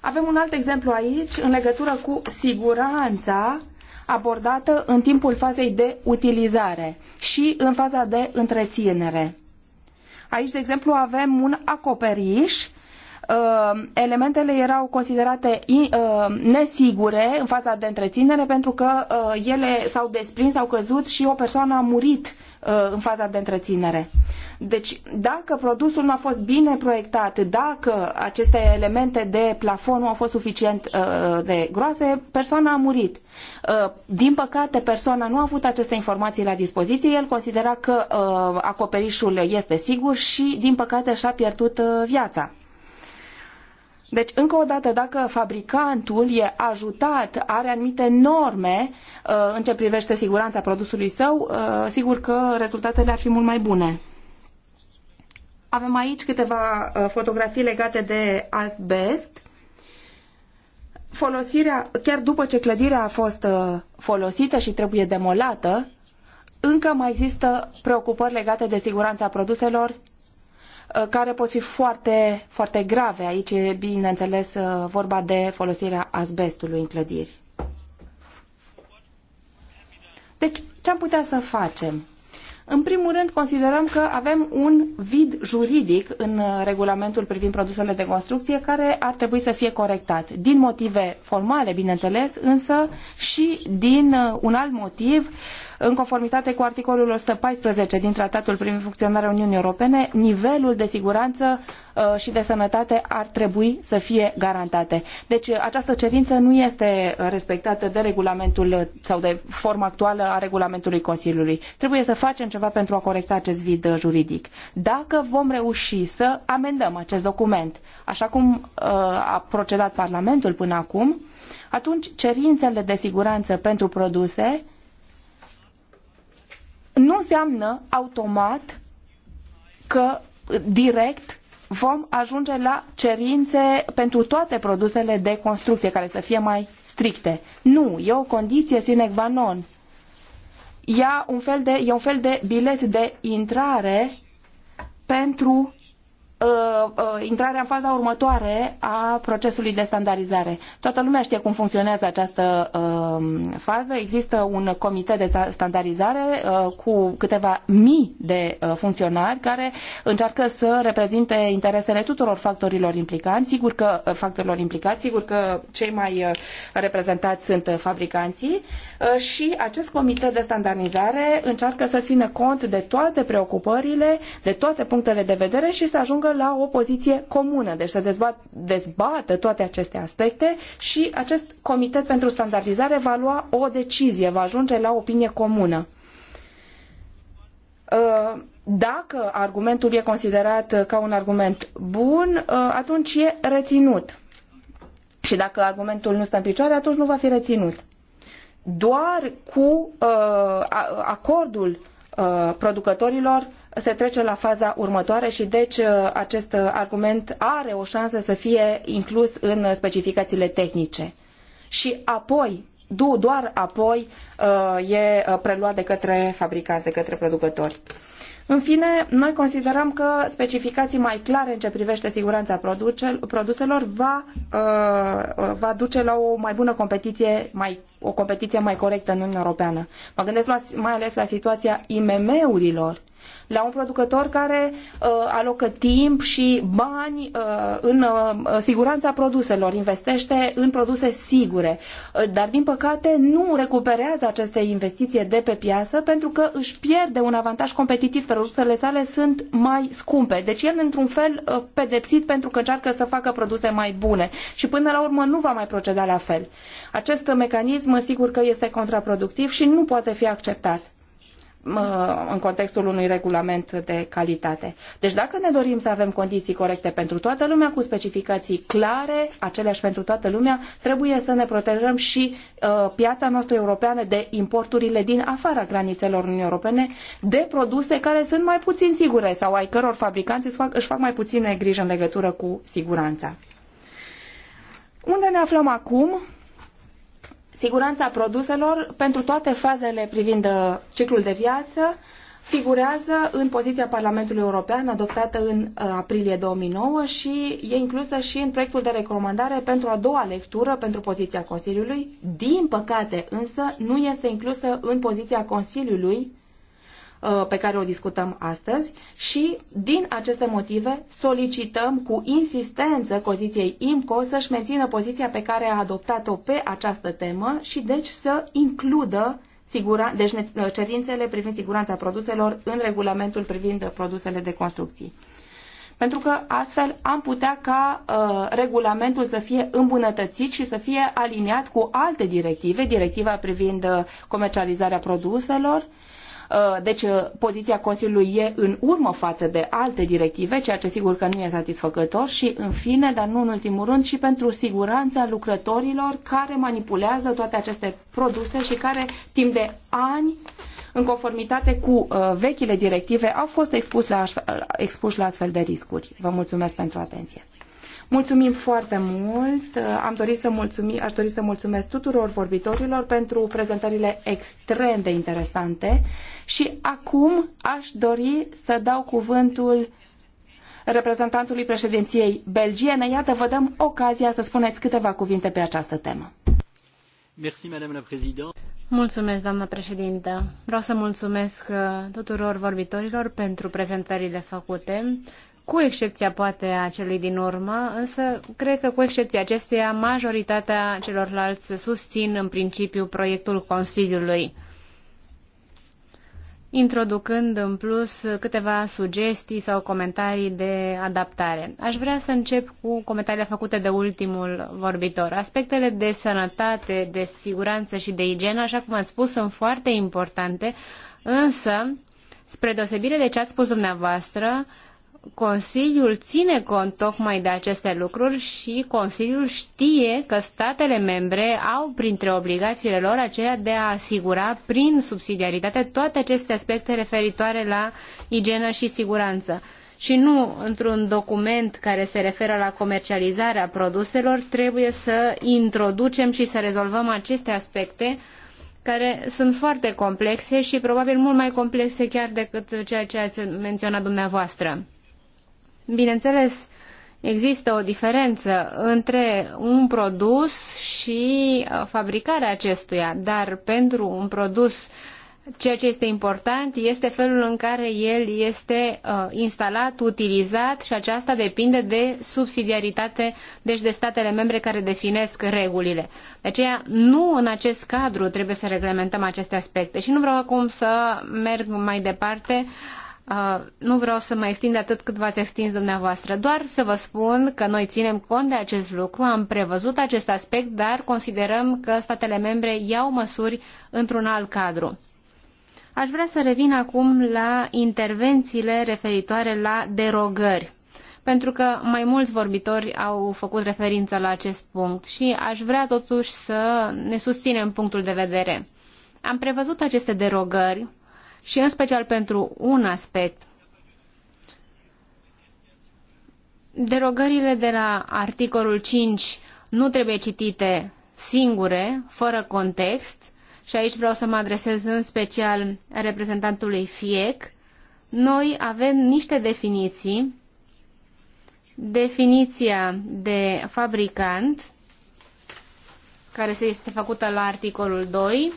Avem un alt exemplu aici în legătură cu siguranța abordată în timpul fazei de utilizare și în faza de întreținere. Aici, de exemplu, avem un acoperiș Uh, elementele erau considerate uh, nesigure în faza de întreținere pentru că uh, ele s-au desprins, au căzut și o persoană a murit în faza de întreținere. Deci, dacă produsul nu a fost bine proiectat, dacă aceste elemente de plafon nu au fost suficient de groase, persoana a murit. Din păcate, persoana nu a avut aceste informații la dispoziție, el considera că acoperișul este sigur și, din păcate, și-a pierdut viața. Deci, încă o dată, dacă fabricantul e ajutat, are anumite norme uh, în ce privește siguranța produsului său, uh, sigur că rezultatele ar fi mult mai bune. Avem aici câteva uh, fotografii legate de asbest. Folosirea, chiar după ce clădirea a fost folosită și trebuie demolată, încă mai există preocupări legate de siguranța produselor Uh, care pot fi foarte, foarte grave. Aici e, bineînțeles, uh, vorba de folosirea azbestului în clădiri. Deci, ce am putea să facem? În primul rând, considerăm că avem un vid juridic în uh, regulamentul privind produsele de construcție care ar trebui să fie corectat. Din motive formale, bineînțeles, însă și din un alt motiv uh, în conformitate cu articolul 114 din Tratatul privind funcționarea Uniunii Europene, nivelul de siguranță uh, și de sănătate ar trebui să fie garantate. Deci uh, această cerință nu este respectată de regulamentul uh, sau de forma actuală a regulamentului Consiliului. Trebuie să facem ceva pentru a corecta acest vid juridic. Dacă vom reuși să amendăm acest document, așa cum a procedat Parlamentul până acum, atunci cerințele de siguranță pentru produse nu înseamnă automat că direct vom ajunge la cerințe pentru toate produsele de construcție care să fie mai stricte. Nu, e o condiție sine qua non. Ia un fel de, e un fel de bilet de intrare pentru Uh, uh, intrarea în faza următoare a procesului de standardizare. Toată lumea știe cum funcționează această uh, fază. Există un comitet de standardizare cu câteva mii de funcționari care încearcă să reprezinte interesele tuturor factorilor implicați. Sigur că factorilor implicați, sigur că cei mai reprezentați sunt fabricanții și acest comitet de standardizare încearcă să țină cont de toate preocupările, de toate punctele de vedere și să ajungă ajungă la o poziție comună, deci să dezbat, dezbată toate aceste aspecte și acest comitet pentru standardizare va lua o decizie, va ajunge la opinie comună. Uh, dacă argumentul e considerat ca un argument bun, uh, atunci e reținut. Și dacă argumentul nu stă în picioare, atunci nu va fi reținut. Doar cu uh, acordul producătorilor se trece la faza următoare și deci uh, acest uh, argument are o șansă să fie inclus în specificațiile tehnice. Și apoi, doar apoi, uh, e preluat de către fabricați de către producători. În fine, noi considerăm că specificații mai clare în ce privește siguranța produselor va, va duce la o mai bună competiție, mai, o competiție mai corectă în Uniunea Europeană. Mă gândesc la, mai ales la situația IMM-urilor la un producător care uh, alocă timp și bani uh, în uh, siguranța produselor, investește în produse sigure, uh, dar din păcate nu recuperează aceste investiții de pe piață pentru că își pierde un avantaj competitiv, produsele sale sunt mai scumpe. Deci el într-un fel uh, pedepsit pentru că încearcă să facă produse mai bune și până la urmă nu va mai proceda la fel. Acest mecanism sigur că este contraproductiv și nu poate fi acceptat. Uh, în contextul unui regulament de calitate. Deci dacă ne dorim să avem condiții corecte pentru toată lumea, cu specificații clare, aceleași pentru toată lumea, trebuie să ne protejăm și uh, piața noastră europeană de importurile din afara granițelor Uniunii Europene de produse care sunt mai puțin sigure sau ai căror fabricanți își fac, își fac mai puține griji în legătură cu siguranța. Unde ne aflăm acum? siguranța produselor pentru toate fazele privind uh, ciclul de viață figurează în poziția Parlamentului European adoptată în uh, aprilie 2009 și e inclusă și în proiectul de recomandare pentru a doua lectură pentru poziția Consiliului. Din păcate, însă, nu este inclusă în poziția Consiliului Uh, pe care o discutăm astăzi și din aceste motive solicităm cu insistență poziției IMCO să-și mențină poziția pe care a adoptat-o pe această temă și deci să includă sigura, deci uh, cerințele privind siguranța produselor în regulamentul privind produsele de construcții. Pentru că astfel am putea ca uh, regulamentul să fie îmbunătățit și să fie aliniat cu alte directive, directiva privind uh, comercializarea produselor, Uh, deci uh, poziția Consiliului e în urmă față de alte directive, ceea ce sigur că nu e satisfăcător și în fine, dar nu în ultimul rând, și pentru siguranța lucrătorilor care manipulează toate aceste produse și care timp de ani în conformitate cu uh, vechile directive, au fost expus la, uh, la astfel de riscuri. Vă mulțumesc pentru atenție. Mulțumim foarte mult. Am dorit să mulțumi, aș dori să mulțumesc tuturor vorbitorilor pentru prezentările extrem de interesante și acum aș dori să dau cuvântul reprezentantului președinției belgiene. Iată, vă dăm ocazia să spuneți câteva cuvinte pe această temă. Mulțumesc, doamnă președintă. Vreau să mulțumesc tuturor vorbitorilor pentru prezentările făcute cu excepția poate a celui din urmă, însă cred că cu excepția acesteia, majoritatea celorlalți susțin în principiu proiectul Consiliului introducând în plus câteva sugestii sau comentarii de adaptare. Aș vrea să încep cu comentariile făcute de ultimul vorbitor. Aspectele de sănătate, de siguranță și de igienă, așa cum ați spus, sunt foarte importante, însă, spre deosebire de ce ați spus dumneavoastră, Consiliul ține cont tocmai de aceste lucruri și Consiliul știe că statele membre au printre obligațiile lor aceea de a asigura prin subsidiaritate toate aceste aspecte referitoare la igienă și siguranță. Și nu într-un document care se referă la comercializarea produselor trebuie să introducem și să rezolvăm aceste aspecte care sunt foarte complexe și probabil mult mai complexe chiar decât ceea ce ați menționat dumneavoastră. Bineînțeles, există o diferență între un produs și uh, fabricarea acestuia, dar pentru un produs ceea ce este important este felul în care el este uh, instalat, utilizat și aceasta depinde de subsidiaritate, deci de statele membre care definesc regulile. De aceea, nu în acest cadru trebuie să reglementăm aceste aspecte și nu vreau acum să merg mai departe uh, Uh, nu vreau să mai extind atât cât v-ați extins dumneavoastră, doar să vă spun că noi ținem cont de acest lucru, am prevăzut acest aspect, dar considerăm că statele membre iau măsuri într-un alt cadru. Aș vrea să revin acum la intervențiile referitoare la derogări, pentru că mai mulți vorbitori au făcut referință la acest punct și aș vrea totuși să ne susținem punctul de vedere. Am prevăzut aceste derogări și în special pentru un aspect. Derogările de la articolul 5 nu trebuie citite singure, fără context, și aici vreau să mă adresez în special reprezentantului FIEC, noi avem niște definiții, definiția de fabricant, care se este făcută la articolul 2,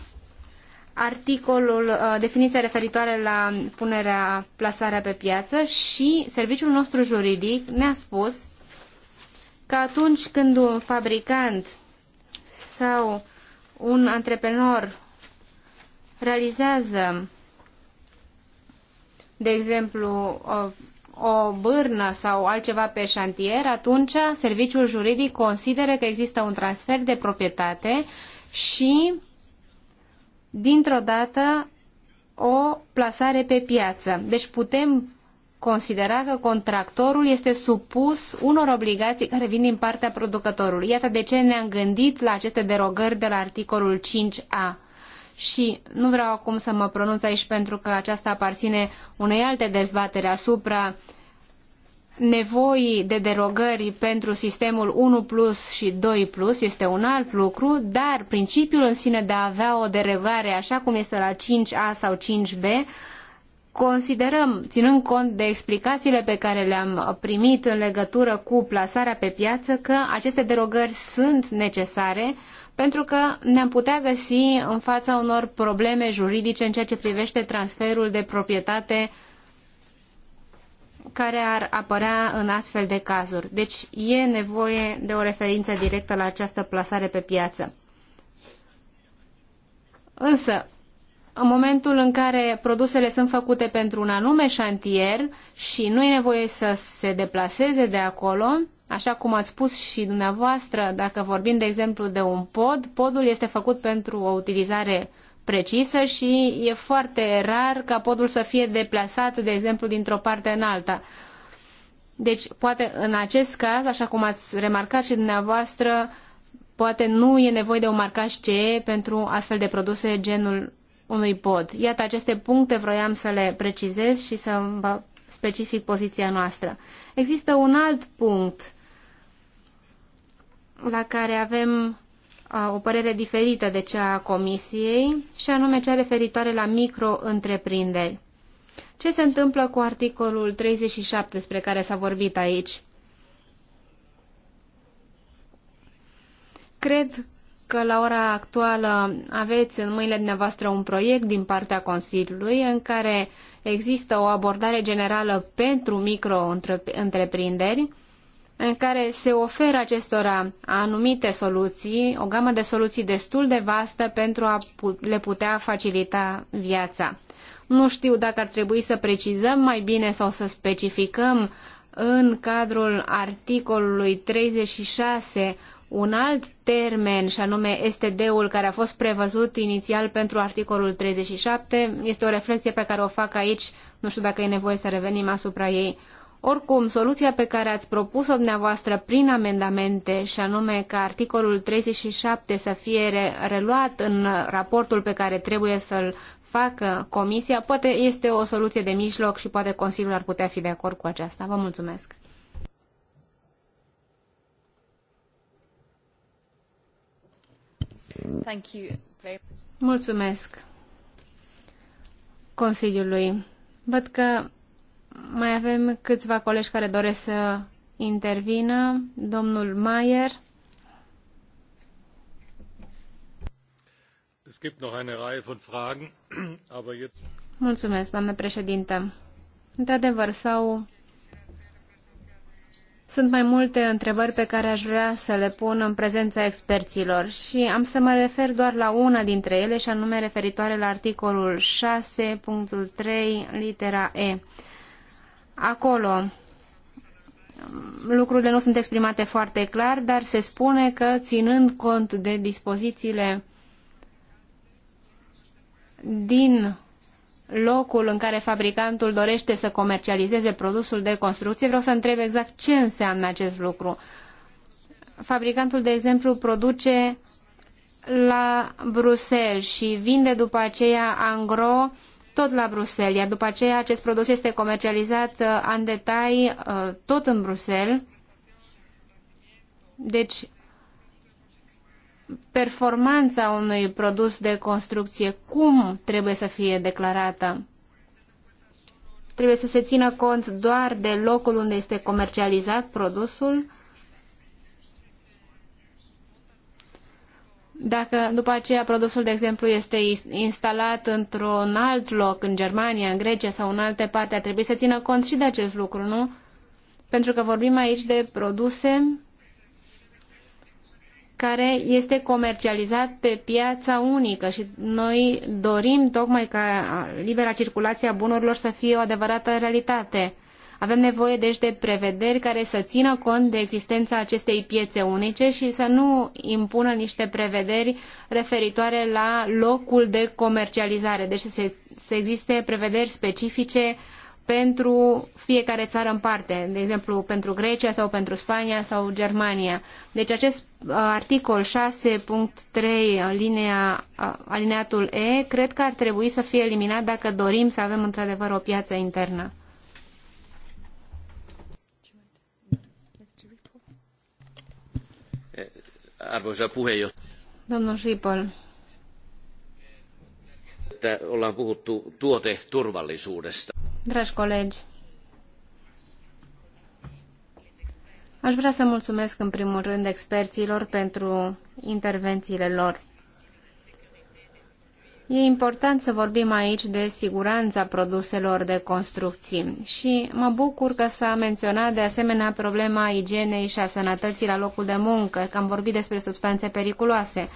articolul, uh, definiția referitoare la punerea, plasarea pe piață și serviciul nostru juridic ne-a spus că atunci când un fabricant sau un antreprenor realizează, de exemplu, o, o bârnă sau altceva pe șantier, atunci serviciul juridic consideră că există un transfer de proprietate și dintr-o dată o plasare pe piață. Deci putem considera că contractorul este supus unor obligații care vin din partea producătorului. Iată de ce ne-am gândit la aceste derogări de la articolul 5a. Și nu vreau acum să mă pronunț aici pentru că aceasta aparține unei alte dezbatere asupra uh, nevoii de derogări pentru sistemul 1 plus și 2 plus este un alt lucru, dar principiul în sine de a avea o derogare așa cum este la 5A sau 5B considerăm, ținând cont de explicațiile pe care le-am primit în legătură cu plasarea pe piață, că aceste derogări sunt necesare pentru că ne-am putea găsi în fața unor probleme juridice în ceea ce privește transferul de proprietate care ar apărea în astfel de cazuri. Deci e nevoie de o referință directă la această plasare pe piață. Însă, în momentul în care produsele sunt făcute pentru un anume șantier și nu e nevoie să se deplaseze de acolo, așa cum ați spus și dumneavoastră, dacă vorbim de exemplu de un pod, podul este făcut pentru o utilizare precisă și e foarte rar ca podul să fie deplasat, de exemplu, dintr-o parte în alta. Deci, poate în acest caz, așa cum ați remarcat și dumneavoastră, poate nu e nevoie de un marcaj CE pentru astfel de produse genul unui pod. Iată, aceste puncte vroiam să le precizez și să vă specific poziția noastră. Există un alt punct la care avem o părere diferită de cea a Comisiei, și anume cea referitoare la micro-întreprinderi. Ce se întâmplă cu articolul 37 despre care s-a vorbit aici? Cred că la ora actuală aveți în mâinile dumneavoastră un proiect din partea Consiliului în care există o abordare generală pentru micro-întreprinderi în care se oferă acestora anumite soluții, o gamă de soluții destul de vastă pentru a le putea facilita viața. Nu știu dacă ar trebui să precizăm mai bine sau să specificăm în cadrul articolului 36 un alt termen, și anume STD-ul care a fost prevăzut inițial pentru articolul 37. Este o reflexie pe care o fac aici, nu știu dacă e nevoie să revenim asupra ei. Oricum, soluția pe care ați propus-o dumneavoastră prin amendamente, și anume ca articolul 37 să fie reluat în raportul pe care trebuie să-l facă comisia, poate este o soluție de mijloc și poate Consiliul ar putea fi de acord cu aceasta. Vă mulțumesc! Mulțumesc Consiliului. Văd că mai avem câțiva colegi care doresc să intervină. Domnul Maier. Es gibt noch eine Reihe von Fragen, aber jetzt... Mulțumesc, doamnă președintă. Într-adevăr, sau sunt mai multe întrebări pe care aș vrea să le pun în prezența experților și am să mă refer doar la una dintre ele și anume referitoare la articolul 6.3 litera E. Acolo lucrurile nu sunt exprimate foarte clar, dar se spune că, ținând cont de dispozițiile din locul în care fabricantul dorește să comercializeze produsul de construcție, vreau să întreb exact ce înseamnă acest lucru. Fabricantul, de exemplu, produce la Bruxelles și vinde după aceea angro tot la Bruxelles, iar după aceea acest produs este comercializat uh, în detai uh, tot în Bruxelles. Deci, performanța unui produs de construcție, cum trebuie să fie declarată? Trebuie să se țină cont doar de locul unde este comercializat produsul Dacă după aceea produsul, de exemplu, este instalat într-un alt loc, în Germania, în Grecia sau în alte parte, ar trebui să țină cont și de acest lucru, nu? Pentru că vorbim aici de produse care este comercializat pe piața unică și noi dorim tocmai ca libera circulație a bunurilor să fie o adevărată realitate. Avem nevoie deci de prevederi care să țină cont de existența acestei piețe unice și să nu impună niște prevederi referitoare la locul de comercializare. Deci să, să existe prevederi specifice pentru fiecare țară în parte, de exemplu pentru Grecia sau pentru Spania sau Germania. Deci acest uh, articol 6.3 uh, linea, uh, alineatul E cred că ar trebui să fie eliminat dacă dorim să avem într-adevăr o piață internă. Arvoisa puheenjohtaja. Ollaan puhuttu tuoteturvallisuudesta. Dragi colegi, aș vrea să mulțumesc în primul rând experților pentru intervențiile lor. E important să vorbim aici de siguranța produselor de construcții și mă bucur că s-a menționat de asemenea problema igienei și a sănătății la locul de muncă, că am vorbit despre substanțe periculoase,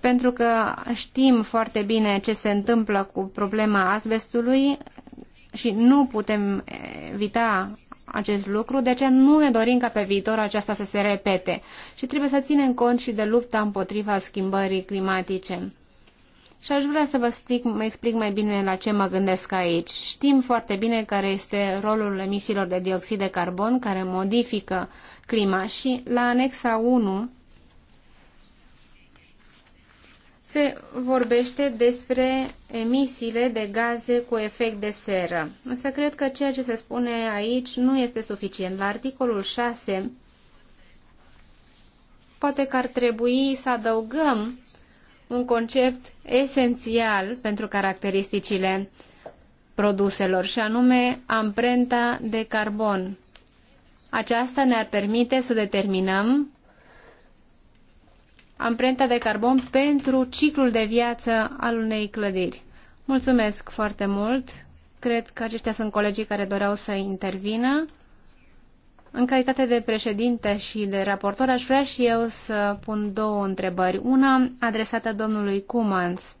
pentru că știm foarte bine ce se întâmplă cu problema asbestului și nu putem evita acest lucru, de ce nu ne dorim ca pe viitor aceasta să se repete și trebuie să ținem cont și de lupta împotriva schimbării climatice. Și aș vrea să vă explic, mă explic mai bine la ce mă gândesc aici. Știm foarte bine care este rolul emisiilor de dioxid de carbon care modifică clima și la anexa 1 se vorbește despre emisiile de gaze cu efect de seră. Însă cred că ceea ce se spune aici nu este suficient. La articolul 6 poate că ar trebui să adăugăm un concept esențial pentru caracteristicile produselor, și anume amprenta de carbon. Aceasta ne-ar permite să determinăm amprenta de carbon pentru ciclul de viață al unei clădiri. Mulțumesc foarte mult! Cred că aceștia sunt colegii care doreau să intervină. În calitate de președinte și de raportor, aș vrea și eu să pun două întrebări. Una adresată domnului Cumans,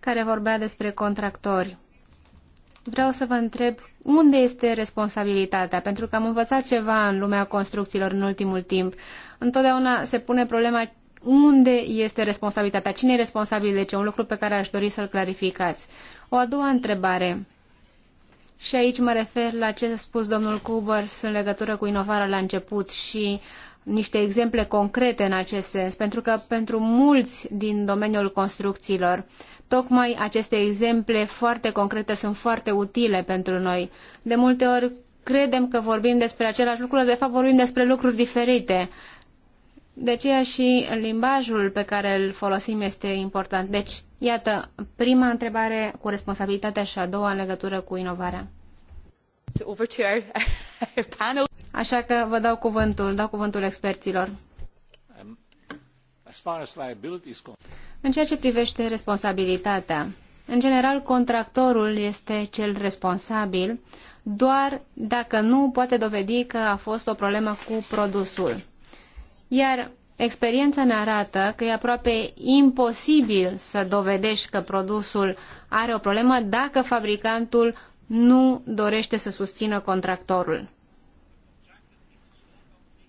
care vorbea despre contractori. Vreau să vă întreb unde este responsabilitatea, pentru că am învățat ceva în lumea construcțiilor în ultimul timp. Întotdeauna se pune problema unde este responsabilitatea, cine e responsabil de deci ce, un lucru pe care aș dori să-l clarificați. O a doua întrebare și aici mă refer la ce a spus domnul Cubers în legătură cu inovarea la început și niște exemple concrete în acest sens, pentru că pentru mulți din domeniul construcțiilor, tocmai aceste exemple foarte concrete sunt foarte utile pentru noi. De multe ori credem că vorbim despre același lucru, de fapt vorbim despre lucruri diferite. De deci, aceea și limbajul pe care îl folosim este important. Deci, iată, prima întrebare cu responsabilitatea și a doua în legătură cu inovarea. Așa că vă dau cuvântul, dau cuvântul experților. Um, în ceea ce privește responsabilitatea, în general, contractorul este cel responsabil doar dacă nu poate dovedi că a fost o problemă cu produsul. Iar experiența ne arată că e aproape imposibil să dovedești că produsul are o problemă dacă fabricantul nu dorește să susțină contractorul.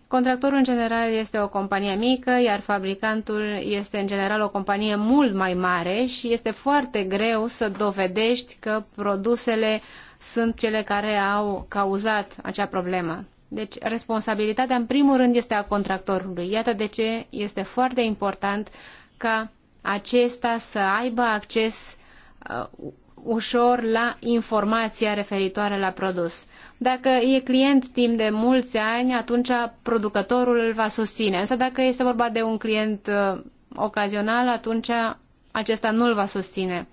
Contractorul în general este o companie mică, iar fabricantul este în general o companie mult mai mare și este foarte greu să dovedești că produsele sunt cele care au cauzat acea problemă. Deci, responsabilitatea, în primul rând, este a contractorului. Iată de ce este foarte important ca acesta să aibă acces uh, ușor la informația referitoare la produs. Dacă e client timp de mulți ani, atunci producătorul îl va susține. Însă dacă este vorba de un client uh, ocazional, atunci acesta nu îl va susține.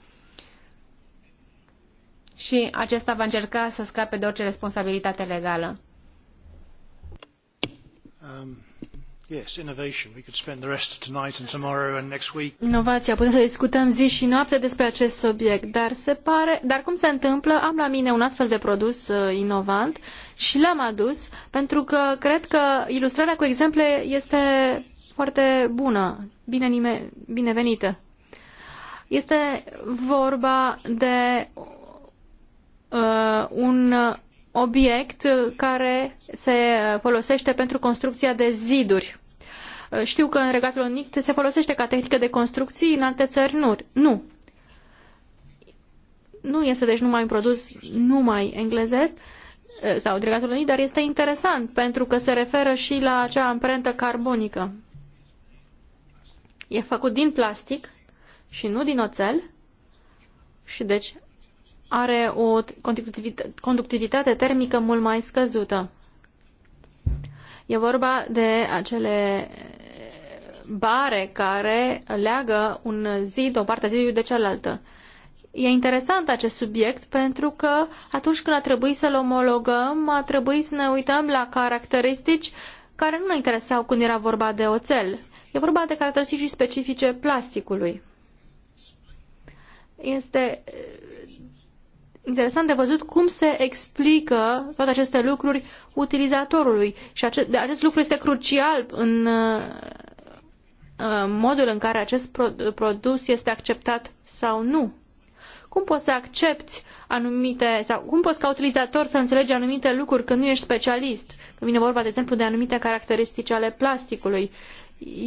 Și acesta va încerca să scape de orice responsabilitate legală. Inovația, putem să discutăm zi și noapte despre acest subiect, dar se pare, dar cum se întâmplă, am la mine un astfel de produs uh, inovant și l-am adus pentru că cred că ilustrarea cu exemple este foarte bună, bine nime, binevenită. Este vorba de uh, un obiect care se folosește pentru construcția de ziduri. Știu că în Regatul Unit se folosește ca tehnică de construcții, în alte țări nu. Nu. Nu este deci numai un produs numai englezesc eh, sau Regatul Unit, dar este interesant pentru că se referă și la acea amprentă carbonică. E făcut din plastic și nu din oțel și deci are o conductivitate termică mult mai scăzută. E vorba de acele eh, bare care leagă un zid, o parte a zidului de cealaltă. E interesant acest subiect pentru că atunci când a trebuit să-l omologăm, a trebuit să ne uităm la caracteristici care nu ne interesau când era vorba de oțel. E vorba de caracteristici specifice plasticului. Este eh, interesant de văzut cum se explică toate aceste lucruri utilizatorului. Și acest, acest lucru este crucial în uh, uh, modul în care acest produs este acceptat sau nu. Cum poți să accepti anumite, sau cum poți ca utilizator să înțelegi anumite lucruri când nu ești specialist? Când vine vorba, de exemplu, de anumite caracteristici ale plasticului.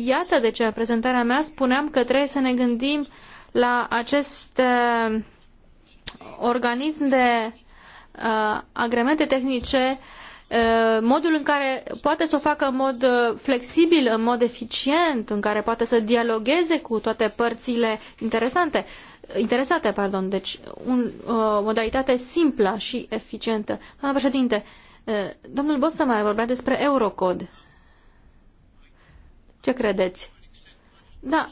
Iată de ce în prezentarea mea spuneam că trebuie să ne gândim la aceste uh, organism de uh, agremente tehnice, uh, modul în care poate să o facă în mod uh, flexibil, în mod eficient, în care poate să dialogueze cu toate părțile interesante, interesate. Pardon. Deci, un, o uh, modalitate simplă și eficientă. Doamna președinte, uh, domnul Bossa mai vorbea despre Eurocod. Ce credeți? Da,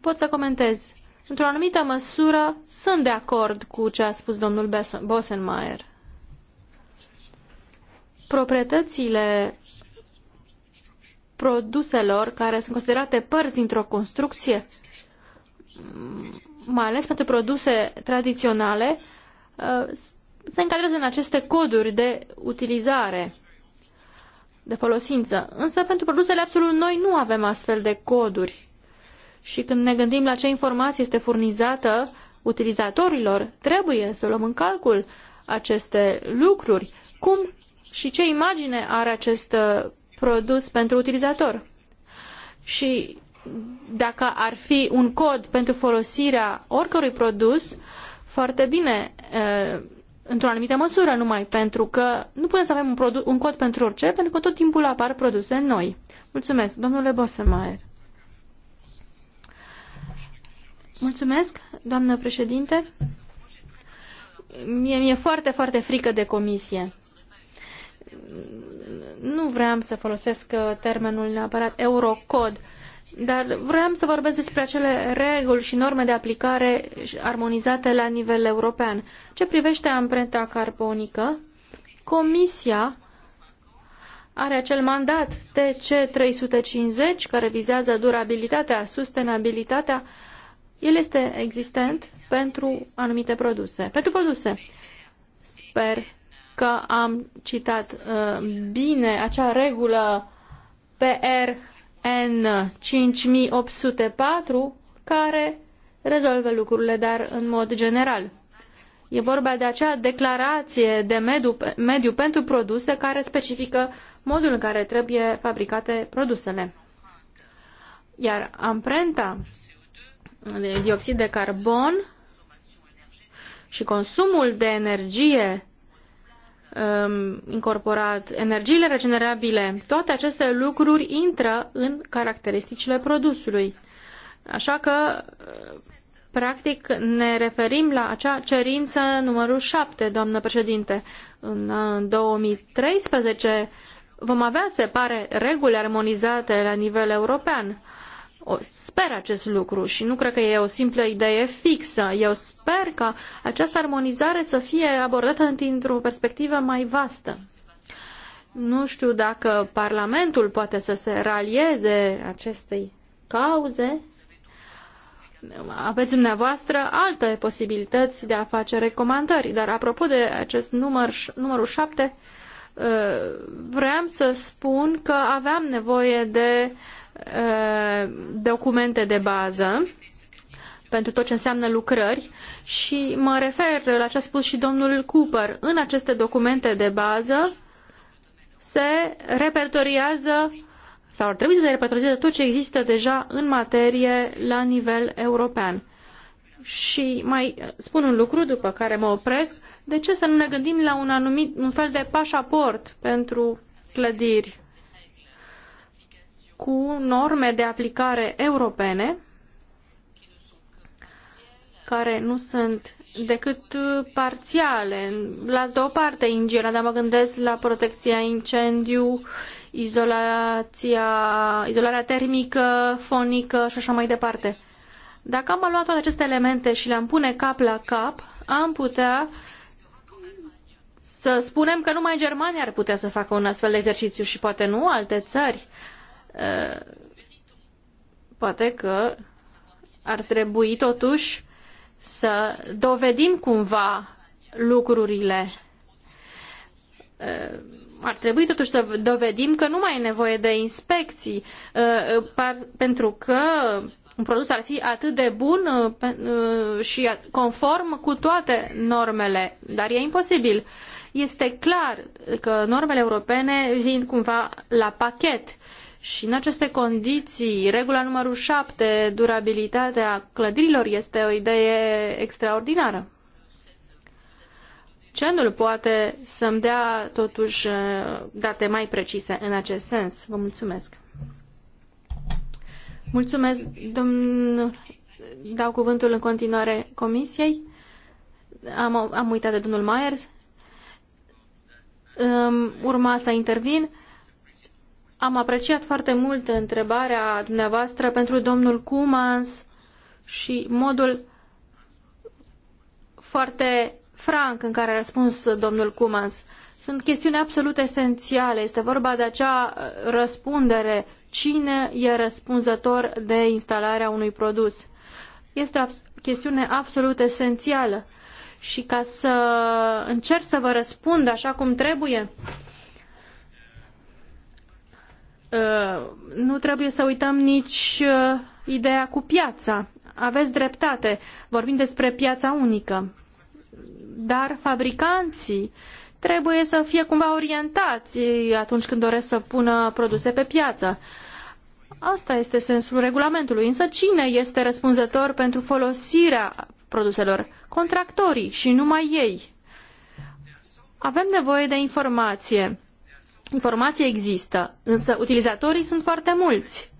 pot să comentez într-o anumită măsură, sunt de acord cu ce a spus domnul Bosenmaier. Proprietățile produselor care sunt considerate părți dintr-o construcție, mai ales pentru produse tradiționale, uh, se încadrează în aceste coduri de utilizare, de folosință. Însă pentru produsele absolut noi nu avem astfel de coduri și când ne gândim la ce informație este furnizată utilizatorilor, trebuie să luăm în calcul aceste lucruri. Cum și ce imagine are acest uh, produs pentru utilizator? Și dacă ar fi un cod pentru folosirea oricărui produs, foarte bine, uh, într-o anumită măsură numai, pentru că nu putem să avem un, un cod pentru orice, pentru că tot timpul apar produse noi. Mulțumesc, domnule Bosemaier. Mulțumesc, doamnă președinte. Mie mi-e foarte, foarte frică de comisie. Nu vreau să folosesc uh, termenul neapărat eurocod, dar vreau să vorbesc despre acele reguli și norme de aplicare armonizate la nivel european. Ce privește amprenta carbonică, Comisia are acel mandat TC350 care vizează durabilitatea, sustenabilitatea el este existent pentru anumite produse. Pentru produse. Sper că am citat uh, bine acea regulă PRN 5804 care rezolvă lucrurile, dar în mod general. E vorba de acea declarație de mediu, mediu pentru produse care specifică modul în care trebuie fabricate produsele. Iar amprenta de dioxid de carbon și consumul de energie um, incorporat, energiile regenerabile, toate aceste lucruri intră în caracteristicile produsului. Așa că, uh, practic, ne referim la acea cerință numărul 7, doamnă președinte. În 2013 uh, vom avea, se pare, reguli armonizate la nivel european sper acest lucru și nu cred că e o simplă idee fixă. Eu sper că această armonizare să fie abordată dintr-o perspectivă mai vastă. Nu știu dacă Parlamentul poate să se ralieze acestei cauze. Aveți dumneavoastră alte posibilități de a face recomandări, dar apropo de acest număr, numărul 7, uh, vreau să spun că aveam nevoie de uh, Uh, documente de bază pentru tot ce înseamnă lucrări și mă refer la ce a spus și domnul Cooper. În aceste documente de bază se repertoriază sau ar trebui să se repertorieze tot ce există deja în materie la nivel european. Și mai spun un lucru după care mă opresc. De ce să nu ne gândim la un anumit, un fel de pașaport pentru clădiri? cu norme de aplicare europene care nu sunt decât parțiale. Las deoparte ingineria, dar mă gândesc la protecția incendiu, izolația, izolarea termică, fonică și așa mai departe. Dacă am luat toate aceste elemente și le-am pune cap la cap, am putea să spunem că numai Germania ar putea să facă un astfel de exercițiu și poate nu alte țări. Uh, poate că ar trebui totuși să dovedim cumva lucrurile. Uh, ar trebui totuși să dovedim că nu mai e nevoie de inspecții, uh, pentru că un produs ar fi atât de bun și conform cu toate normele, dar e imposibil. Este clar că normele europene vin cumva la pachet și în aceste condiții, regula numărul 7, durabilitatea clădirilor, este o idee extraordinară. CENUL poate să-mi dea totuși eh, date mai precise în acest sens. Vă mulțumesc. Mulțumesc, domnul. Dau cuvântul în continuare comisiei. Am, am uitat de domnul Myers. Urma să intervin. Am apreciat foarte mult întrebarea dumneavoastră pentru domnul Cumans și modul foarte franc în care a răspuns domnul Cumans. Sunt chestiuni absolut esențiale. Este vorba de acea răspundere. Cine e răspunzător de instalarea unui produs? Este o chestiune absolut esențială. Și ca să încerc să vă răspund așa cum trebuie, Uh, nu trebuie să uităm nici uh, ideea cu piața. Aveți dreptate, vorbim despre piața unică. Dar fabricanții trebuie să fie cumva orientați atunci când doresc să pună produse pe piață. Asta este sensul regulamentului. Însă cine este răspunzător pentru folosirea produselor? Contractorii și numai ei. Avem nevoie de informație Informația există, însă utilizatorii sunt foarte mulți.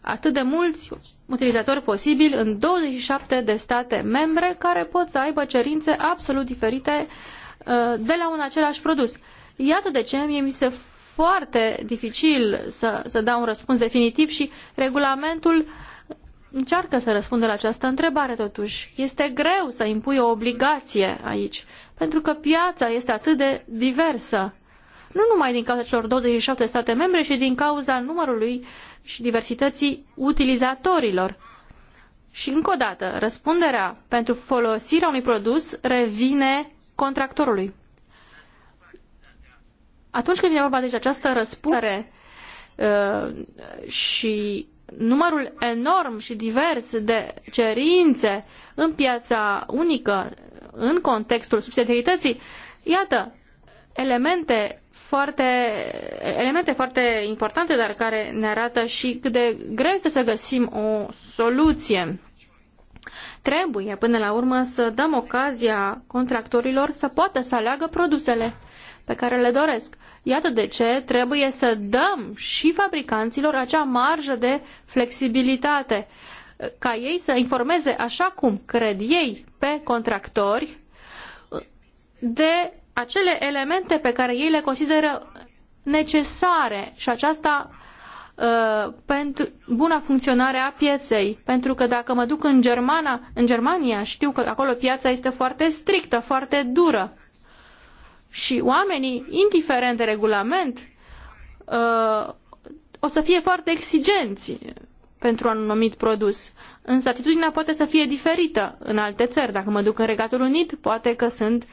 Atât de mulți utilizatori posibili în 27 de state membre care pot să aibă cerințe absolut diferite uh, de la un același produs. Iată de ce mie mi se foarte dificil să, să dau un răspuns definitiv și regulamentul încearcă să răspundă la această întrebare totuși. Este greu să impui o obligație aici, pentru că piața este atât de diversă nu numai din cauza celor 27 state membre, ci din cauza numărului și diversității utilizatorilor. Și încă o dată, răspunderea pentru folosirea unui produs revine contractorului. Atunci când vine vorba deci de această răspundere uh, și numărul enorm și divers de cerințe în piața unică, în contextul subsidiarității, iată, elemente foarte, elemente foarte importante, dar care ne arată și cât de greu este să găsim o soluție. Trebuie, până la urmă, să dăm ocazia contractorilor să poată să aleagă produsele pe care le doresc. Iată de ce trebuie să dăm și fabricanților acea marjă de flexibilitate, ca ei să informeze așa cum cred ei pe contractori de acele elemente pe care ei le consideră necesare și aceasta uh, pentru buna funcționare a pieței. Pentru că dacă mă duc în, Germana, în Germania, știu că acolo piața este foarte strictă, foarte dură. Și oamenii, indiferent de regulament, uh, o să fie foarte exigenți pentru un anumit produs. Însă atitudinea poate să fie diferită în alte țări. Dacă mă duc în Regatul Unit, poate că sunt uh,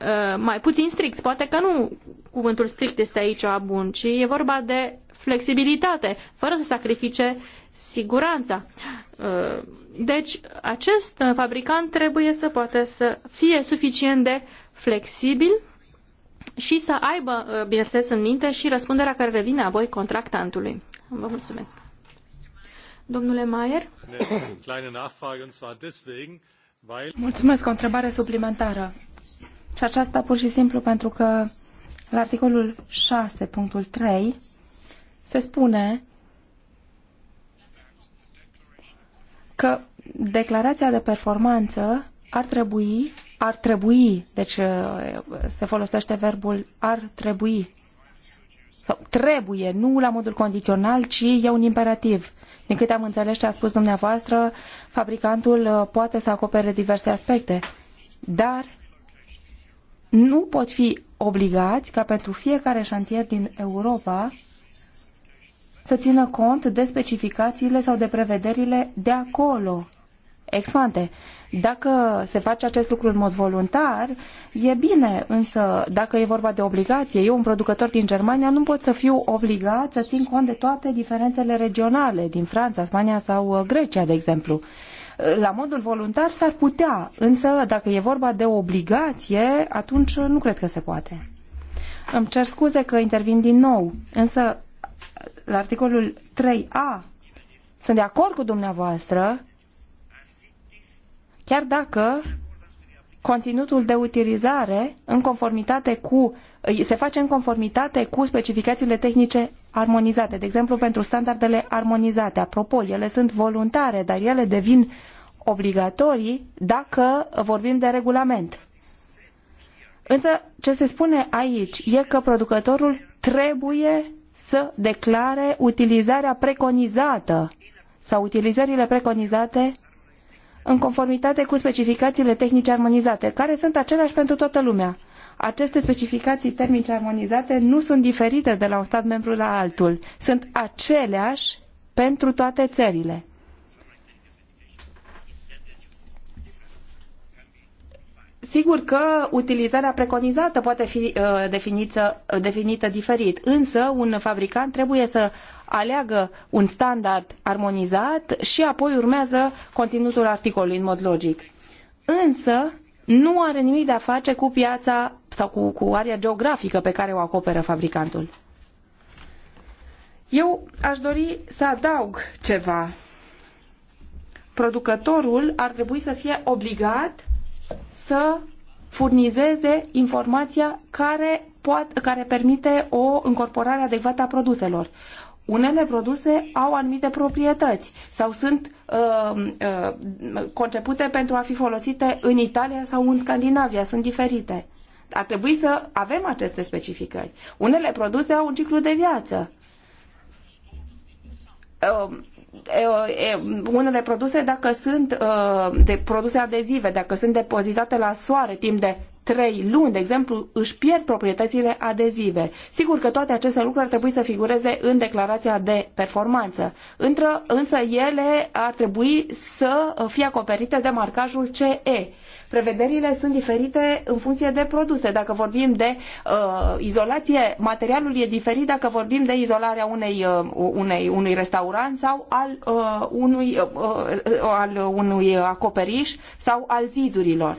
Uh, mai puțin strict. Poate că nu cuvântul strict este aici bun, ci e vorba de flexibilitate, fără să sacrifice siguranța. Uh, deci, acest fabricant trebuie să poată să fie suficient de flexibil și să aibă, uh, bineînțeles, în minte și răspunderea care revine apoi contractantului. Vă mulțumesc. Domnule Maier? Mulțumesc, o întrebare suplimentară. Și aceasta pur și simplu pentru că la articolul 6, punctul 3, se spune că declarația de performanță ar trebui, ar trebui, deci uh, se folosește verbul ar trebui, sau trebuie, nu la modul condițional, ci e un imperativ. Din câte am înțeles ce a spus dumneavoastră, fabricantul uh, poate să acopere diverse aspecte, dar nu pot fi obligați ca pentru fiecare șantier din Europa să țină cont de specificațiile sau de prevederile de acolo, ex Dacă se face acest lucru în mod voluntar, e bine, însă dacă e vorba de obligație, eu, un producător din Germania, nu pot să fiu obligat să țin cont de toate diferențele regionale din Franța, Spania sau uh, Grecia, de exemplu la modul voluntar s-ar putea, însă dacă e vorba de obligație, atunci nu cred că se poate. Îmi cer scuze că intervin din nou, însă la articolul 3a sunt de acord cu dumneavoastră, chiar dacă conținutul de utilizare, în conformitate cu se face în conformitate cu specificațiile tehnice armonizate, de exemplu pentru standardele armonizate. Apropo, ele sunt voluntare, dar ele devin obligatorii dacă vorbim de regulament. Însă, ce se spune aici e că producătorul trebuie să declare utilizarea preconizată sau utilizările preconizate în conformitate cu specificațiile tehnice armonizate, care sunt aceleași pentru toată lumea aceste specificații termice armonizate nu sunt diferite de la un stat membru la altul. Sunt aceleași pentru toate țările. Sigur că utilizarea preconizată poate fi uh, definită, uh, definită diferit, însă un fabricant trebuie să aleagă un standard armonizat și apoi urmează conținutul articolului în mod logic. Însă, nu are nimic de a face cu piața sau cu, cu area geografică pe care o acoperă fabricantul. Eu aș dori să adaug ceva. Producătorul ar trebui să fie obligat să furnizeze informația care, poate, care permite o încorporare adecvată a produselor. Unele produse au anumite proprietăți sau sunt uh, uh, concepute pentru a fi folosite în Italia sau în Scandinavia, sunt diferite. Ar trebui să avem aceste specificări. Unele produse au un ciclu de viață. Uh, uh, uh unele produse, dacă sunt uh, de produse adezive, dacă sunt depozitate la soare timp de trei luni, de exemplu, își pierd proprietățile adezive. Sigur că toate aceste lucruri ar trebui să figureze în declarația de performanță, Întră, însă ele ar trebui să fie acoperite de marcajul CE. Prevederile sunt diferite în funcție de produse. Dacă vorbim de uh, izolație, materialul e diferit dacă vorbim de izolarea unei, uh, unei, unui restaurant sau al, uh, unui, uh, uh al unui acoperiș sau al zidurilor.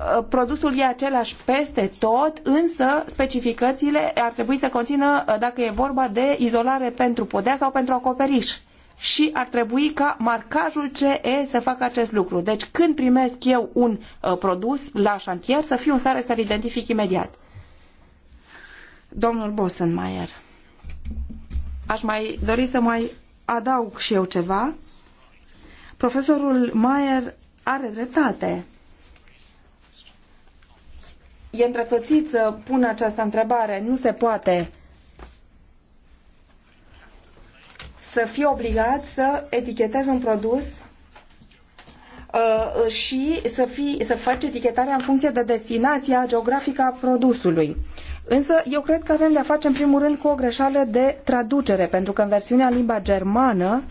Uh, produsul e același peste tot, însă specificațiile ar trebui să conțină, uh, dacă e vorba de izolare pentru podea sau pentru acoperiș. Și ar trebui ca marcajul CE să facă acest lucru. Deci când primesc eu un uh, produs la șantier, să fiu în stare să-l identific imediat. Domnul Bossenmaier, aș mai dori să mai adaug și eu ceva. Profesorul Maier are dreptate e îndreptățit să pun această întrebare. Nu se poate să fie obligat să etichetezi un produs uh, și să, fii, să faci etichetarea în funcție de destinația geografică a produsului. Însă eu cred că avem de-a face în primul rând cu o greșeală de traducere, pentru că în versiunea în limba germană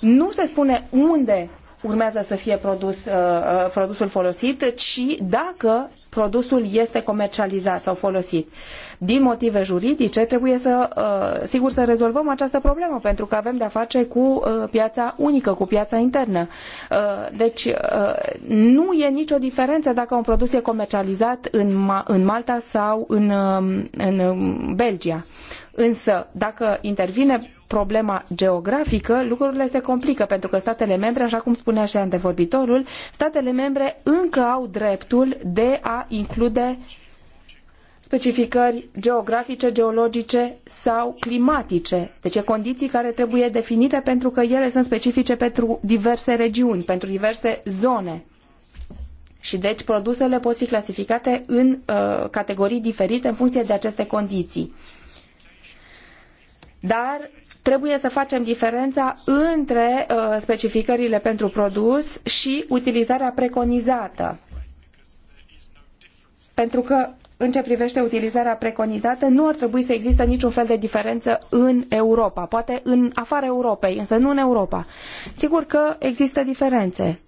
nu se spune unde urmează să fie produs, uh, uh, produsul folosit, ci dacă produsul este comercializat sau folosit. Din motive juridice trebuie să, uh, sigur, să rezolvăm această problemă, pentru că avem de-a face cu piața unică, cu piața internă. Deci nu e nicio diferență dacă un produs e comercializat în Malta sau în, um, în um, Belgia. Însă, dacă intervine problema geografică, lucrurile se complică pentru că statele membre, așa cum spunea și antevorbitorul, statele membre încă au dreptul de a include specificări geografice, geologice sau climatice. Deci e condiții care trebuie definite pentru că ele sunt specifice pentru diverse regiuni, pentru diverse zone. Și deci produsele pot fi clasificate în uh, categorii diferite în funcție de aceste condiții. Dar Trebuie să facem diferența între uh, specificările pentru produs și utilizarea preconizată. Pentru că în ce privește utilizarea preconizată, nu ar trebui să existe niciun fel de diferență în Europa, poate în afara Europei, însă nu în Europa. Sigur că există diferențe.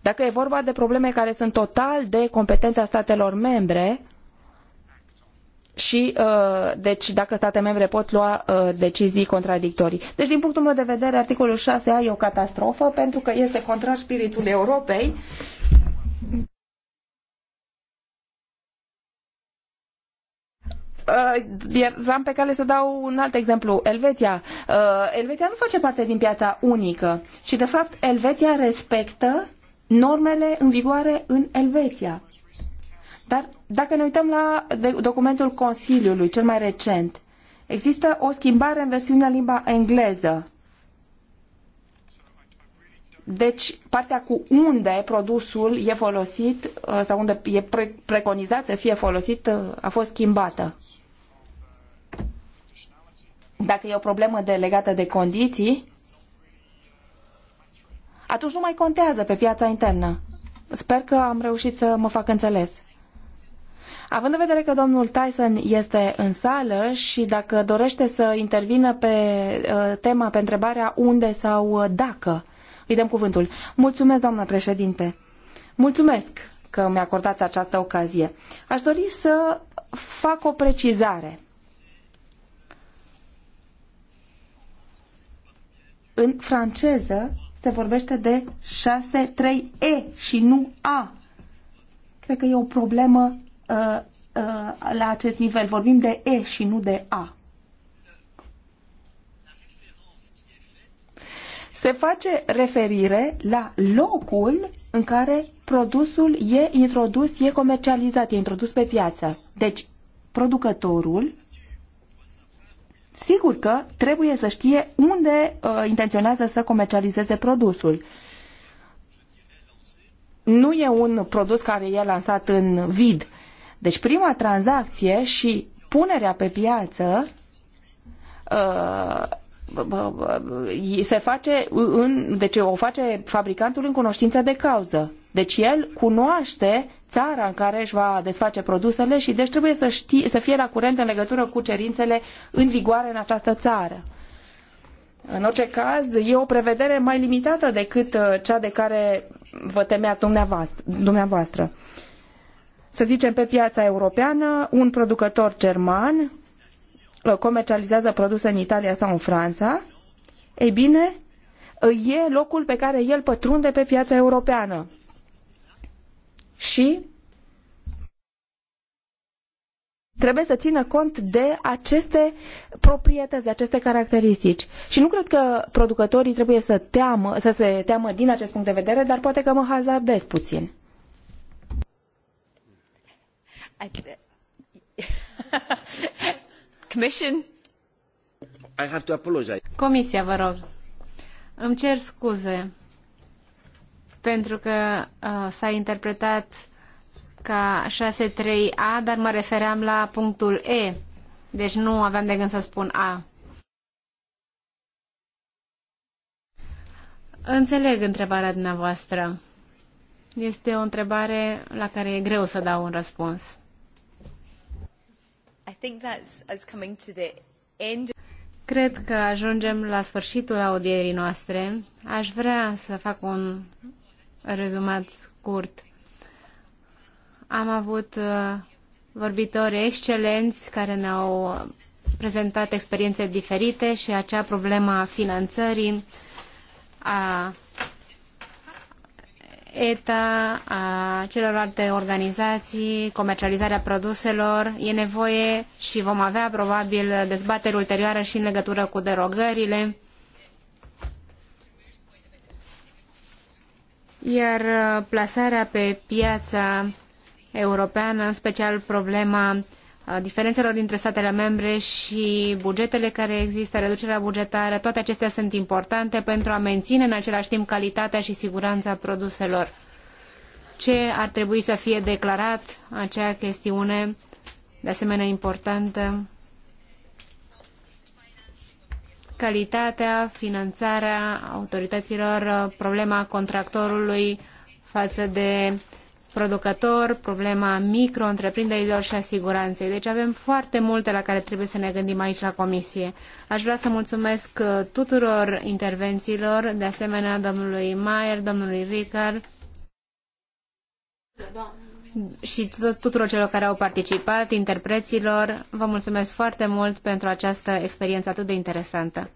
Dacă e vorba de probleme care sunt total de competența statelor membre, și uh, deci dacă state membre pot lua uh, decizii contradictorii. Deci din punctul meu de vedere articolul 6a e o catastrofă pentru că este contrar spiritului Europei uh, eram pe cale să dau un alt exemplu, Elveția. Elveția nu face parte din piața unică și, de fapt, Elveția respectă normele în vigoare în Elveția. Dar dacă ne uităm la documentul Consiliului, cel mai recent, există o schimbare în versiunea limba engleză. Deci, partea cu unde produsul e folosit uh, sau unde e pre preconizat să fie folosit uh, a fost schimbată. Dacă e o problemă de, legată de condiții, atunci nu mai contează pe piața internă. Sper că am reușit să mă fac înțeles. Având în vedere că domnul Tyson este în sală și dacă dorește să intervină pe uh, tema, pe întrebarea unde sau dacă, îi dăm cuvântul. Mulțumesc, doamnă președinte. Mulțumesc că mi-a acordat această ocazie. Aș dori să fac o precizare. În franceză se vorbește de 6-3-E și nu A. Cred că e o problemă Uh, uh, la acest nivel. Vorbim de E și nu de A. Se face referire la locul în care produsul e introdus, e comercializat, e introdus pe piață. Deci, producătorul sigur că trebuie să știe unde uh, intenționează să comercializeze produsul. Nu e un produs care e lansat în vid. Deci prima tranzacție și punerea pe piață uh, se face în, deci o face fabricantul în cunoștință de cauză. Deci el cunoaște țara în care își va desface produsele și deci trebuie să, știe, să fie la curent în legătură cu cerințele în vigoare în această țară. În orice caz, e o prevedere mai limitată decât uh, cea de care vă temeați dumneavoastră. dumneavoastră să zicem, pe piața europeană, un producător german uh, comercializează produse în Italia sau în Franța, ei bine, uh, e locul pe care el pătrunde pe piața europeană. Și trebuie să țină cont de aceste proprietăți, de aceste caracteristici. Și nu cred că producătorii trebuie să, teamă, să se teamă din acest punct de vedere, dar poate că mă hazardez puțin. Comisia, vă rog. Îmi cer scuze pentru că uh, s-a interpretat ca 6.3a, dar mă refeream la punctul E. Deci nu aveam de gând să spun A. Înțeleg întrebarea dumneavoastră. Este o întrebare la care e greu să dau un răspuns. I think that's us coming to the end. Cred că ajungem la sfârșitul audierii noastre. Aș vrea să fac un rezumat scurt. Am avut uh, vorbitori excelenți care ne-au prezentat experiențe diferite și acea problemă a finanțării, a ETA, a celorlalte organizații, comercializarea produselor. E nevoie și vom avea probabil dezbateri ulterioare și în legătură cu derogările. Iar uh, plasarea pe piața europeană, în special problema diferențelor dintre statele membre și bugetele care există, reducerea bugetară, toate acestea sunt importante pentru a menține în același timp calitatea și siguranța produselor. Ce ar trebui să fie declarat acea chestiune, de asemenea importantă, calitatea, finanțarea autorităților, problema contractorului față de producător, problema micro și asiguranței. Deci avem foarte multe la care trebuie să ne gândim aici la comisie. Aș vrea să mulțumesc uh, tuturor intervențiilor, de asemenea domnului Maier, domnului Ricard și tuturor celor care au participat, interpreților. Vă mulțumesc foarte mult pentru această experiență atât de interesantă.